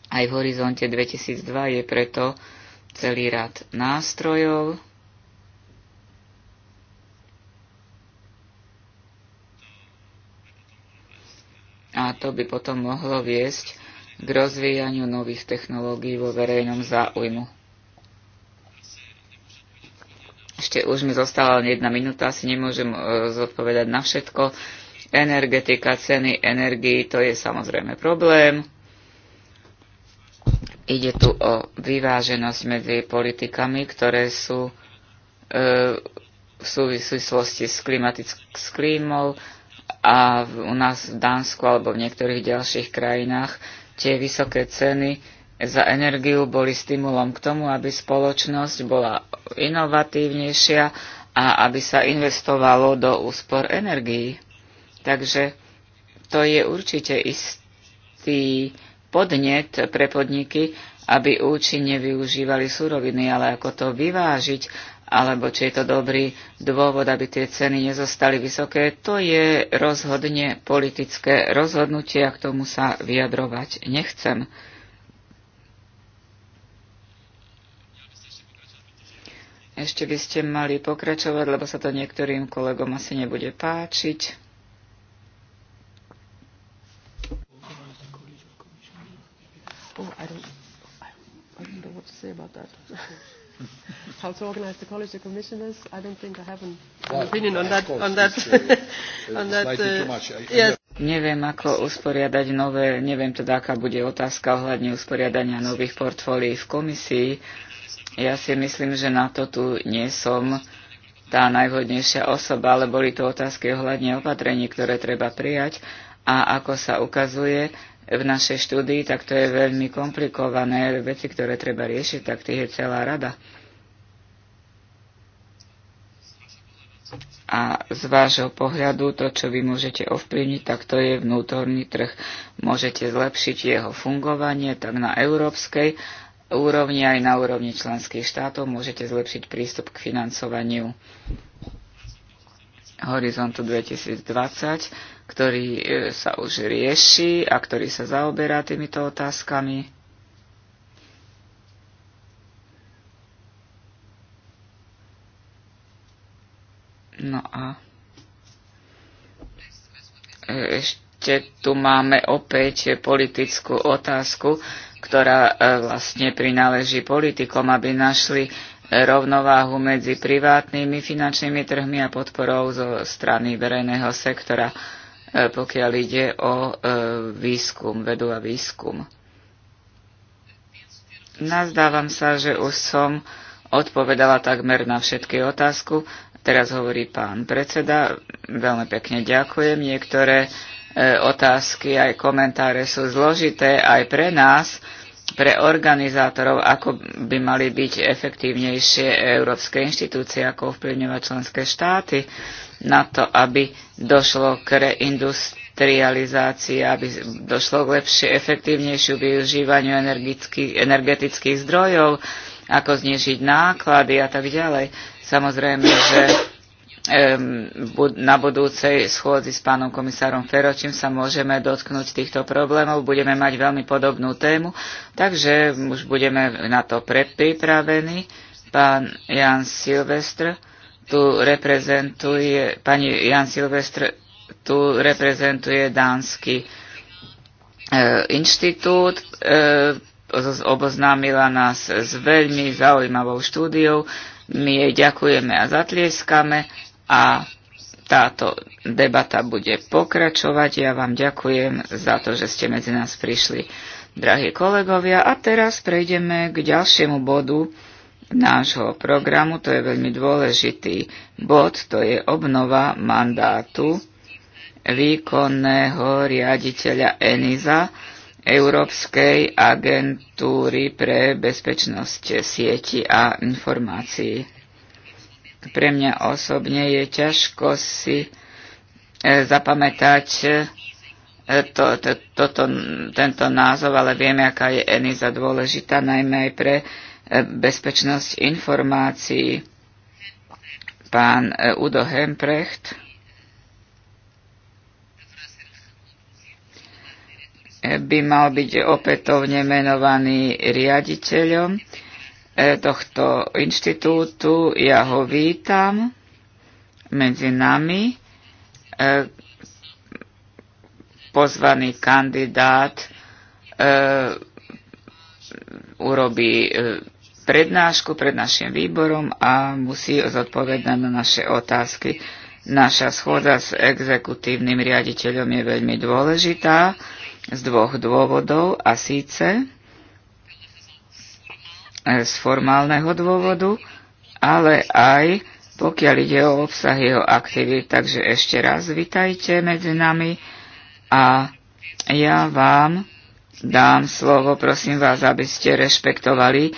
Aj v horizonte 2002 je preto celý rad nástrojov. A to by potom mohlo viesť k rozvíjaniu nových technológií vo verejnom záujmu. Ešte už mi zostala len jedna minúta, asi nemôžem e, zodpovedať na všetko. Energetika, ceny energii, to je samozrejme problém Ide tu o vyváženosť medzi politikami, ktoré sú e, v súvislosti s, s klímou a v, u nás v Dánsku alebo v niektorých ďalších krajinách tie vysoké ceny za energiu boli stimulom k tomu, aby spoločnosť bola inovatívnejšia a aby sa investovalo do úspor energií. Takže to je určite istý podnet pre podniky, aby účinne využívali suroviny, ale ako to vyvážiť, alebo či je to dobrý dôvod, aby tie ceny nezostali vysoké, to je rozhodne politické rozhodnutie a k tomu sa vyjadrovať nechcem. Ešte by ste mali pokračovať, lebo sa to niektorým kolegom asi nebude páčiť. Oh, I don't, I don't know what to say about that. How to organize the College of Commissioners? I don't think I have an, well, opinion on that. Uh, on that, on that uh, too much. I, yes. Neviem, ako usporiadať nové, neviem teda, aká bude otázka ohľadne usporiadania nových portfólií v komisii. Ja si myslím, že na to tu nie som tá najvhodnejšia osoba, ale boli to otázky ohľadne opatrení, ktoré treba prijať a ako sa ukazuje, v našej štúdii, tak to je veľmi komplikované. Veci, ktoré treba riešiť, tak tých je celá rada. A z vášho pohľadu to, čo vy môžete ovplyvniť, tak to je vnútorný trh. Môžete zlepšiť jeho fungovanie tak na európskej úrovni aj na úrovni členských štátov. Môžete zlepšiť prístup k financovaniu horizontu 2020 ktorý e, sa už rieši a ktorý sa zaoberá týmito otázkami. No a ešte tu máme opäť politickú otázku, ktorá e, vlastne prináleží politikom, aby našli e, rovnováhu medzi privátnymi finančnými trhmi a podporou zo strany verejného sektora. E, pokiaľ ide o e, výskum, vedu a výskum. Nazdávam sa, že už som odpovedala takmer na všetky otázku. Teraz hovorí pán predseda. Veľmi pekne ďakujem. Niektoré e, otázky aj komentáre sú zložité aj pre nás, pre organizátorov, ako by mali byť efektívnejšie európske inštitúcie, ako ovplyvňovať členské štáty na to, aby došlo k reindustrializácii, aby došlo k lepšie, efektívnejšiu využívaniu energetických zdrojov, ako znižiť náklady a tak ďalej. Samozrejme, že na budúcej schôdzi s pánom komisárom Feročím sa môžeme dotknúť týchto problémov. Budeme mať veľmi podobnú tému, takže už budeme na to predpripravení. Pán Jan Silvestr tu reprezentuje, pani Jan Silvestr tu reprezentuje Dánsky e, inštitút, e, oboznámila nás s veľmi zaujímavou štúdiou, my jej ďakujeme a zatlieskame a táto debata bude pokračovať. Ja vám ďakujem za to, že ste medzi nás prišli, drahí kolegovia. A teraz prejdeme k ďalšiemu bodu nášho programu, to je veľmi dôležitý bod, to je obnova mandátu výkonného riaditeľa ENISA, Európskej agentúry pre bezpečnosť sieti a informácií. Pre mňa osobne je ťažko si e, zapamätať e, to, to, to, tento názov, ale vieme, aká je ENISA dôležitá, najmä aj pre bezpečnosť informácií. Pán e, Udo Hemprecht e, by mal byť opätovne menovaný riaditeľom e, tohto inštitútu. Ja ho vítam medzi nami. Pozvaný kandidát urobí prednášku pred našim výborom a musí zodpovedať na naše otázky. Naša schôdza s exekutívnym riaditeľom je veľmi dôležitá z dvoch dôvodov a síce z formálneho dôvodu, ale aj pokiaľ ide o obsah jeho aktivít. Takže ešte raz vitajte medzi nami a ja vám dám slovo, prosím vás, aby ste rešpektovali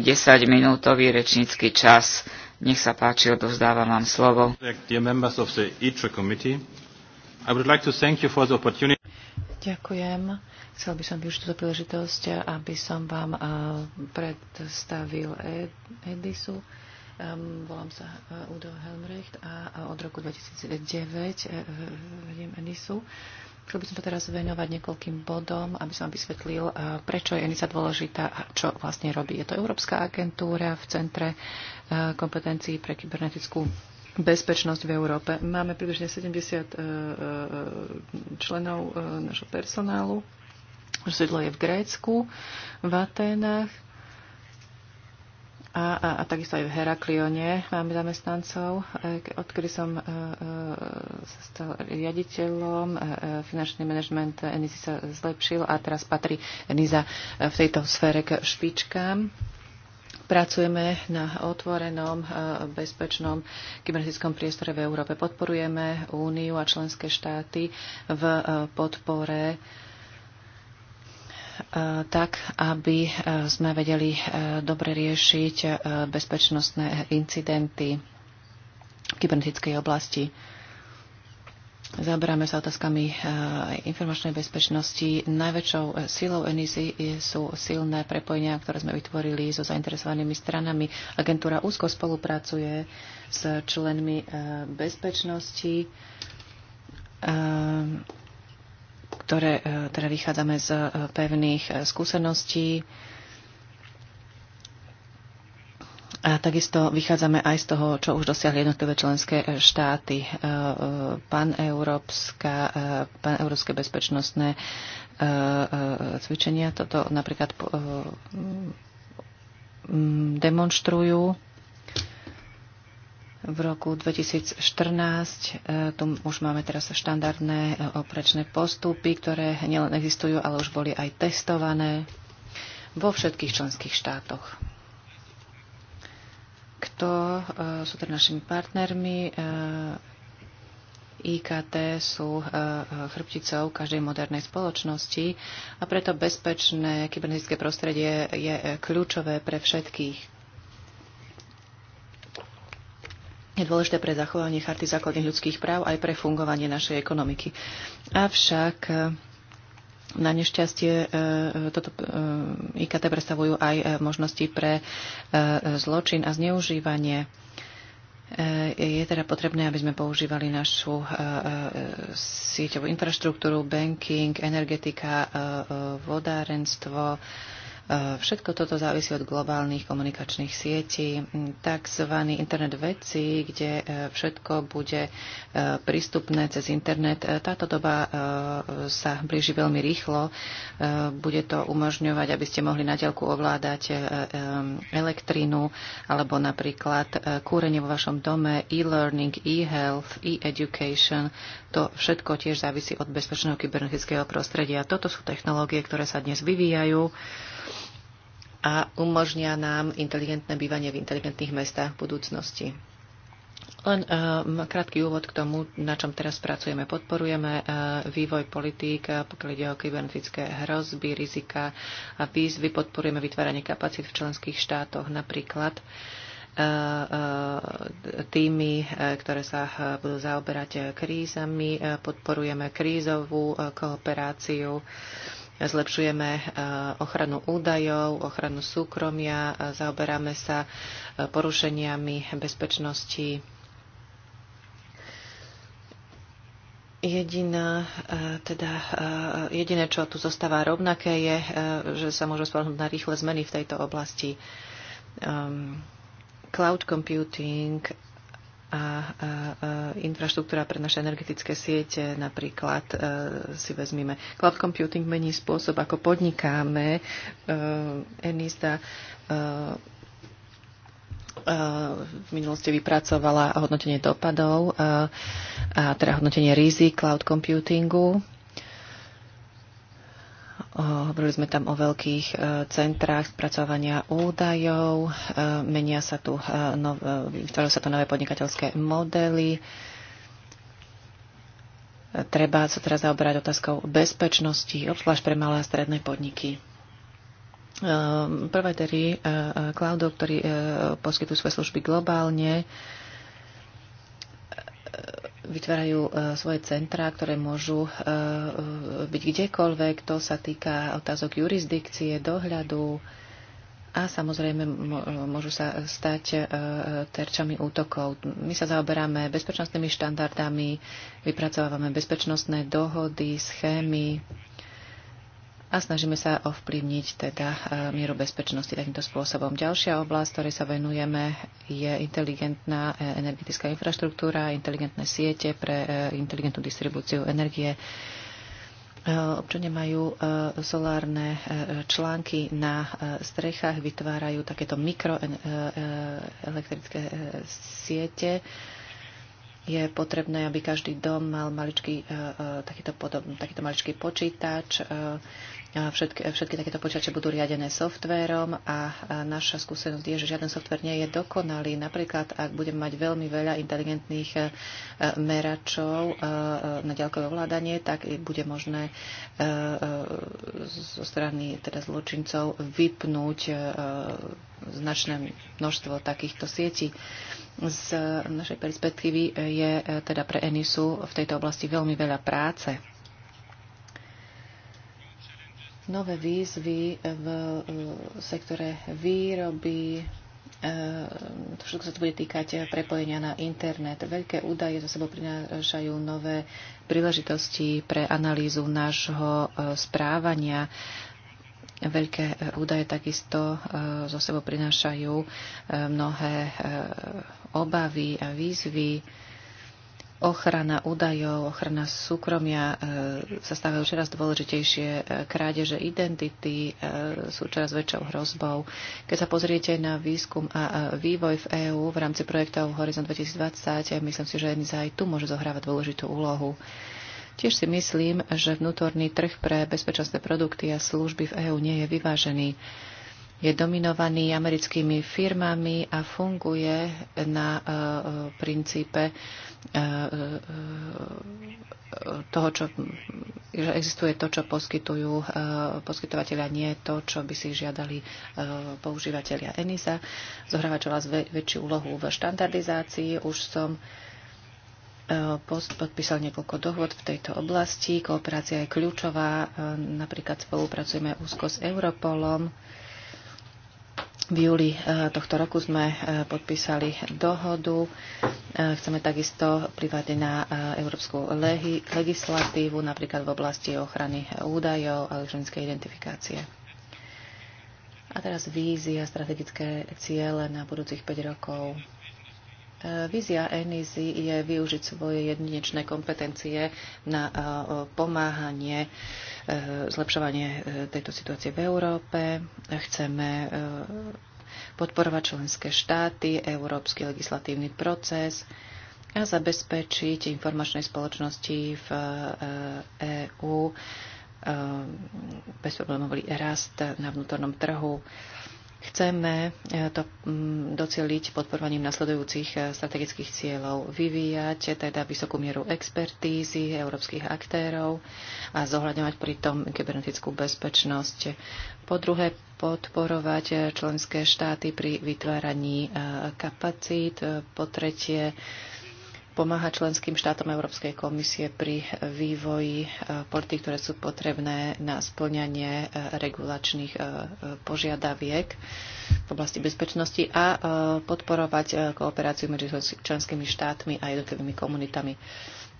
10-minútový e, rečnícky čas. Nech sa páči, odovzdávam vám slovo. Ďakujem. Chcel by som využiť túto príležitosť, aby som vám e, predstavil e, Edisu. Volám sa Udo Helmrecht a od roku 2009 vediem Edisu. Chcel by som sa teraz venovať niekoľkým bodom, aby som vysvetlil, eh, prečo je ENISA dôležitá a čo vlastne robí. Je to Európska agentúra v Centre eh, kompetencií pre kybernetickú bezpečnosť v Európe. Máme približne 70 eh, členov našho personálu. Sídlo je v Grécku, v Aténach a, a, a takisto aj v Heraklione máme zamestnancov. E, odkedy som e, e, sa stal riaditeľom, finančný manažment Enizy sa zlepšil a teraz patrí Eniza v tejto sfére k špičkám. Pracujeme na otvorenom, bezpečnom kybernetickom priestore v Európe. Podporujeme Úniu a členské štáty v podpore Eh, tak, aby eh, sme vedeli eh, dobre riešiť bezpečnostné incidenty v kybernetickej oblasti. Zaberáme sa otázkami informačnej bezpečnosti. Najväčšou silou ENISI sú silné prepojenia, ktoré sme vytvorili so zainteresovanými stranami. Agentúra úzko spolupracuje s členmi bezpečnosti ktoré e, teda vychádzame z e, pevných e, skúseností. A takisto vychádzame aj z toho, čo už dosiahli jednotlivé členské štáty. Pan, Európska, pan Európske bezpečnostné cvičenia toto napríklad demonstrujú. V roku 2014 e, tu už máme teraz štandardné e, oprečné postupy, ktoré nielen existujú, ale už boli aj testované vo všetkých členských štátoch. Kto e, sú teda našimi partnermi? IKT sú chrbticou každej modernej spoločnosti a preto bezpečné kybernetické prostredie je kľúčové pre všetkých je dôležité pre zachovanie charty základných ľudských práv aj pre fungovanie našej ekonomiky. Avšak e, na nešťastie e, toto e, IKT predstavujú aj možnosti pre zločin a zneužívanie. Je teda potrebné, aby sme používali našu sieťovú infraštruktúru, banking, energetika, vodárenstvo, Všetko toto závisí od globálnych komunikačných sietí, tzv. internet vecí, kde e, všetko bude e, prístupné cez internet. E, táto doba sa blíži veľmi rýchlo. Bude to umožňovať, aby ste mohli na diaľku ovládať elektrínu alebo napríklad kúrenie vo vašom dome, e-learning, e-health, e-education. To všetko tiež závisí od bezpečného kybernetického prostredia. Toto sú technológie, ktoré sa dnes vyvíjajú a umožnia nám inteligentné bývanie v inteligentných mestách v budúcnosti. Len um, krátky úvod k tomu, na čom teraz pracujeme. Podporujeme uh, vývoj politík, eh, pokiaľ ide o kybernetické hrozby, rizika a výzvy. Podporujeme vytváranie kapacít v členských štátoch, napríklad týmy, ktoré sa budú zaoberať krízami. Podporujeme krízovú kooperáciu zlepšujeme e, ochranu údajov, ochranu súkromia, e, zaoberáme sa e, porušeniami bezpečnosti. Jediná, teda, jediné, čo tu zostáva rovnaké, je, že sa môžu spolahnúť na rýchle zmeny v tejto oblasti. Ehm, cloud computing a infraštruktúra pre naše energetické siete napríklad e, si vezmime. Cloud computing mení spôsob, ako podnikáme. E, Enista e, v minulosti vypracovala hodnotenie dopadov, a teda hodnotenie rizik cloud computingu Hovorili sme tam o veľkých e, centrách spracovania údajov, e, menia sa tu, e, vytvárajú sa tu nové podnikateľské modely. Treba sa teraz zaoberať otázkou bezpečnosti, obzvlášť pre malé a stredné podniky. Providery cloudov, ktorí poskytujú svoje služby globálne, vytvárajú e, svoje centrá, ktoré môžu e, e, byť kdekoľvek. To sa týka otázok jurisdikcie, dohľadu a samozrejme môžu sa stať terčami útokov. My sa zaoberáme bezpečnostnými štandardami, vypracovávame bezpečnostné dohody, schémy a snažíme sa ovplyvniť teda e, mieru bezpečnosti takýmto spôsobom. Ďalšia oblasť, ktorej sa venujeme, je inteligentná e, energetická infraštruktúra, inteligentné siete pre e, inteligentnú distribúciu energie. Občania majú solárne články na strechách, vytvárajú takéto mikroelektrické siete je potrebné, aby každý dom mal maličký, takýto, podobný, takýto maličký počítač, Všetky, všetky takéto počítače budú riadené softvérom a naša skúsenosť je, že žiaden softver nie je dokonalý. Napríklad, ak budeme mať veľmi veľa inteligentných e, meračov e, e, na ďalkové ovládanie, tak bude možné zo strany teda zločincov vypnúť značné množstvo takýchto sietí. Z našej perspektívy je teda pre Enisu v tejto oblasti veľmi veľa práce nové výzvy v e, sektore výroby, e, to všetko sa to bude týkať prepojenia na internet. Veľké údaje za sebou prinášajú nové príležitosti pre analýzu nášho e, správania. Veľké údaje takisto zo sebou prinášajú mnohé obavy a výzvy ochrana údajov, ochrana súkromia e, sa stávajú čoraz dôležitejšie. E, krádeže identity e, sú čoraz väčšou hrozbou. Keď sa pozriete na výskum a vývoj v EÚ v rámci projektov Horizon 2020, e, myslím si, že ENISA aj tu môže zohrávať dôležitú úlohu. Tiež si myslím, že vnútorný trh pre bezpečnostné produkty a služby v EÚ nie je vyvážený je dominovaný americkými firmami a funguje na e, e, princípe e, toho, čo, že existuje to, čo poskytujú poskytovateľia, nie to, čo by si žiadali používateľia ENISA. Zohráva čoraz väčšiu úlohu v štandardizácii. Už som podpísal niekoľko dohod v tejto oblasti. Kooperácia je kľúčová. Napríklad spolupracujeme úzko s Europolom v júli e, tohto roku sme e, podpísali dohodu. E, chceme takisto plývať na európsku legislatívu, napríklad v oblasti ochrany údajov a elektronickej identifikácie. A teraz vízia, strategické ciele na budúcich 5 rokov. Vízia ENIZY je využiť svoje jedinečné kompetencie na pomáhanie, e, zlepšovanie e, tejto situácie v Európe. Chceme e, podporovať členské štáty, európsky legislatívny proces a zabezpečiť informačnej spoločnosti v EÚ bezproblémový rast na vnútornom trhu. Chceme e, to mm, doceliť podporovaním nasledujúcich e, strategických cieľov. Vyvíjať e, teda vysokú mieru expertízy európskych aktérov a zohľadňovať pritom kybernetickú bezpečnosť. Po druhé, podporovať členské štáty pri vytváraní kapacít. Po tretie, pomáha členským štátom Európskej komisie pri vývoji e, politik, ktoré sú potrebné na splňanie e, regulačných e, požiadaviek v oblasti bezpečnosti a podporovať kooperáciu medzi členskými štátmi a jednotlivými komunitami.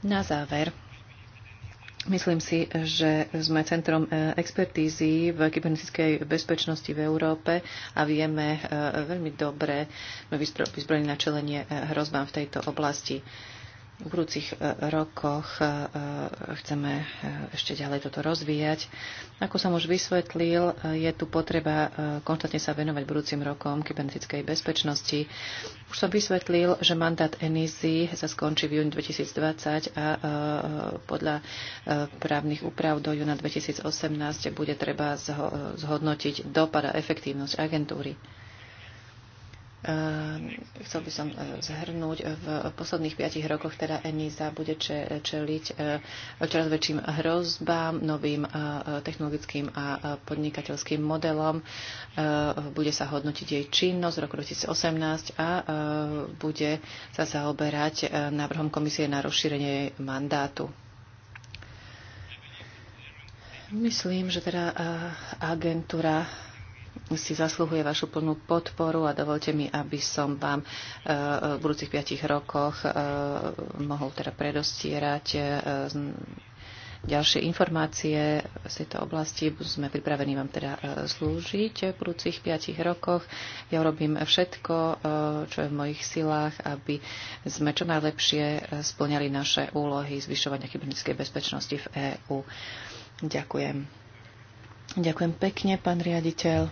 Na záver, Myslím si, že sme centrom e, expertízy v kybernetickej bezpečnosti v Európe a vieme e, veľmi dobre, e, sme vyzbrojení na čelenie hrozbám v tejto oblasti v budúcich e, rokoch e, e, chceme ešte ďalej toto rozvíjať. Ako som už vysvetlil, je tu potreba konštantne sa venovať budúcim rokom kybernetickej bezpečnosti. Už som vysvetlil, že mandát ENISY sa skončí v júni 2020 a podľa právnych úprav do júna 2018 bude treba zhodnotiť dopad a efektívnosť agentúry. Ehm, chcel by som e, zhrnúť, e, v posledných piatich rokoch teda ENISA bude e, čeliť čoraz väčším hrozbám, novým technologickým a podnikateľským modelom. Bude sa hodnotiť jej činnosť v roku 2018 a bude sa zaoberať návrhom komisie na rozšírenie jej mandátu. Myslím, že teda agentúra si zasluhuje vašu plnú podporu a dovolte mi, aby som vám e, e, v budúcich piatich rokoch e, mohol teda predostierať ďalšie informácie z tejto oblasti. Sme pripravení vám teda slúžiť v budúcich piatich rokoch. Ja urobím všetko, čo je v mojich silách, aby sme čo najlepšie splňali naše úlohy zvyšovania kybernetickej bezpečnosti v EÚ. Ďakujem. Ďakujem pekne, pán riaditeľ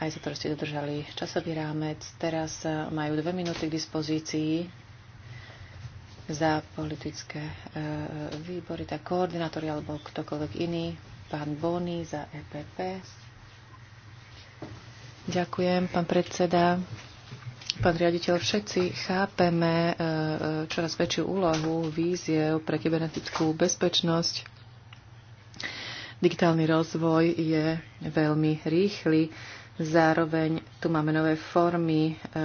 aj za to, že ste dodržali časový rámec. Teraz e, majú dve minúty k dispozícii za politické e, e, výbory, tak koordinátori alebo ktokoľvek iný, pán Bony za EPP. Ďakujem, pán predseda. Pán riaditeľ, všetci chápeme čoraz väčšiu úlohu víziev pre kybernetickú bezpečnosť. Digitálny rozvoj je veľmi rýchly Zároveň tu máme nové formy e, e,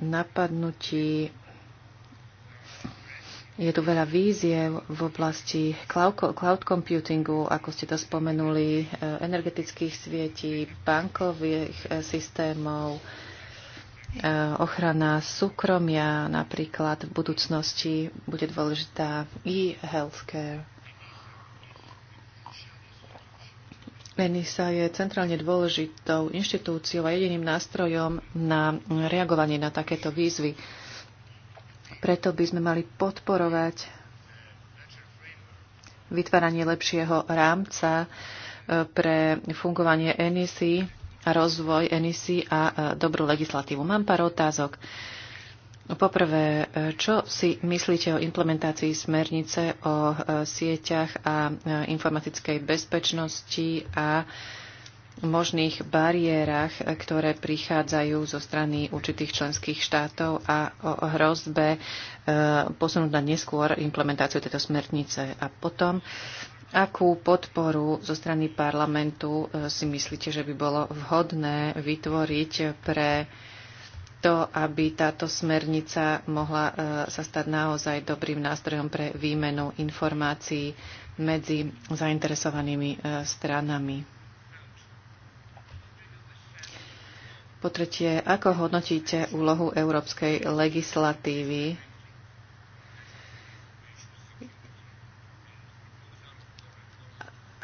napadnutí. Je tu veľa víziev v oblasti cloud computingu, ako ste to spomenuli, e, energetických svietí, bankových systémov, ochrana súkromia napríklad v budúcnosti bude dôležitá i healthcare. ENISA je centrálne dôležitou inštitúciou a jediným nástrojom na reagovanie na takéto výzvy. Preto by sme mali podporovať vytváranie lepšieho rámca e, pre fungovanie ENISI a rozvoj ENISI a e, dobrú legislatívu. Mám pár otázok. No, poprvé, e, čo si myslíte o implementácii smernice o e, sieťach a e, informatickej bezpečnosti a možných bariérach, ktoré prichádzajú zo strany určitých členských štátov a o hrozbe posunúť na neskôr implementáciu tejto smernice. A potom, akú podporu zo strany parlamentu si myslíte, že by bolo vhodné vytvoriť pre to, aby táto smernica mohla e, sa stať naozaj dobrým nástrojom pre výmenu informácií medzi zainteresovanými e, stranami. Po tretie, ako hodnotíte úlohu európskej legislatívy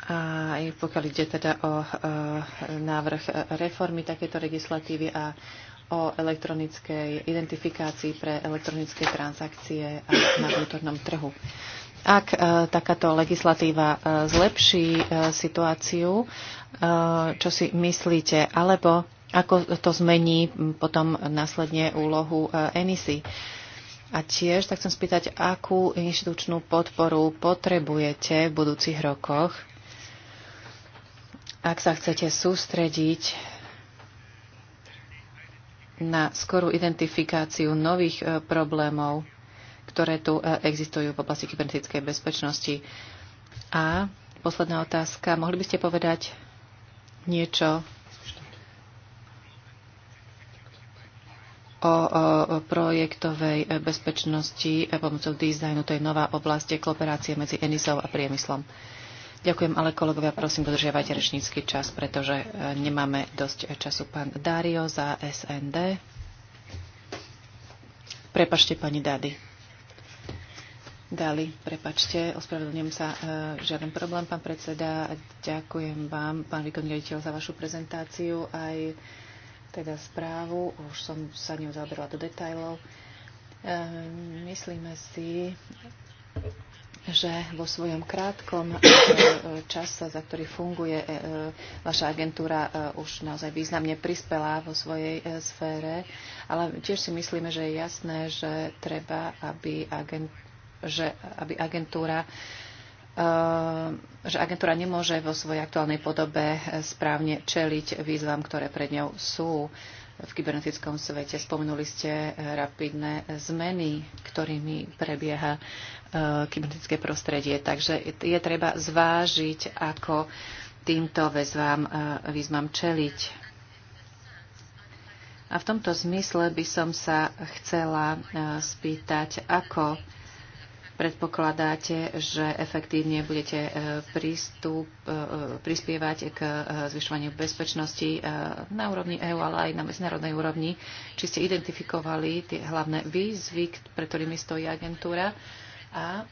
aj pokiaľ ide teda o e, návrh reformy takéto legislatívy a o elektronickej identifikácii pre elektronické transakcie na vnútornom trhu. Ak e, takáto legislatíva e, zlepší e, situáciu, čo si myslíte, alebo ako to zmení potom následne úlohu ENISY. A tiež tak chcem spýtať, akú inštitučnú podporu potrebujete v budúcich rokoch, ak sa chcete sústrediť na skorú identifikáciu nových e, problémov, ktoré tu e, existujú v oblasti kybernetickej bezpečnosti. A posledná otázka. Mohli by ste povedať niečo o, projektovej e, bezpečnosti pomocou dizajnu. To je nová oblasť kooperácie medzi Enisou a priemyslom. Ďakujem, ale kolegovia, prosím, dodržiavajte rečnícky čas, pretože e, nemáme dosť e, času. Pán Dario za SND. Prepašte, pani Dady. Dali, prepačte, ospravedlňujem sa, e, žiaden problém, pán predseda. Ďakujem vám, pán výkonný riaditeľ, za vašu prezentáciu aj teda správu. Už som sa ňou zaoberala do detajlov. Myslíme si, že vo svojom krátkom e, čase, za ktorý funguje e, e, vaša agentúra, už naozaj významne prispela vo svojej sfére, ale tiež si myslíme, že je jasné, že treba, aby, agent, že, aby agentúra že agentúra nemôže vo svojej aktuálnej podobe správne čeliť výzvam, ktoré pred ňou sú v kybernetickom svete. Spomenuli ste eh, rapidné zmeny, ktorými prebieha eh, kybernetické prostredie. Takže je treba zvážiť, ako týmto väzvám, eh, výzvam čeliť. A v tomto zmysle by som sa chcela spýtať, ako predpokladáte, že efektívne budete e, prístup, e, e, prispievať k zvyšovaniu bezpečnosti na úrovni EÚ, ale aj na medzinárodnej úrovni. Či ste identifikovali tie hlavné výzvy, pre ktorými stojí agentúra a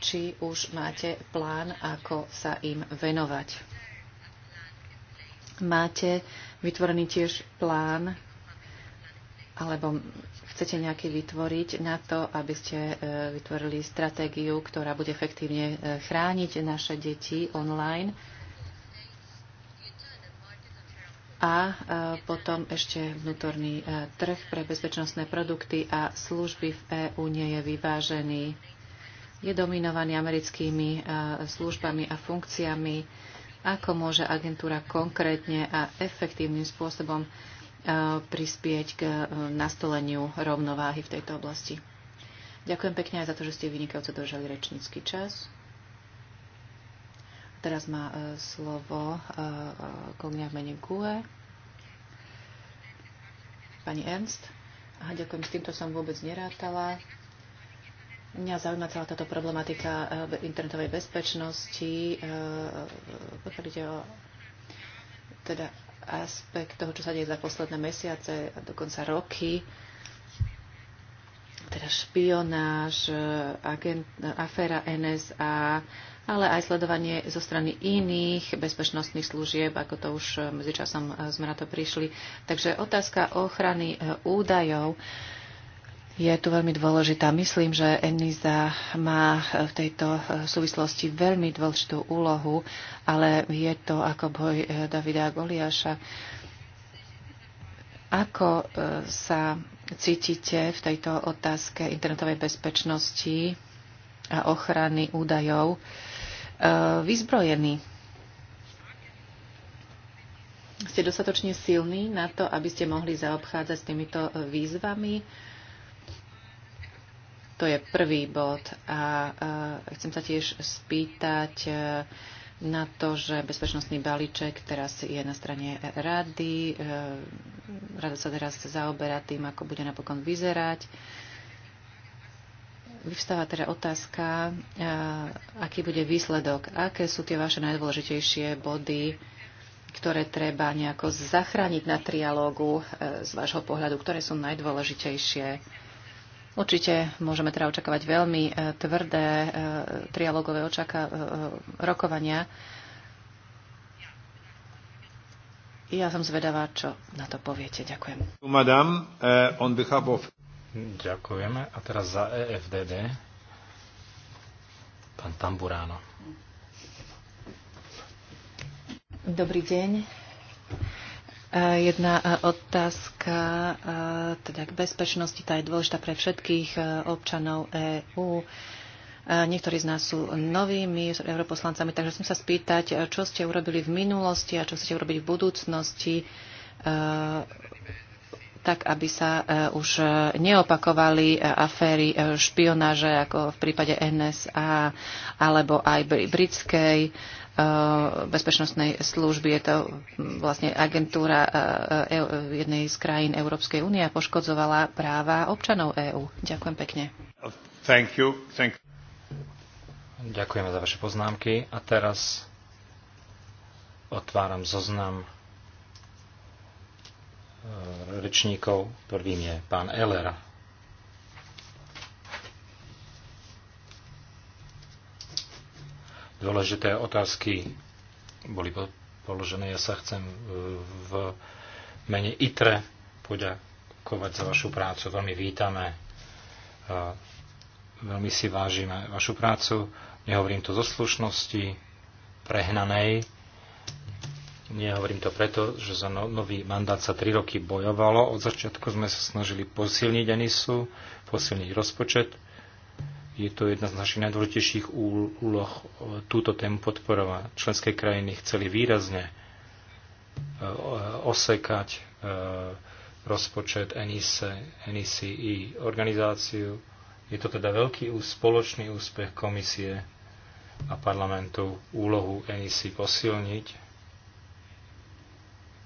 či už máte plán, ako sa im venovať. Máte vytvorený tiež plán alebo chcete nejaký vytvoriť na to, aby ste e, vytvorili stratégiu, ktorá bude efektívne e, chrániť naše deti online. A e, potom ešte vnútorný trh pre bezpečnostné produkty a služby v EÚ nie je vyvážený. Je dominovaný americkými službami a funkciami. Ako môže agentúra konkrétne a efektívnym spôsobom prispieť k e, nastoleniu rovnováhy v tejto oblasti. Ďakujem pekne aj za to, že ste vynikajúco držali rečnícky čas. Teraz má e, slovo e, kolegyňa v mene GUE. Pani Ernst. Aha, ďakujem, s týmto som vôbec nerátala. Mňa zaujíma celá táto problematika internetovej bezpečnosti, pokiaľ o teda aspekt toho, čo sa deje za posledné mesiace a dokonca roky, teda špionáž, agent, aféra NSA, ale aj sledovanie zo strany iných bezpečnostných služieb, ako to už medzičasom sme na to prišli. Takže otázka ochrany e, údajov je tu veľmi dôležitá. Myslím, že ENISA má e, v tejto e, súvislosti veľmi dôležitú úlohu, ale je to ako boj e, Davida Goliáša. Ako sa cítite v tejto otázke internetovej bezpečnosti a ochrany údajov vyzbrojení? Ste dostatočne silní na to, aby ste mohli zaobchádzať s týmito výzvami? To je prvý bod. A chcem sa tiež spýtať e, na to, že bezpečnostný balíček teraz je na strane rady. E, rada sa teraz zaoberá tým, ako bude napokon vyzerať. Vyvstáva teda otázka, e, aký bude výsledok, aké sú tie vaše najdôležitejšie body, ktoré treba nejako zachrániť na trialógu z vášho pohľadu, ktoré sú najdôležitejšie Určite môžeme teda očakávať veľmi e, tvrdé e, trialogové očaká- e, rokovania. Ja som zvedavá, čo na to poviete. Ďakujem. Madam, eh, on behalf of... Ďakujeme. A teraz za EFDD pán Tamburáno. Dobrý deň. E, jedna e, otázka e, teda k bezpečnosti, tá je dôležitá pre všetkých občanov EÚ. Niektorí z nás sú novými europoslancami, takže chcem sa spýtať, čo ste urobili v minulosti a čo chcete urobiť v budúcnosti, tak aby sa už neopakovali aféry špionáže, ako v prípade NSA alebo aj britskej Eh, bezpečnostnej služby. Je to vlastne agentúra eh, eh, jednej z krajín Európskej únie a poškodzovala práva občanov EÚ. Ďakujem pekne. Thank you. Thank you. Ďakujeme za vaše poznámky a teraz otváram zoznam rečníkov. Prvým je pán Elera. Dôležité otázky boli položené. Ja sa chcem e, v mene ITRE poďakovať za vašu prácu. Veľmi vítame. Veľmi si vážime vašu prácu. Nehovorím to zo slušnosti, prehnanej. Nehovorím to preto, že za no- nový mandát sa tri roky bojovalo. Od začiatku sme sa snažili posilniť ENISu, posilniť rozpočet je to jedna z našich najdôležitejších úloh e, túto tému podporovať. Členské krajiny chceli výrazne e, osekať e, rozpočet NIC NICI organizáciu. Je to teda veľký spoločný úspech komisie a parlamentu úlohu NIC posilniť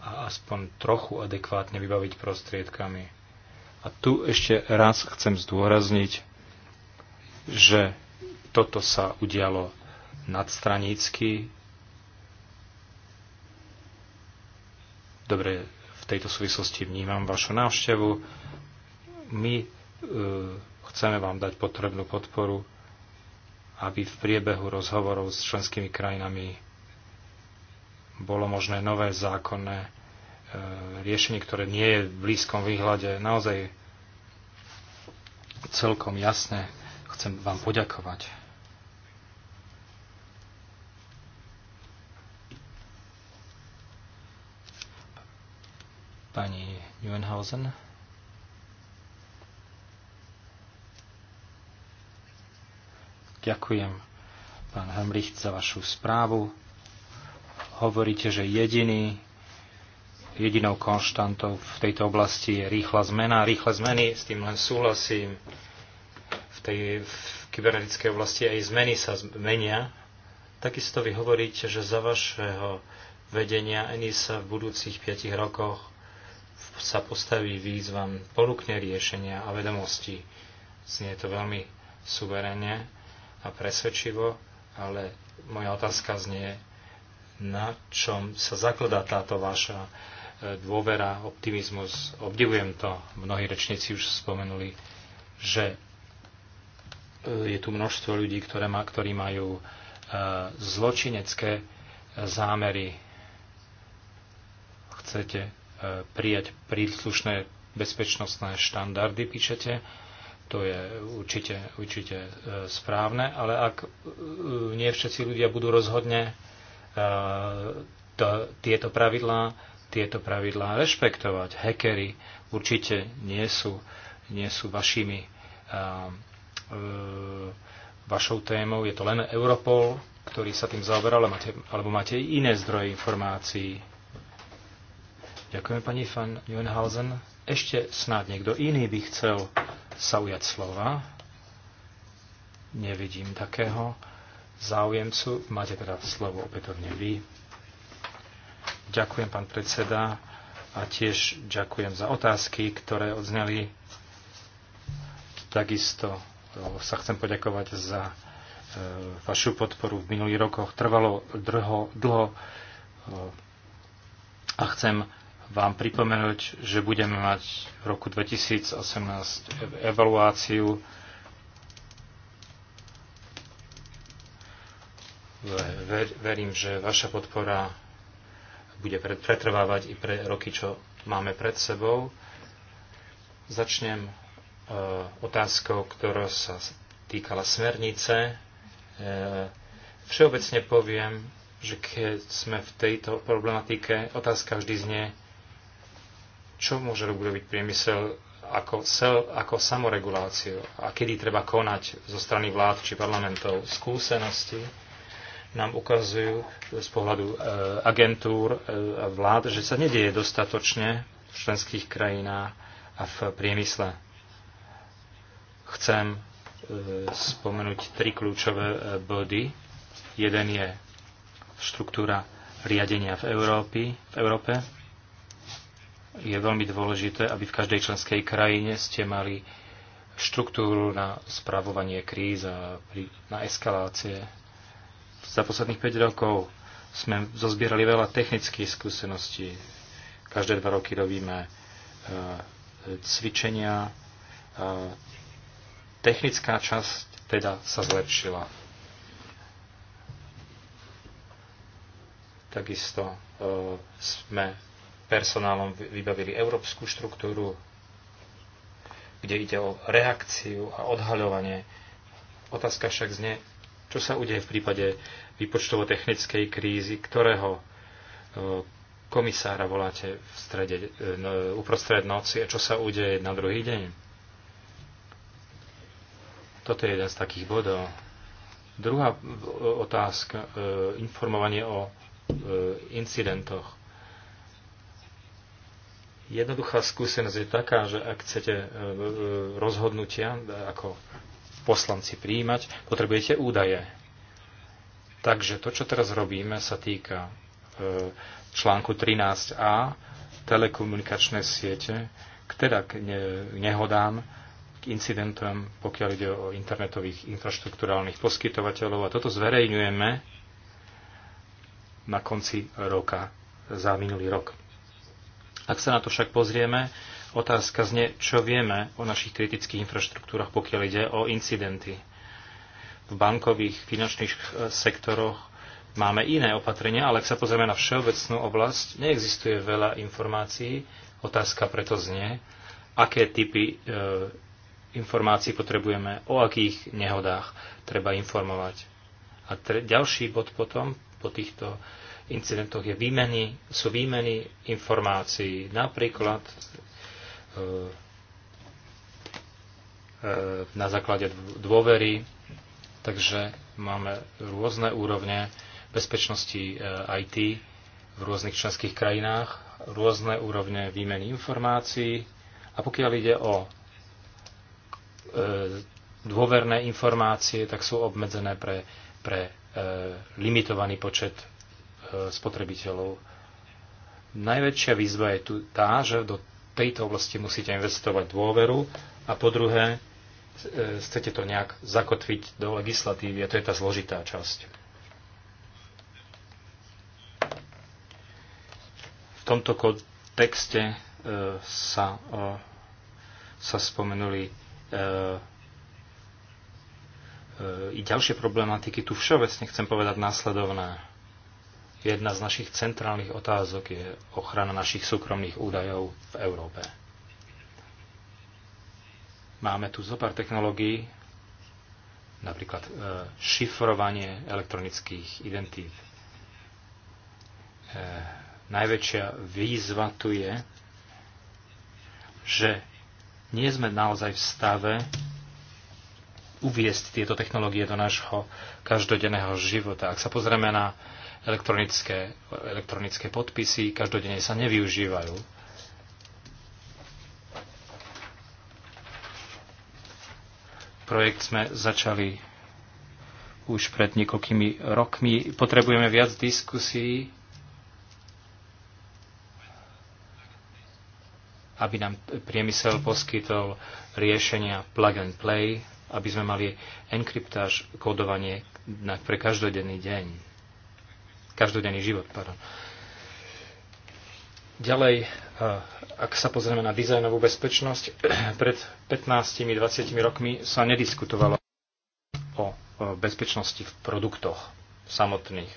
a aspoň trochu adekvátne vybaviť prostriedkami. A tu ešte raz chcem zdôrazniť, že toto sa udialo nadstranícky. Dobre, v tejto súvislosti vnímam vašu návštevu. My e, chceme vám dať potrebnú podporu, aby v priebehu rozhovorov s členskými krajinami bolo možné nové zákonné e, riešenie, ktoré nie je v blízkom výhľade. Naozaj celkom jasné chcem vám poďakovať. Pani Neuenhausen. Ďakujem, pán Hamricht, za vašu správu. Hovoríte, že jediný, jedinou konštantou v tejto oblasti je rýchla zmena. Rýchle zmeny, s tým len súhlasím tej kybernetickej oblasti aj zmeny sa zmenia. Takisto vy hovoríte, že za vašeho vedenia ENISA v budúcich 5 rokoch sa postaví výzvam, ponúkne riešenia a vedomosti. Znie to veľmi suverene a presvedčivo, ale moja otázka znie, na čom sa zakladá táto vaša e, dôvera, optimizmus. Obdivujem to, mnohí rečníci už spomenuli, že je tu množstvo ľudí, ktoré má, ktorí majú e, zločinecké e, zámery. Chcete e, prijať príslušné bezpečnostné štandardy, píšete. To je určite, určite správne, ale ak nie všetci ľudia budú rozhodne to, tieto pravidlá tieto pravidlá rešpektovať. Hekery určite nie sú, nie sú vašimi E, vašou témou. Je to len Europol, ktorý sa tým zaoberal, ale máte, alebo máte iné zdroje informácií. Ďakujeme pani van Juenhausen. Ešte snáď niekto iný by chcel sa ujať slova. Nevidím takého záujemcu. Máte teda slovo opätovne vy. Ďakujem, pán predseda, a tiež ďakujem za otázky, ktoré odzneli. Takisto sa chcem poďakovať za e, vašu podporu v minulých rokoch. Trvalo dlho, dlho e, a chcem vám pripomenúť, že budeme mať v roku 2018 evaluáciu verím, že vaša podpora bude pretrvávať i pre roky, čo máme pred sebou. Začnem Eh, otázkou, ktorá sa týkala smernice. Eh, všeobecne poviem, že keď sme v tejto problematike, otázka vždy znie, čo môže robiť priemysel ako, sel, ako samoreguláciu a kedy treba konať zo strany vlád či parlamentov. Skúsenosti nám ukazujú z pohľadu eh, agentúr a vlád, že sa nedieje dostatočne v členských krajinách a v priemysle chcem e, spomenúť tri kľúčové e, body. Jeden je štruktúra riadenia v, Európy, v Európe. Je veľmi dôležité, aby v každej členskej krajine ste mali štruktúru na spravovanie kríz a na eskalácie. Za posledných 5 rokov sme zozbierali veľa technických skúseností. Každé dva roky robíme e, cvičenia, Technická časť teda sa zlepšila. Takisto e, sme personálom vybavili európsku štruktúru, kde ide o reakciu a odhaľovanie. Otázka však znie, čo sa udeje v prípade výpočtovo-technickej krízy, ktorého e, komisára voláte v strede, e, no, uprostred noci a čo sa udeje na druhý deň. Toto je jeden z takých bodov. Druhá otázka, e, informovanie o e, incidentoch. Jednoduchá skúsenosť je taká, že ak chcete e, rozhodnutia ako poslanci príjmať, potrebujete údaje. Takže to, čo teraz robíme, sa týka článku 13a telekomunikačné siete, ktorá teda k nehodám, k incidentom, pokiaľ ide o internetových infraštruktúrálnych poskytovateľov. A toto zverejňujeme na konci roka, za minulý rok. Ak sa na to však pozrieme, otázka zne, čo vieme o našich kritických infraštruktúrach, pokiaľ ide o incidenty. V bankových, finančných eh, sektoroch máme iné opatrenia, ale ak sa pozrieme na všeobecnú oblasť, neexistuje veľa informácií. Otázka preto znie, aké typy e, informácií potrebujeme, o akých nehodách treba informovať. A tre, ďalší bod potom, po týchto incidentoch je výmeny, sú výmeny informácií. Napríklad e, e na základe dôvery. Takže máme rôzne úrovne bezpečnosti e, IT v rôznych členských krajinách, rôzne úrovne výmeny informácií. A pokiaľ ide o E, dôverné informácie, tak sú obmedzené pre, pre e, limitovaný počet e, spotrebiteľov. Najväčšia výzva je tu tá, že do tejto oblasti musíte investovať dôveru a po druhé chcete to nejak zakotviť do legislatívy a to je tá zložitá časť. V tomto kontexte sa, sa spomenuli E, e, i ďalšie problematiky. Tu všeobecne chcem povedať následovné. Jedna z našich centrálnych otázok je ochrana našich súkromných údajov v Európe. Máme tu zopár technológií, napríklad e, šifrovanie elektronických identít. Najväčšia výzva tu je, že nie sme naozaj v stave uviesť tieto technológie do nášho každodenného života. Ak sa pozrieme na elektronické, elektronické podpisy, každodenne sa nevyužívajú. Projekt sme začali už pred niekoľkými rokmi. Potrebujeme viac diskusí aby nám priemysel poskytol riešenia plug and play, aby sme mali enkryptáž, kódovanie pre každodenný deň. Každodenný život, pardon. Ďalej, ak sa pozrieme na dizajnovú bezpečnosť, pred 15-20 rokmi sa nediskutovalo o bezpečnosti v produktoch samotných.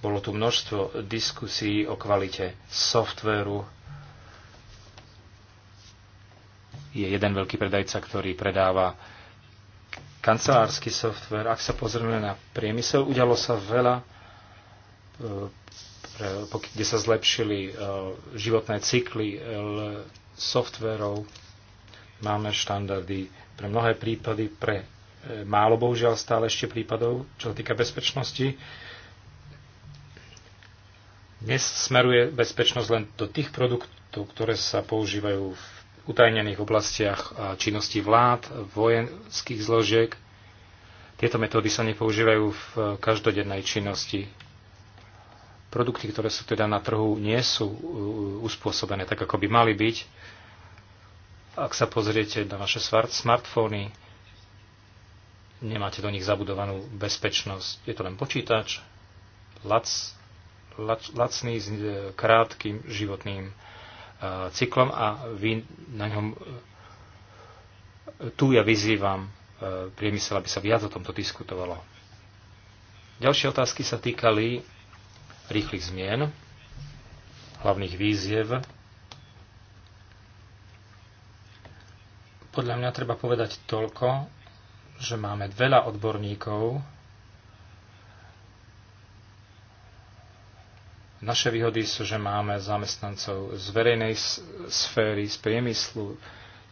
Bolo tu množstvo diskusí o kvalite softvéru, je jeden veľký predajca, ktorý predáva kancelársky software. Ak sa pozrieme na priemysel, udialo sa veľa, e, kde sa zlepšili e, životné cykly e, softverov. Máme štandardy pre mnohé prípady, pre málo bohužiaľ stále ešte prípadov, čo sa týka bezpečnosti. Dnes smeruje bezpečnosť len do tých produktov, ktoré sa používajú v utajnených oblastiach činnosti vlád, vojenských zložiek. Tieto metódy sa nepoužívajú v každodennej činnosti. Produkty, ktoré sú teda na trhu, nie sú uh, uspôsobené tak, ako by mali byť. Ak sa pozriete na vaše smartfóny, nemáte do nich zabudovanú bezpečnosť. Je to len počítač, lac, lac, lacný s e, krátkým životným cyklom a vy na ňom e, tu ja vyzývam e, priemysel, aby sa viac o tomto diskutovalo. Ďalšie otázky sa týkali rýchlych zmien, hlavných víziev. Podľa mňa treba povedať toľko, že máme veľa odborníkov, Naše výhody sú, že máme zamestnancov z verejnej sféry, z priemyslu,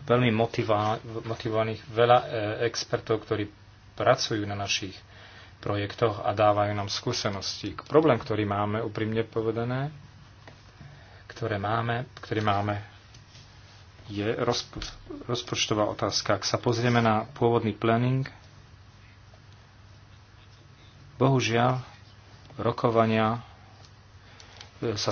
veľmi motivovaných, veľa e, expertov, ktorí pracujú na našich projektoch a dávajú nám skúsenosti. Problém, ktorý máme, úprimne povedané, ktoré máme, ktorý máme, je rozpo- rozpočtová otázka. Ak sa pozrieme na pôvodný planning, bohužiaľ rokovania sa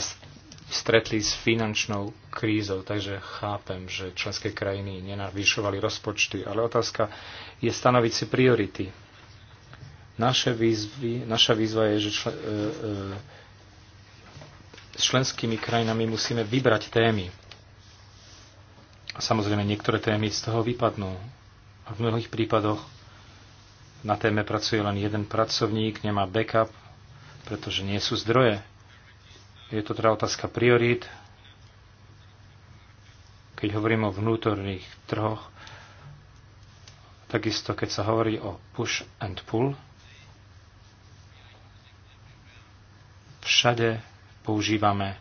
stretli s finančnou krízou, takže chápem, že členské krajiny nenavýšovali rozpočty, ale otázka je stanoviť si priority. Naše výzvy, naša výzva je, že člen, e, e, s členskými krajinami musíme vybrať témy. A samozrejme, niektoré témy z toho vypadnú. A v mnohých prípadoch na téme pracuje len jeden pracovník, nemá backup, pretože nie sú zdroje je to teda otázka priorít. Keď hovorím o vnútorných trhoch, takisto keď sa hovorí o push and pull, všade používame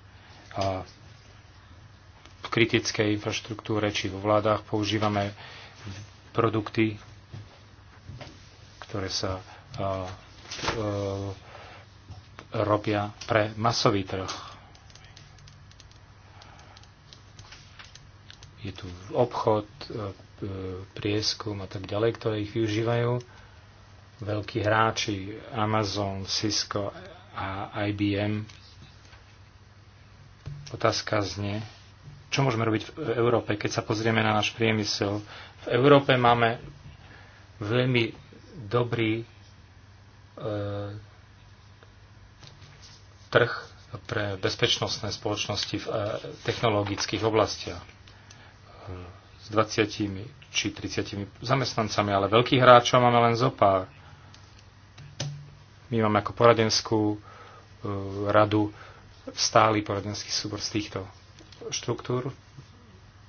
v kritickej infraštruktúre či vo vládach používame produkty, ktoré sa robia pre masový trh. Je tu obchod, e, e, prieskum a tak ďalej, ktoré ich využívajú. Veľkí hráči Amazon, Cisco a IBM. Otázka znie, čo môžeme robiť v Európe, keď sa pozrieme na náš priemysel. V Európe máme veľmi dobrý e, trh pre bezpečnostné spoločnosti v e, technologických oblastiach s 20 či 30 zamestnancami, ale veľkých hráčov máme len zo pár. My máme ako poradenskú e, radu stály poradenský súbor z týchto štruktúr,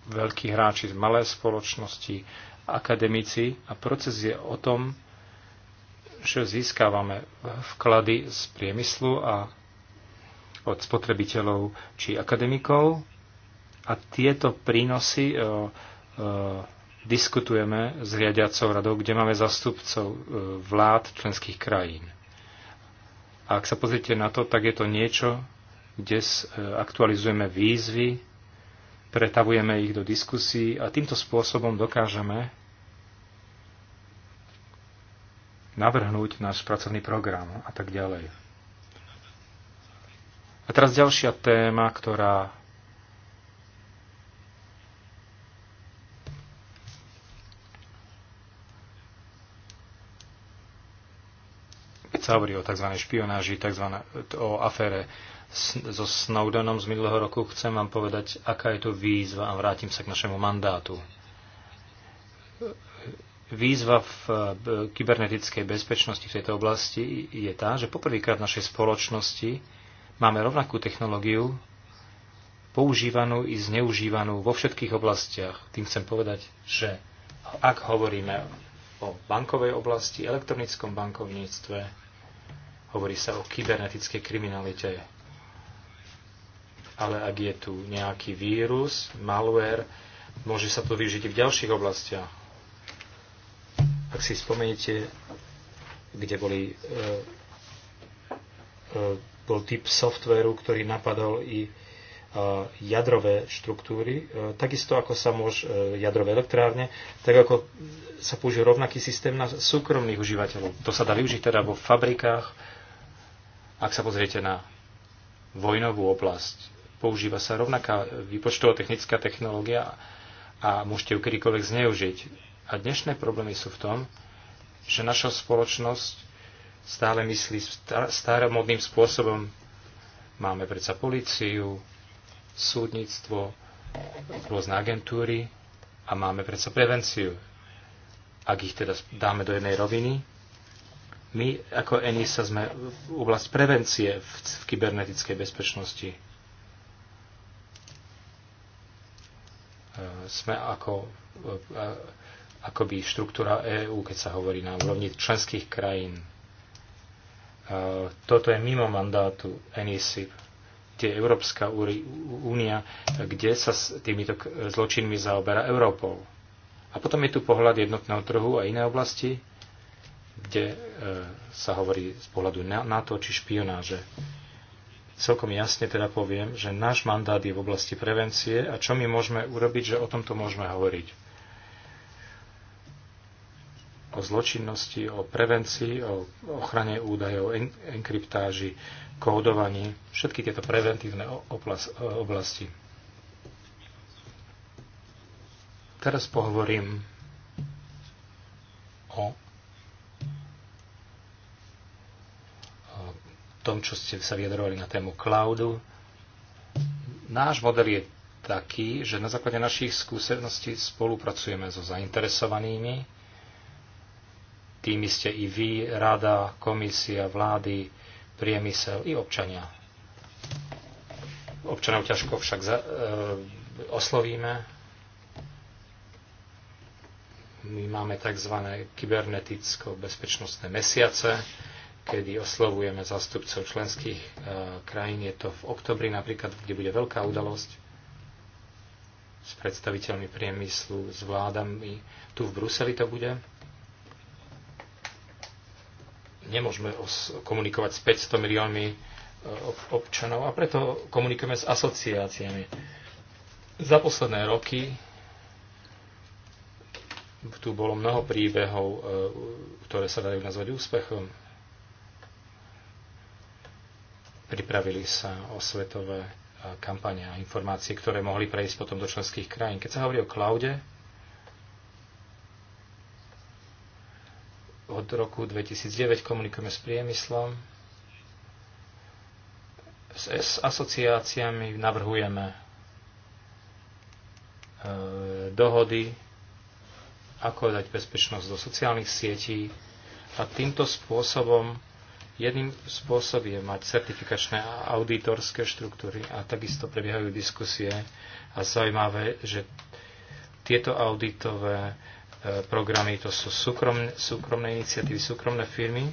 veľkí hráči, malé spoločnosti, akademici a proces je o tom, že získávame vklady z priemyslu a od spotrebiteľov či akademikov. A tieto prínosy e, e, diskutujeme s riadiacou radou, kde máme zastupcov e, vlád členských krajín. A ak sa pozrite na to, tak je to niečo, kde e, aktualizujeme výzvy, pretavujeme ich do diskusí a týmto spôsobom dokážeme navrhnúť náš pracovný program a tak ďalej. A teraz ďalšia téma, ktorá Keď sa hovorí o tzv. špionáži, tzv. o afére so Snowdenom z minulého roku, chcem vám povedať, aká je to výzva a vrátim sa k našemu mandátu. Výzva v e, e, kybernetickej bezpečnosti v tejto oblasti je tá, že poprvýkrát v našej spoločnosti Máme rovnakú technológiu, používanú i zneužívanú vo všetkých oblastiach. Tým chcem povedať, že ak hovoríme o bankovej oblasti, elektronickom bankovníctve, hovorí sa o kybernetickej kriminalite, ale ak je tu nejaký vírus, malware, môže sa to využiť i v ďalších oblastiach. Ak si spomeniete, kde boli e, e, bol typ softvéru, ktorý napadol i e, jadrové štruktúry, e, takisto ako sa môže jadrové elektrárne, tak ako sa použil rovnaký systém na súkromných užívateľov. To sa dá využiť teda vo fabrikách. Ak sa pozriete na vojnovú oblasť, používa sa rovnaká výpočtová technická technológia a môžete ju kedykoľvek zneužiť. A dnešné problémy sú v tom, že naša spoločnosť stále myslí staromodným spôsobom. Máme predsa políciu, súdnictvo, rôzne agentúry a máme predsa prevenciu. Ak ich teda dáme do jednej roviny, my ako ENISA sme v oblasti prevencie v, v kybernetickej bezpečnosti. E, sme ako, e, akoby štruktúra EÚ, keď sa hovorí na úrovni členských krajín. Toto je mimo mandátu NISIP, e kde Európska únia, kde sa s týmito zločinmi zaoberá Európou. A potom je tu pohľad jednotného trhu a iné oblasti, kde e, sa hovorí z pohľadu NATO či špionáže. Celkom jasne teda poviem, že náš mandát je v oblasti prevencie a čo my môžeme urobiť, že o tomto môžeme hovoriť o zločinnosti, o prevencii, o ochrane údajov, en- enkryptáži, kódovaní, všetky tieto preventívne e, oblasti. Teraz pohovorím o tom, čo ste sa vyjadrovali na tému cloudu. Náš model je taký, že na základe našich skúseností spolupracujeme so zainteresovanými Tými ste i vy, rada, komisia, vlády, priemysel i občania. Občanov ťažko však za, e, oslovíme. My máme tzv. kyberneticko-bezpečnostné mesiace, kedy oslovujeme zástupcov členských e, krajín. Je to v oktobri napríklad, kde bude veľká udalosť s predstaviteľmi priemyslu, s vládami. Tu v Bruseli to bude nemôžeme komunikovať s 500 miliónmi e, občanov a preto komunikujeme s asociáciami. Za posledné roky tu bolo mnoho príbehov, e, ktoré sa dajú nazvať úspechom. Pripravili sa o svetové e, kampania a informácie, ktoré mohli prejsť potom do členských krajín. Keď sa hovorí o klaude, od roku 2009 komunikujeme s priemyslom, s, s asociáciami, navrhujeme e, dohody, ako dať bezpečnosť do sociálnych sietí a týmto spôsobom jedným spôsobom je mať certifikačné a auditorské štruktúry a takisto prebiehajú diskusie a zaujímavé, že tieto auditové Eh, programy, to sú súkromné, súkromné iniciatívy, súkromné firmy.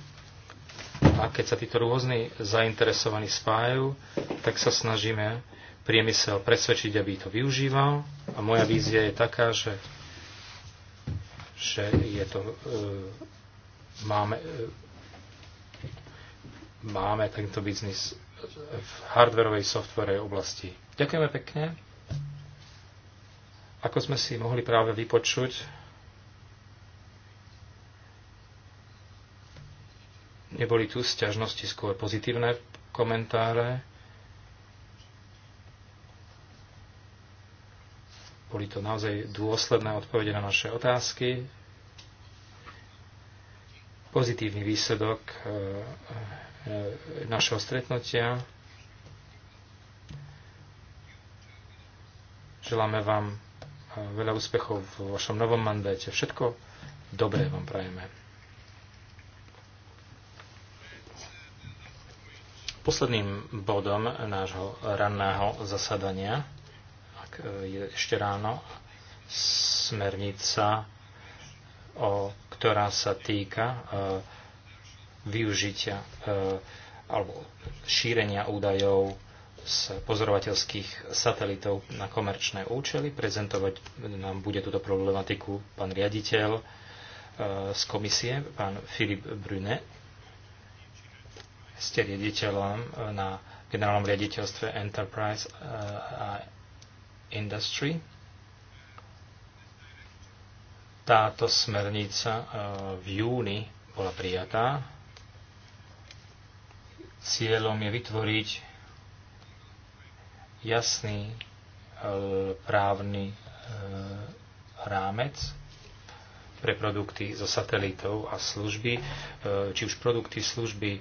A keď sa títo rôzni zainteresovaní spájajú, tak sa snažíme priemysel presvedčiť, aby to využíval. A moja vízia je taká, že, že je to, uh, máme, uh, máme tento biznis v hardverovej, softwarej oblasti. Ďakujeme pekne. Ako sme si mohli práve vypočuť, Neboli tu sťažnosti, skôr pozitívne komentáre. Boli to naozaj dôsledné odpovede na naše otázky. Pozitívny výsledok e, e, našeho stretnutia. Želáme vám e, veľa úspechov v vašom novom mandáte. Všetko dobré vám prajeme. Posledným bodom nášho ranného zasadania, ak e, je ešte ráno, smernica, o, ktorá sa týka e, využitia e, alebo šírenia údajov z pozorovateľských satelitov na komerčné účely. Prezentovať nám bude túto problematiku pán riaditeľ e, z komisie, pán Filip Brunet ste riaditeľom e, na generálnom riaditeľstve Enterprise e, a Industry. Táto smernica e, v júni bola prijatá. Cieľom je vytvoriť jasný právny rámec pre produkty zo satelitov a služby, či už produkty, služby,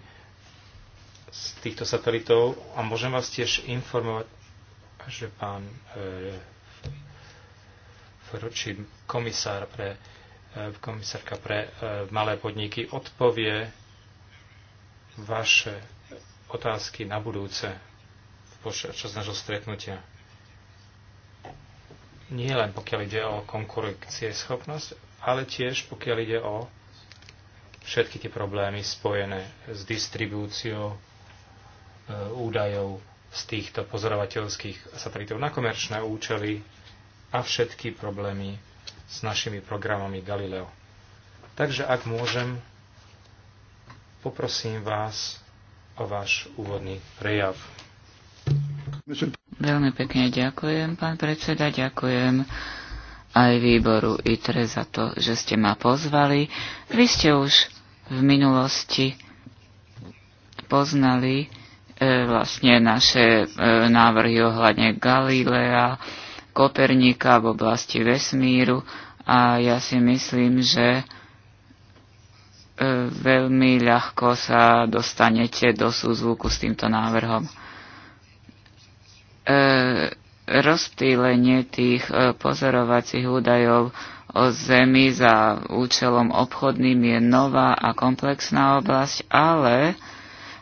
z týchto satelitov a môžem vás tiež informovať, že pán e, eh, Fročí, komisár pre, e, komisárka pre e, malé podniky, odpovie vaše otázky na budúce počas nášho stretnutia. Nie len pokiaľ ide o schopnosť, ale tiež pokiaľ ide o všetky tie problémy spojené s distribúciou, E, údajov z týchto pozorovateľských satelitov na komerčné účely a všetky problémy s našimi programami Galileo. Takže ak môžem, poprosím vás o váš úvodný prejav. Veľmi pekne ďakujem, pán predseda, ďakujem aj výboru ITRE za to, že ste ma pozvali. Vy ste už v minulosti poznali E, vlastne naše e, návrhy ohľadne Galilea, Kopernika v oblasti vesmíru a ja si myslím, že e, veľmi ľahko sa dostanete do súzvuku s týmto návrhom. Rozptýlenie tých pozorovacích údajov o Zemi za účelom obchodným je nová a komplexná oblasť, ale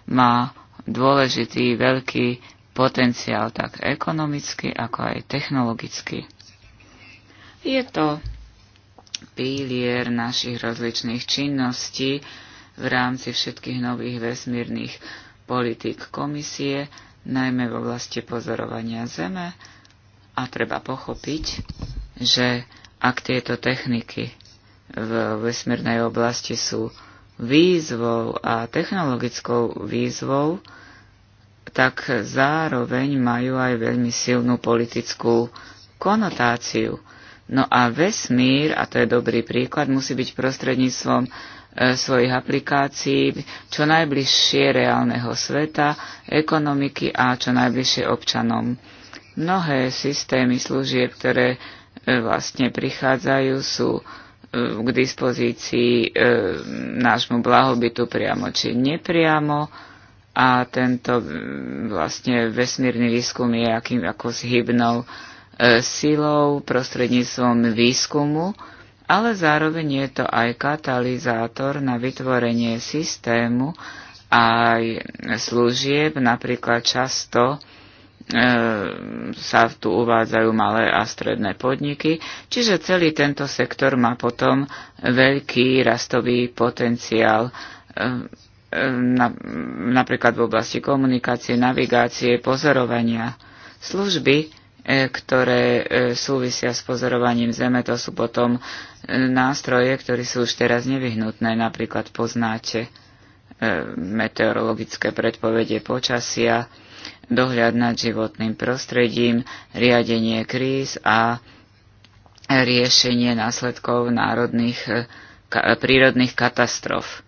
má dôležitý veľký potenciál tak ekonomicky, ako aj technologicky. Je to pilier našich rozličných činností v rámci všetkých nových vesmírnych politik komisie, najmä v oblasti pozorovania Zeme, a treba pochopiť, že ak tieto techniky v vesmírnej oblasti sú výzvou a technologickou výzvou, tak zároveň majú aj veľmi silnú politickú konotáciu. No a vesmír, a to je dobrý príklad, musí byť prostredníctvom e, svojich aplikácií čo najbližšie reálneho sveta, ekonomiky a čo najbližšie občanom. Mnohé systémy služieb, ktoré e, vlastne prichádzajú, sú e, k dispozícii nášmu blahobytu priamo či nepriamo a tento mm, vlastne vesmírny výskum je akým, ako zhybnou e, silou prostredníctvom výskumu, ale zároveň je to aj katalizátor na vytvorenie systému aj služieb, napríklad často e, sa tu uvádzajú malé a stredné podniky, čiže celý tento sektor má potom veľký rastový potenciál. E, na, napríklad v oblasti komunikácie, navigácie, pozorovania. Služby, e, ktoré e, súvisia s pozorovaním Zeme, to sú potom e, nástroje, ktoré sú už teraz nevyhnutné. Napríklad poznáte meteorologické predpovede počasia, dohľad nad životným prostredím, riadenie kríz a riešenie následkov národných prírodných katastrof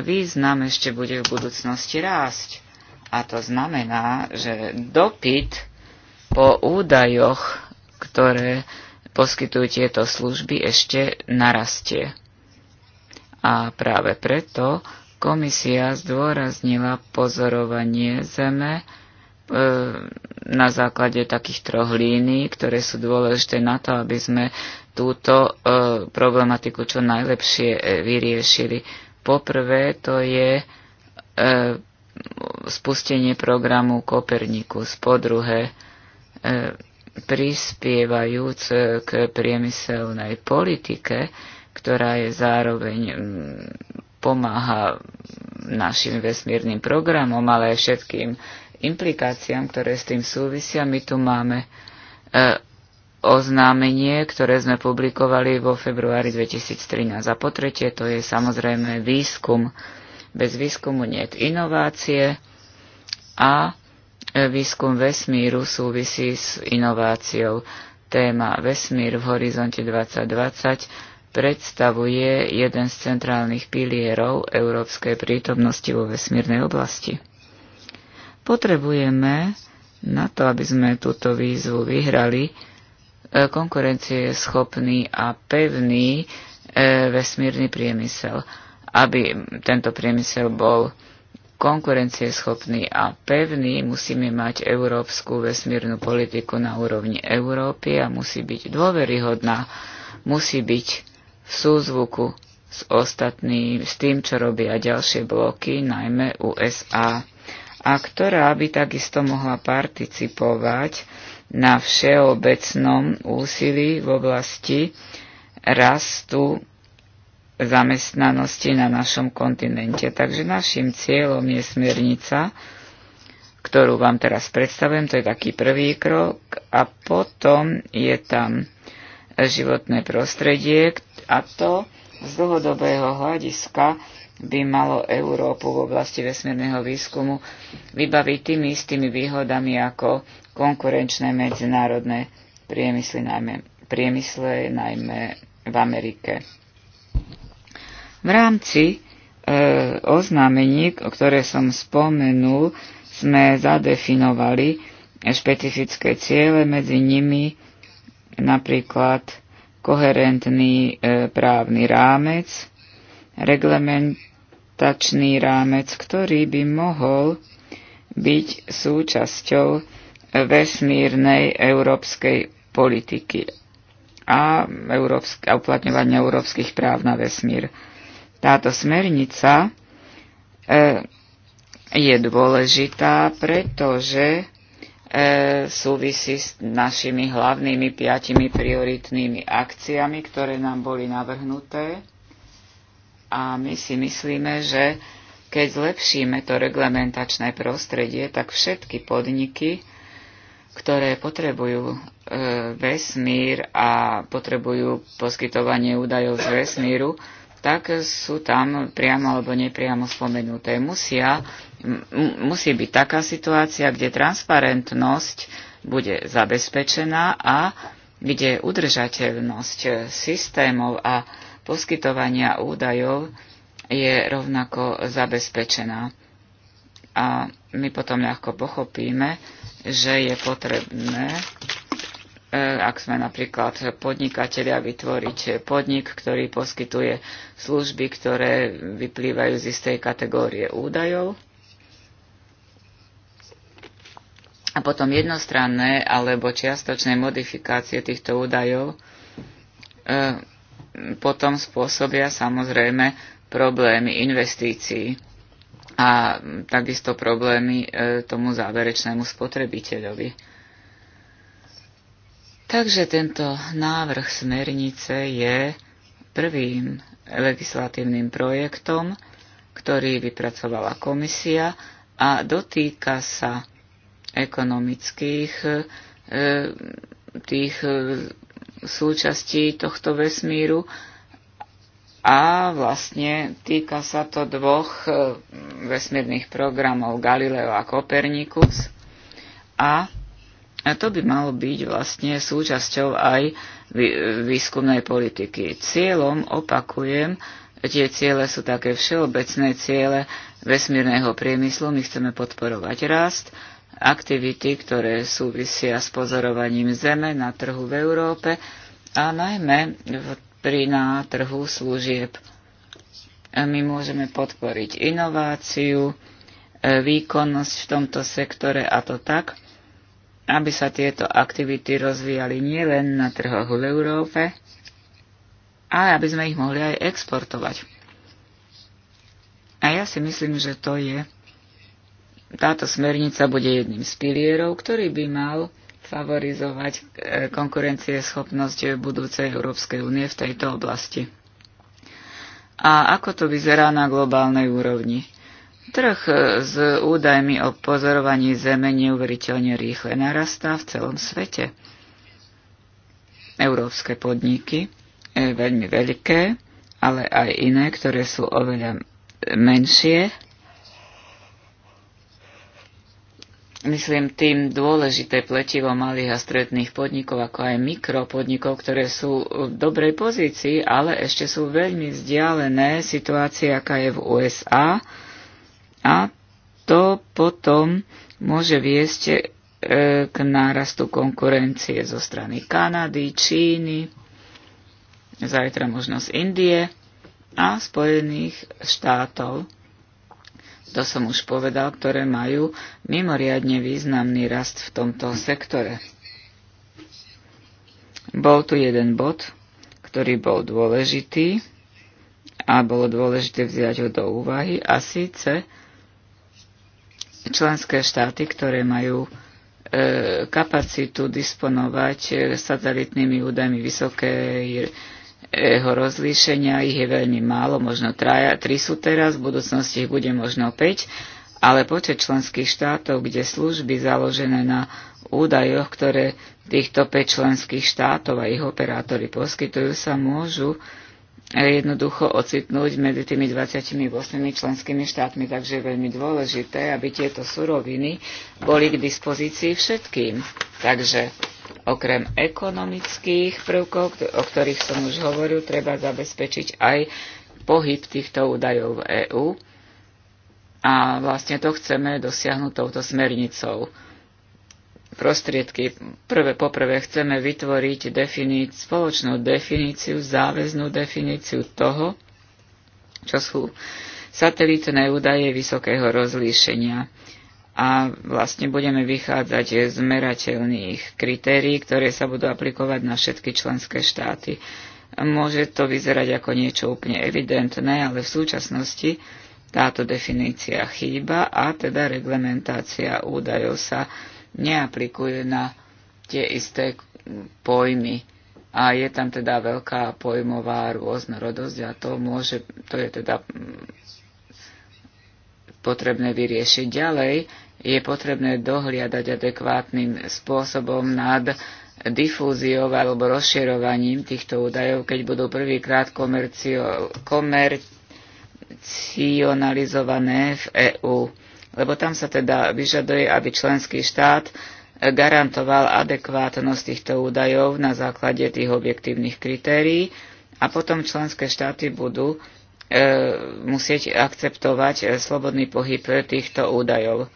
význam ešte bude v budúcnosti rásť. A to znamená, že dopyt po údajoch, ktoré poskytujú tieto služby, ešte narastie. A práve preto komisia zdôraznila pozorovanie Zeme e, na základe takých troch línií, ktoré sú dôležité na to, aby sme túto e, problematiku čo najlepšie e, vyriešili Poprvé to je e, spustenie programu Kopernikus. Po druhé, e, prispievajúc k priemyselnej politike, ktorá je zároveň pomáha našim vesmírnym programom, ale aj všetkým implikáciám, ktoré s tým súvisia. My tu máme e, oznámenie, ktoré sme publikovali vo februári 2013. A po tretie, to je samozrejme výskum. Bez výskumu nie je inovácie a e, výskum vesmíru súvisí s inováciou. Téma vesmír v horizonte 2020 predstavuje jeden z centrálnych pilierov európskej prítomnosti vo vesmírnej oblasti. Potrebujeme na to, aby sme túto výzvu vyhrali, konkurencieschopný a pevný e, vesmírny priemysel. Aby tento priemysel bol konkurencieschopný a pevný, musíme mať európsku vesmírnu politiku na úrovni Európy a musí byť dôveryhodná, musí byť v súzvuku s ostatným, s tým, čo robia ďalšie bloky, najmä USA, a ktorá by takisto mohla participovať na všeobecnom úsilí v oblasti rastu zamestnanosti na našom kontinente. Takže našim cieľom je smernica, ktorú vám teraz predstavujem, to je taký prvý krok a potom je tam životné prostredie a to z dlhodobého hľadiska by malo Európu v oblasti vesmírneho výskumu vybaviť tými istými výhodami ako konkurenčné medzinárodné priemysly, najmä, priemysle, najmä v Amerike. V rámci e, oznámení, ktoré som spomenul, sme zadefinovali špecifické ciele, medzi nimi napríklad koherentný e, právny rámec, reglementačný rámec, ktorý by mohol byť súčasťou vesmírnej európskej politiky a, uplatňovania európskych práv na vesmír. Táto smernica e, je dôležitá, pretože e, súvisí s našimi hlavnými piatimi prioritnými akciami, ktoré nám boli navrhnuté. A my si myslíme, že keď zlepšíme to reglementačné prostredie, tak všetky podniky, ktoré potrebujú e, vesmír a potrebujú poskytovanie údajov z vesmíru, tak sú tam priamo alebo nepriamo spomenuté. Musia, musí byť taká situácia, kde transparentnosť bude zabezpečená a kde udržateľnosť systémov a poskytovania údajov je rovnako zabezpečená. A my potom ľahko pochopíme, že je potrebné, e, ak sme napríklad podnikatelia, vytvoriť podnik, ktorý poskytuje služby, ktoré vyplývajú z istej kategórie údajov. A potom jednostranné alebo čiastočné modifikácie týchto údajov e, potom spôsobia samozrejme problémy investícií a takisto problémy e, tomu záverečnému spotrebiteľovi. Takže tento návrh smernice je prvým legislatívnym projektom, ktorý vypracovala komisia a dotýka sa ekonomických e, tých e, súčastí tohto vesmíru, a vlastne týka sa to dvoch e, vesmírnych programov Galileo a Copernicus a to by malo byť vlastne súčasťou aj e, výskumnej politiky. Cieľom, opakujem, tie ciele sú také všeobecné ciele vesmírneho priemyslu. My chceme podporovať rast, aktivity, ktoré súvisia s pozorovaním Zeme na trhu v Európe a najmä v pri na trhu služieb. My môžeme podporiť inováciu, e, výkonnosť v tomto sektore a to tak, aby sa tieto aktivity rozvíjali nielen na trhoch v Európe, ale aby sme ich mohli aj exportovať. A ja si myslím, že to je. Táto smernica bude jedným z pilierov, ktorý by mal favorizovať e, konkurencieschopnosť budúcej Európskej únie v tejto oblasti. A ako to vyzerá na globálnej úrovni? Trh e, s údajmi o pozorovaní Zeme neuveriteľne rýchle narastá v celom svete. Európske podniky, e, veľmi veľké, ale aj iné, ktoré sú oveľa menšie, myslím tým dôležité pletivo malých a stredných podnikov, ako aj mikropodnikov, ktoré sú v dobrej pozícii, ale ešte sú veľmi vzdialené situácia, aká je v USA. A to potom môže viesť e, k nárastu konkurencie zo strany Kanady, Číny, zajtra možno z Indie a Spojených štátov to som už povedal, ktoré majú mimoriadne významný rast v tomto sektore. Bol tu jeden bod, ktorý bol dôležitý a bolo dôležité vziať ho do úvahy a síce členské štáty, ktoré majú e, kapacitu disponovať e, satelitnými údajmi vysokej jeho rozlíšenia, ich je veľmi málo, možno traja, tri sú teraz, v budúcnosti ich bude možno 5, ale počet členských štátov, kde služby založené na údajoch, ktoré týchto 5 členských štátov a ich operátori poskytujú, sa môžu eh, jednoducho ocitnúť medzi tými 28 členskými štátmi, takže je veľmi dôležité, aby tieto suroviny boli k dispozícii všetkým. Takže Okrem ekonomických prvkov, o ktorých som už hovoril, treba zabezpečiť aj pohyb týchto údajov v EÚ. A vlastne to chceme dosiahnuť touto smernicou. Prostriedky. Prvé, poprvé chceme vytvoriť definíc, spoločnú definíciu, záväznú definíciu toho, čo sú satelitné údaje vysokého rozlíšenia a vlastne budeme vychádzať z merateľných kritérií, ktoré sa budú aplikovať na všetky členské štáty. Môže to vyzerať ako niečo úplne evidentné, ale v súčasnosti táto definícia chýba a teda reglementácia údajov sa neaplikuje na tie isté pojmy. A je tam teda veľká pojmová rôznorodosť a to môže, to je teda potrebné vyriešiť ďalej je potrebné dohliadať adekvátnym spôsobom nad difúziou alebo rozširovaním týchto údajov, keď budú prvýkrát komercio, komercionalizované v EÚ. Lebo tam sa teda vyžaduje, aby členský štát garantoval adekvátnosť týchto údajov na základe tých objektívnych kritérií a potom členské štáty budú e, musieť akceptovať e, slobodný pohyb týchto údajov.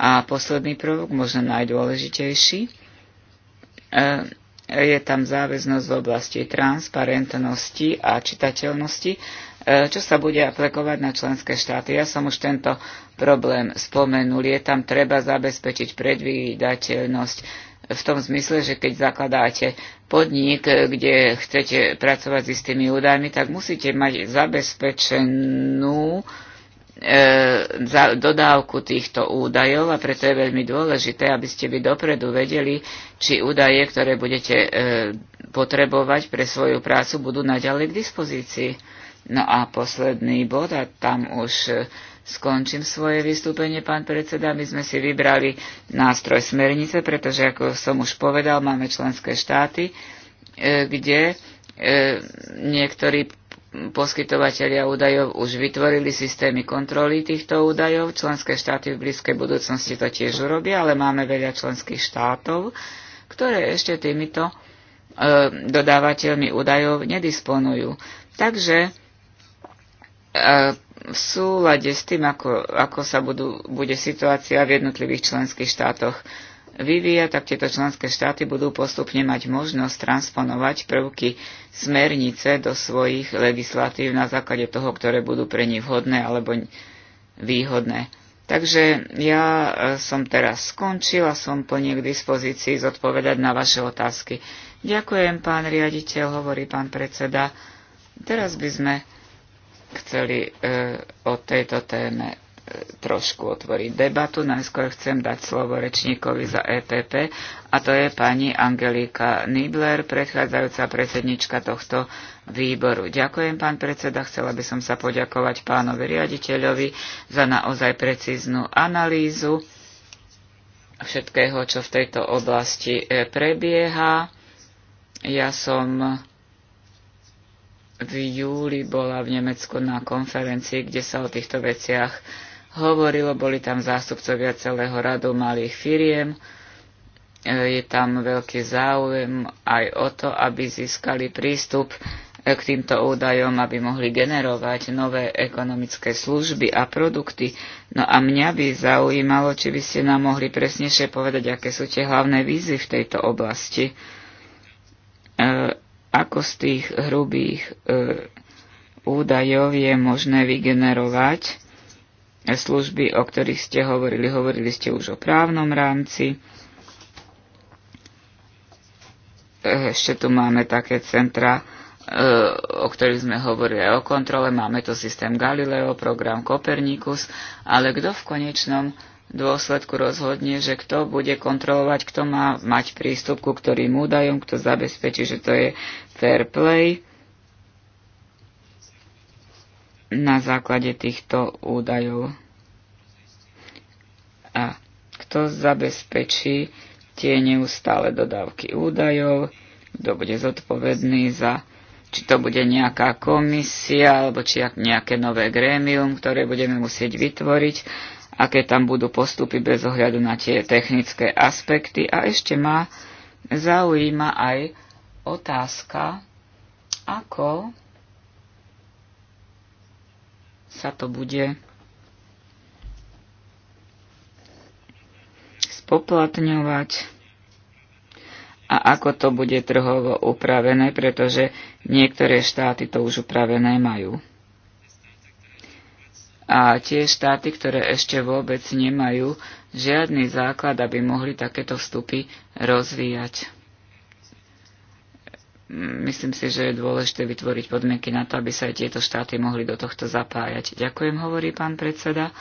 A posledný prvok, možno najdôležitejší, e, je tam záväznosť v oblasti transparentnosti a čitateľnosti, e, čo sa bude aplikovať na členské štáty. Ja som už tento problém spomenul. Je tam treba zabezpečiť predvídateľnosť v tom zmysle, že keď zakladáte podnik, kde chcete pracovať s istými údajmi, tak musíte mať zabezpečenú uh, E, za dodávku týchto údajov a preto je veľmi dôležité, aby ste by dopredu vedeli, či údaje, ktoré budete e, potrebovať pre svoju prácu, budú naďalej k dispozícii. No a posledný bod, a tam už e, skončím svoje vystúpenie, pán predseda. My sme si vybrali nástroj smernice, pretože, ako som už povedal, máme členské štáty, kde niektorí poskytovateľia údajov už vytvorili systémy kontroly týchto údajov. Členské štáty v blízkej budúcnosti to tiež urobia, ale máme veľa členských štátov, ktoré ešte týmito e, dodávateľmi údajov nedisponujú. Takže e, v súlade s tým, ako, ako sa budú, bude situácia v jednotlivých členských štátoch vyvíja, tak tieto členské štáty budú postupne mať možnosť transponovať prvky smernice do svojich legislatív na základe toho, ktoré budú pre nich vhodné alebo výhodné. Takže ja e, som teraz skončila, som plne k dispozícii zodpovedať na vaše otázky. Ďakujem, pán riaditeľ, hovorí pán predseda. Teraz by sme chceli e, o tejto téme trošku otvoriť debatu. Najskôr chcem dať slovo rečníkovi za EPP a to je pani Angelika Nibler, predchádzajúca predsednička tohto výboru. Ďakujem, pán predseda. Chcela by som sa poďakovať pánovi riaditeľovi za naozaj precíznu analýzu všetkého, čo v tejto oblasti e, prebieha. Ja som v júli bola v Nemecku na konferencii, kde sa o týchto veciach hovorilo, boli tam zástupcovia celého radu malých firiem. E, je tam veľký záujem aj o to, aby získali prístup k týmto údajom, aby mohli generovať nové ekonomické služby a produkty. No a mňa by zaujímalo, či by ste nám mohli presnejšie povedať, aké sú tie hlavné výzvy v tejto oblasti. E, ako z tých hrubých e, údajov je možné vygenerovať služby, o ktorých ste hovorili. Hovorili ste už o právnom rámci. Eh, ešte tu máme také centra, eh, o ktorých sme hovorili aj o kontrole. Máme tu systém Galileo, program Copernicus, ale kto v konečnom dôsledku rozhodne, že kto bude kontrolovať, kto má mať prístup ku ktorým údajom, kto zabezpečí, že to je fair play na základe týchto údajov. A kto zabezpečí tie neustále dodávky údajov, kto bude zodpovedný za, či to bude nejaká komisia, alebo či nejaké nové grémium, ktoré budeme musieť vytvoriť, aké tam budú postupy bez ohľadu na tie technické aspekty. A ešte ma zaujíma aj otázka, ako sa to bude spoplatňovať a ako to bude trhovo upravené, pretože niektoré štáty to už upravené majú. A tie štáty, ktoré ešte vôbec nemajú žiadny základ, aby mohli takéto vstupy rozvíjať. Myslím si, že je dôležité vytvoriť podmienky na to, aby sa aj tieto štáty mohli do tohto zapájať. Ďakujem, hovorí pán predseda.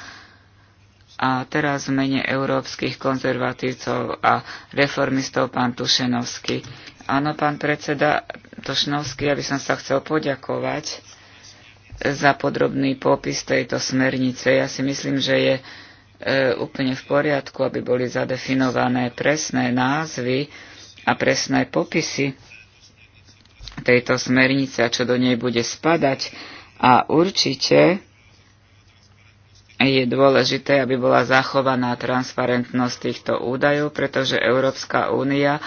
A teraz v mene európskych konzervatívcov a reformistov pán Tušenovský. Áno, pán predseda Tušenovský, ja by som sa chcel poďakovať za podrobný popis tejto smernice. Ja si myslím, že je e, úplne v poriadku, aby boli zadefinované presné názvy a presné popisy tejto smernice a čo do nej bude spadať. A určite je dôležité, aby bola zachovaná transparentnosť týchto údajov, pretože Európska únia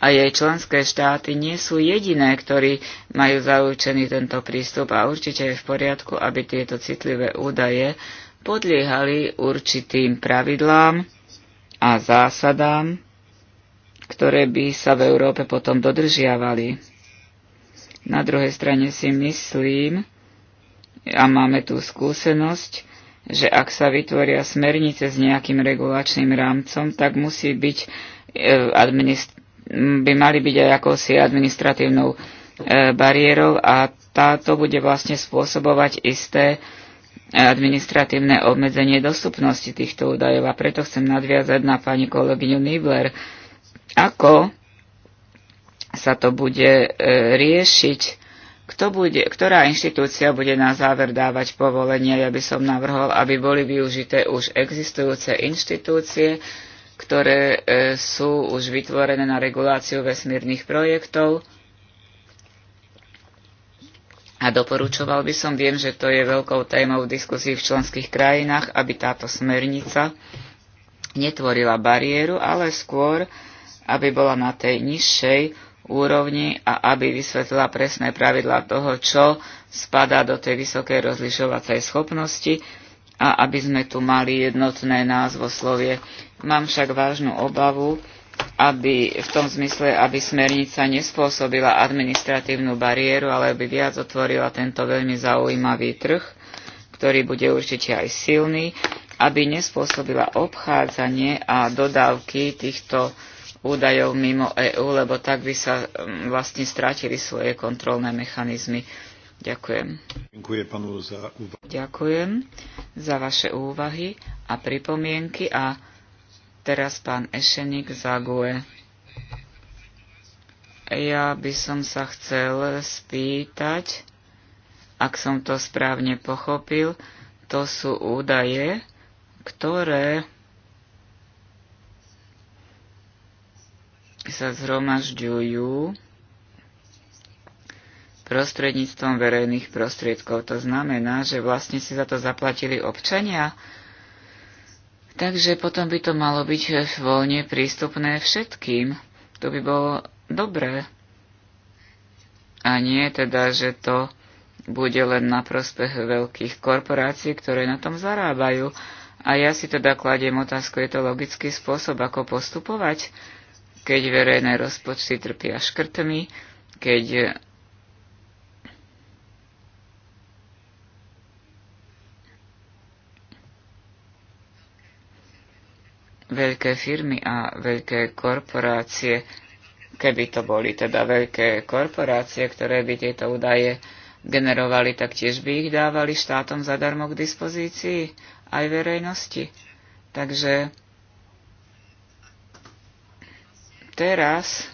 a jej členské štáty nie sú jediné, ktorí majú zaučený tento prístup a určite je v poriadku, aby tieto citlivé údaje podliehali určitým pravidlám a zásadám, ktoré by sa v Európe potom dodržiavali. Na druhej strane si myslím, a máme tú skúsenosť, že ak sa vytvoria smernice s nejakým regulačným rámcom, tak musí byť, e, by mali byť aj akousi administratívnou e, bariérou a táto bude vlastne spôsobovať isté e, administratívne obmedzenie dostupnosti týchto údajov. A preto chcem nadviazať na pani kolegyňu Nibler. Ako sa to bude e, riešiť, kto bude, ktorá inštitúcia bude na záver dávať povolenie. Ja by som navrhol, aby boli využité už existujúce inštitúcie, ktoré e, sú už vytvorené na reguláciu vesmírnych projektov. A doporučoval by som, viem, že to je veľkou témou v diskusii v členských krajinách, aby táto smernica netvorila bariéru, ale skôr, aby bola na tej nižšej úrovni a aby vysvetlila presné pravidlá toho, čo spadá do tej vysokej rozlišovacej schopnosti a aby sme tu mali jednotné slovie. Mám však vážnu obavu, aby v tom zmysle, aby smernica nespôsobila administratívnu bariéru, ale aby viac otvorila tento veľmi zaujímavý trh, ktorý bude určite aj silný, aby nespôsobila obchádzanie a dodávky týchto údajov mimo EÚ, lebo tak by sa mm, vlastne strátili svoje kontrolné mechanizmy. Ďakujem. Ďakujem, panu za Ďakujem za vaše úvahy a pripomienky a teraz pán Ešenik Zague. Ja by som sa chcel spýtať, ak som to správne pochopil, to sú údaje, ktoré sa zhromažďujú prostredníctvom verejných prostriedkov. To znamená, že vlastne si za to zaplatili občania, takže potom by to malo byť voľne prístupné všetkým. To by bolo dobré. A nie teda, že to bude len na prospech veľkých korporácií, ktoré na tom zarábajú. A ja si teda kladiem otázku, je to logický spôsob, ako postupovať? keď verejné rozpočty trpia škrtmi, keď veľké firmy a veľké korporácie, keby to boli teda veľké korporácie, ktoré by tieto údaje generovali, tak tiež by ich dávali štátom zadarmo k dispozícii aj verejnosti. Takže Teraz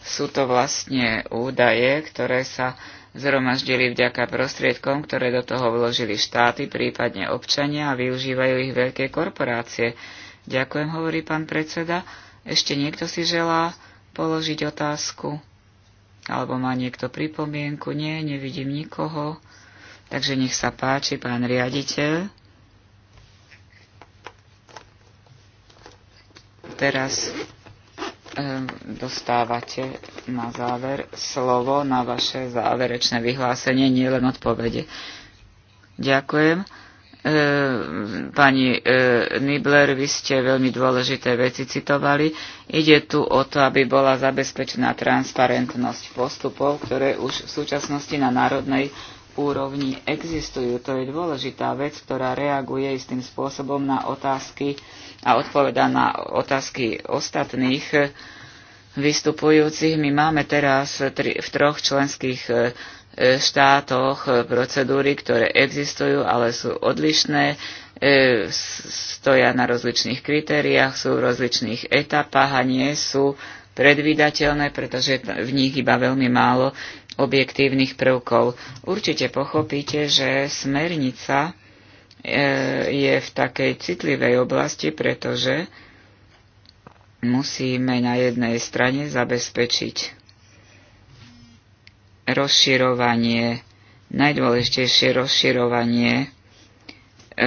sú to vlastne údaje, ktoré sa zhromaždili vďaka prostriedkom, ktoré do toho vložili štáty, prípadne občania a využívajú ich veľké korporácie. Ďakujem, hovorí pán predseda. Ešte niekto si želá položiť otázku? Alebo má niekto pripomienku? Nie, nevidím nikoho. Takže nech sa páči, pán riaditeľ. Teraz Ehm, dostávate na záver slovo na vaše záverečné vyhlásenie, nielen odpovede. Ďakujem. Ehm, pani ehm, Nibler, vy ste veľmi dôležité veci citovali. Ide tu o to, aby bola zabezpečená transparentnosť postupov, ktoré už v súčasnosti na národnej úrovni existujú. To je dôležitá vec, ktorá reaguje istým spôsobom na otázky a odpoveda na otázky ostatných vystupujúcich. My máme teraz v troch členských e, štátoch e, procedúry, ktoré existujú, ale sú odlišné, e, stoja na rozličných kritériách, sú v rozličných etapách a nie sú predvídateľné, pretože v nich iba veľmi málo objektívnych prvkov. Určite pochopíte, že smernica e, je v takej citlivej oblasti, pretože musíme na jednej strane zabezpečiť rozširovanie, najdôležitejšie rozširovanie e,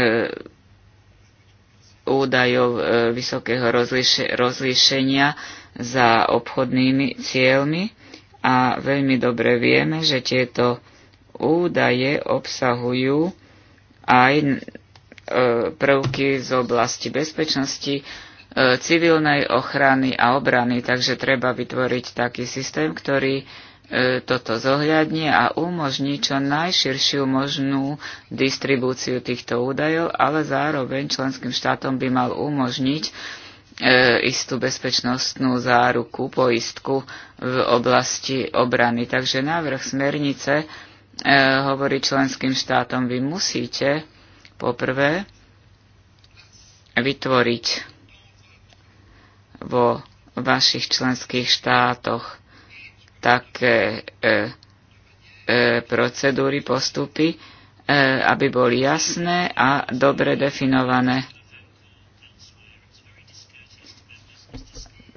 údajov e, vysokého rozlíšenia za obchodnými cieľmi a veľmi dobre vieme, že tieto údaje obsahujú aj e, prvky z oblasti bezpečnosti, e, civilnej ochrany a obrany, takže treba vytvoriť taký systém, ktorý e, toto zohľadne a umožní čo najširšiu možnú distribúciu týchto údajov, ale zároveň členským štátom by mal umožniť E, istú bezpečnostnú záruku, poistku v oblasti obrany. Takže návrh smernice e, hovorí členským štátom, vy musíte poprvé vytvoriť vo vašich členských štátoch také e, e, procedúry, postupy, e, aby boli jasné a dobre definované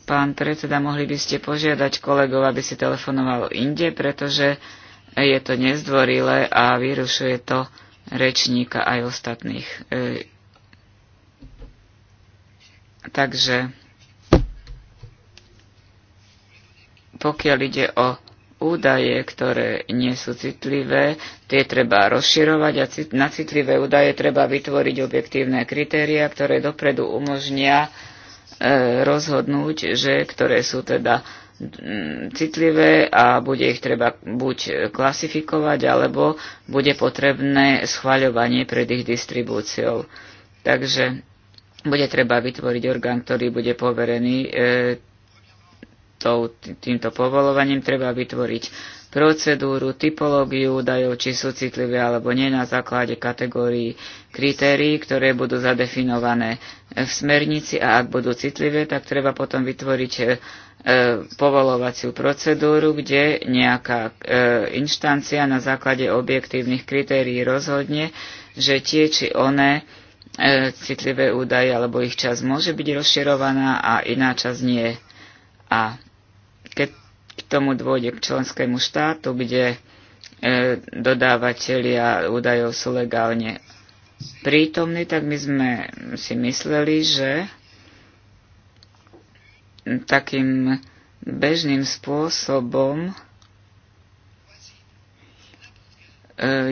Pán predseda, mohli by ste požiadať kolegov, aby si telefonovalo inde, pretože je to nezdvorilé a vyrušuje to rečníka aj ostatných. E, takže pokiaľ ide o údaje, ktoré nie sú citlivé, tie treba rozširovať a na citlivé údaje treba vytvoriť objektívne kritéria, ktoré dopredu umožnia E, rozhodnúť, že ktoré sú teda citlivé a bude ich treba buď klasifikovať, alebo bude potrebné schvaľovanie pred ich distribúciou. Takže bude treba vytvoriť orgán, ktorý bude poverený e, tou, týmto povolovaním. Treba vytvoriť procedúru, typológiu údajov, či sú citlivé alebo nie na základe kategórií kritérií, ktoré budú zadefinované v smernici a ak budú citlivé, tak treba potom vytvoriť e, povolovaciu procedúru, kde nejaká e, inštancia na základe objektívnych kritérií rozhodne, že tie či one e, citlivé údaje alebo ich čas môže byť rozširovaná a iná časť nie. A tomu dôjde k členskému štátu, kde e, dodávateľia údajov sú legálne prítomní, tak my sme si mysleli, že takým bežným spôsobom e,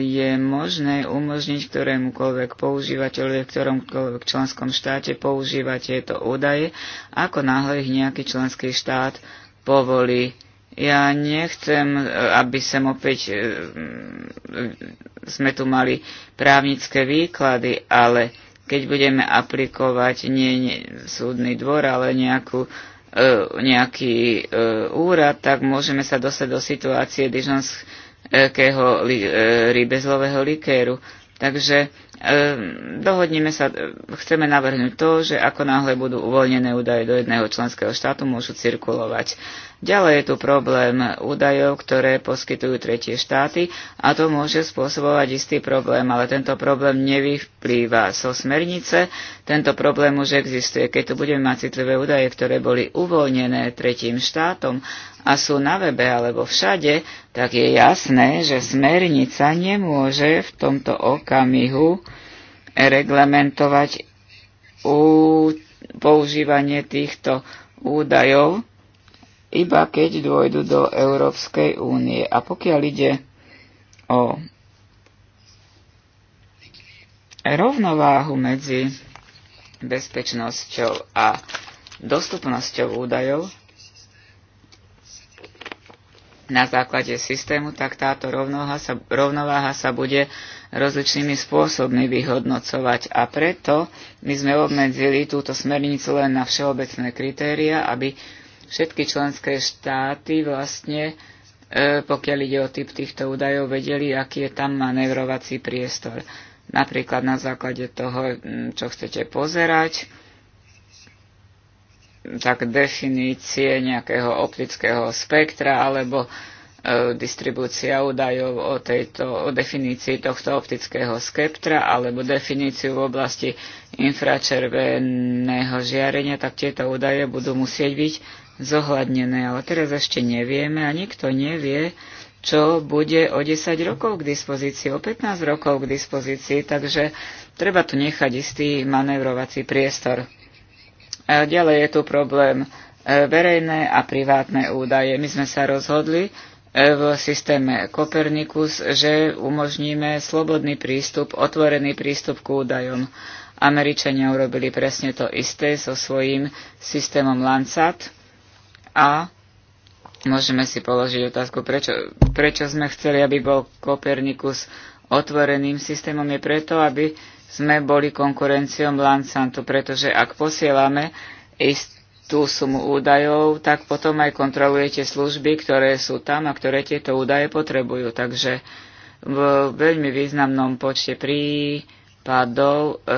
je možné umožniť ktorémukoľvek používateľovi v ktoromkoľvek členskom štáte používať tieto údaje, ako náhle ich nejaký členský štát povolí. Ja nechcem, eh, aby sem opäť eh, mm, sme tu mali právnické výklady, ale keď budeme aplikovať nie, nie súdny dvor, ale nejakú, eh, nejaký úrad, tak môžeme sa dostať do situácie dižonského rybezlového likéru. Takže dohodneme sa, chceme navrhnúť to, že ako náhle budú uvoľnené údaje do jedného členského štátu, môžu cirkulovať Ďalej je tu problém údajov, ktoré poskytujú tretie štáty a to môže spôsobovať istý problém, ale tento problém nevyplýva zo so smernice, tento problém už existuje. Keď tu budeme mať citlivé údaje, ktoré boli uvoľnené tretím štátom a sú na webe alebo všade, tak je jasné, že smernica nemôže v tomto okamihu reglementovať používanie týchto údajov iba keď dôjdu do Európskej únie. A pokiaľ ide o rovnováhu medzi bezpečnosťou a dostupnosťou údajov na základe systému, tak táto rovnováha sa, rovnováha sa bude rozličnými spôsobmi vyhodnocovať. A preto my sme obmedzili túto smernicu len na všeobecné kritéria, aby všetky členské štáty vlastne, e, pokiaľ ide o typ týchto údajov, vedeli, aký je tam manevrovací priestor. Napríklad na základe toho, čo chcete pozerať, tak definície nejakého optického spektra alebo e, distribúcia údajov o, tejto, o definícii tohto optického skeptra alebo definíciu v oblasti infračerveného žiarenia, tak tieto údaje budú musieť byť zohľadnené, ale teraz ešte nevieme a nikto nevie, čo bude o 10 rokov k dispozícii, o 15 rokov k dispozícii, takže treba tu nechať istý manevrovací priestor. A ďalej je tu problém e, verejné a privátne údaje. My sme sa rozhodli e, v systéme Copernicus, že umožníme slobodný prístup, otvorený prístup k údajom. Američania urobili presne to isté so svojím systémom Landsat a môžeme si položiť otázku, prečo, prečo sme chceli, aby bol Kopernikus otvoreným systémom, je preto, aby sme boli konkurenciom Lansantu, pretože ak posielame istú sumu údajov, tak potom aj kontrolujete služby, ktoré sú tam a ktoré tieto údaje potrebujú. Takže v veľmi významnom počte prípadov e, e,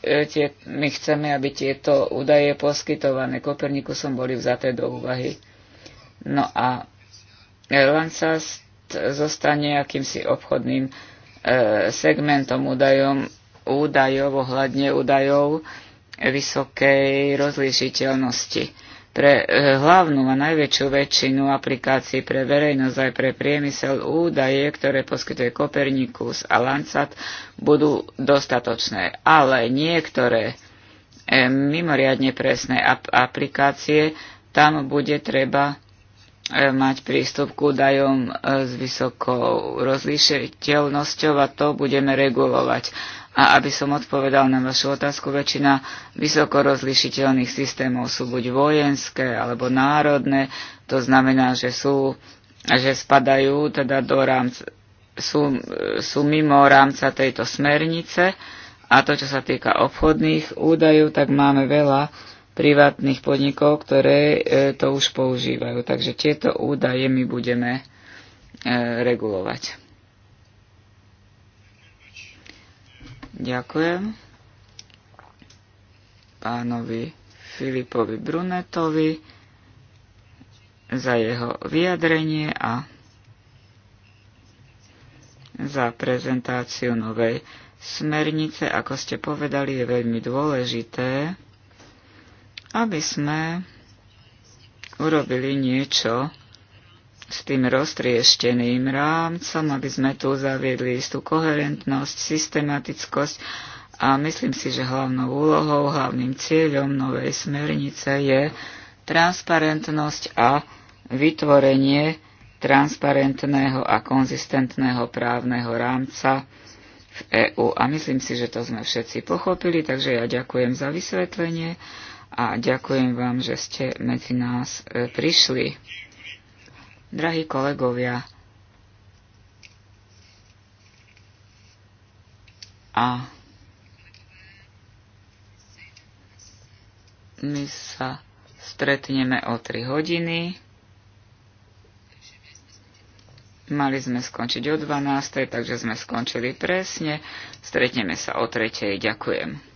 E, tie, my chceme, aby tieto údaje poskytované Kopernikusom boli vzaté do úvahy. No a Landsat zostane akýmsi obchodným e, segmentom údajom, údajov ohľadne údajov vysokej rozlišiteľnosti pre e, hlavnú a najväčšiu väčšinu aplikácií pre verejnosť aj pre priemysel údaje, ktoré poskytuje Kopernikus a Landsat, budú dostatočné. Ale niektoré e, mimoriadne presné aplikácie, tam bude treba e, mať prístup k údajom s vysokou rozlíšiteľnosťou a to budeme regulovať. A aby som odpovedal na vašu otázku, väčšina vysoko rozlišiteľných systémov sú buď vojenské alebo národné, to znamená, že sú že spadajú teda do rámca, sú, sú mimo rámca tejto smernice a to, čo sa týka obchodných údajov, tak máme veľa privátnych podnikov, ktoré e, to už používajú. Takže tieto údaje my budeme e, regulovať. Ďakujem pánovi Filipovi Brunetovi za jeho vyjadrenie a za prezentáciu novej smernice, ako ste povedali, je veľmi dôležité, aby sme urobili niečo s tým roztriešteným rámcom, aby sme tu zaviedli istú koherentnosť, systematickosť a myslím si, že hlavnou úlohou, hlavným cieľom novej smernice je transparentnosť a vytvorenie transparentného a konzistentného právneho rámca v EÚ. A myslím si, že to sme všetci pochopili, takže ja ďakujem za vysvetlenie a ďakujem vám, že ste medzi nás e, prišli. Drahí kolegovia, a my sa stretneme o 3 hodiny. Mali sme skončiť o 12, takže sme skončili presne. Stretneme sa o 3. Ďakujem.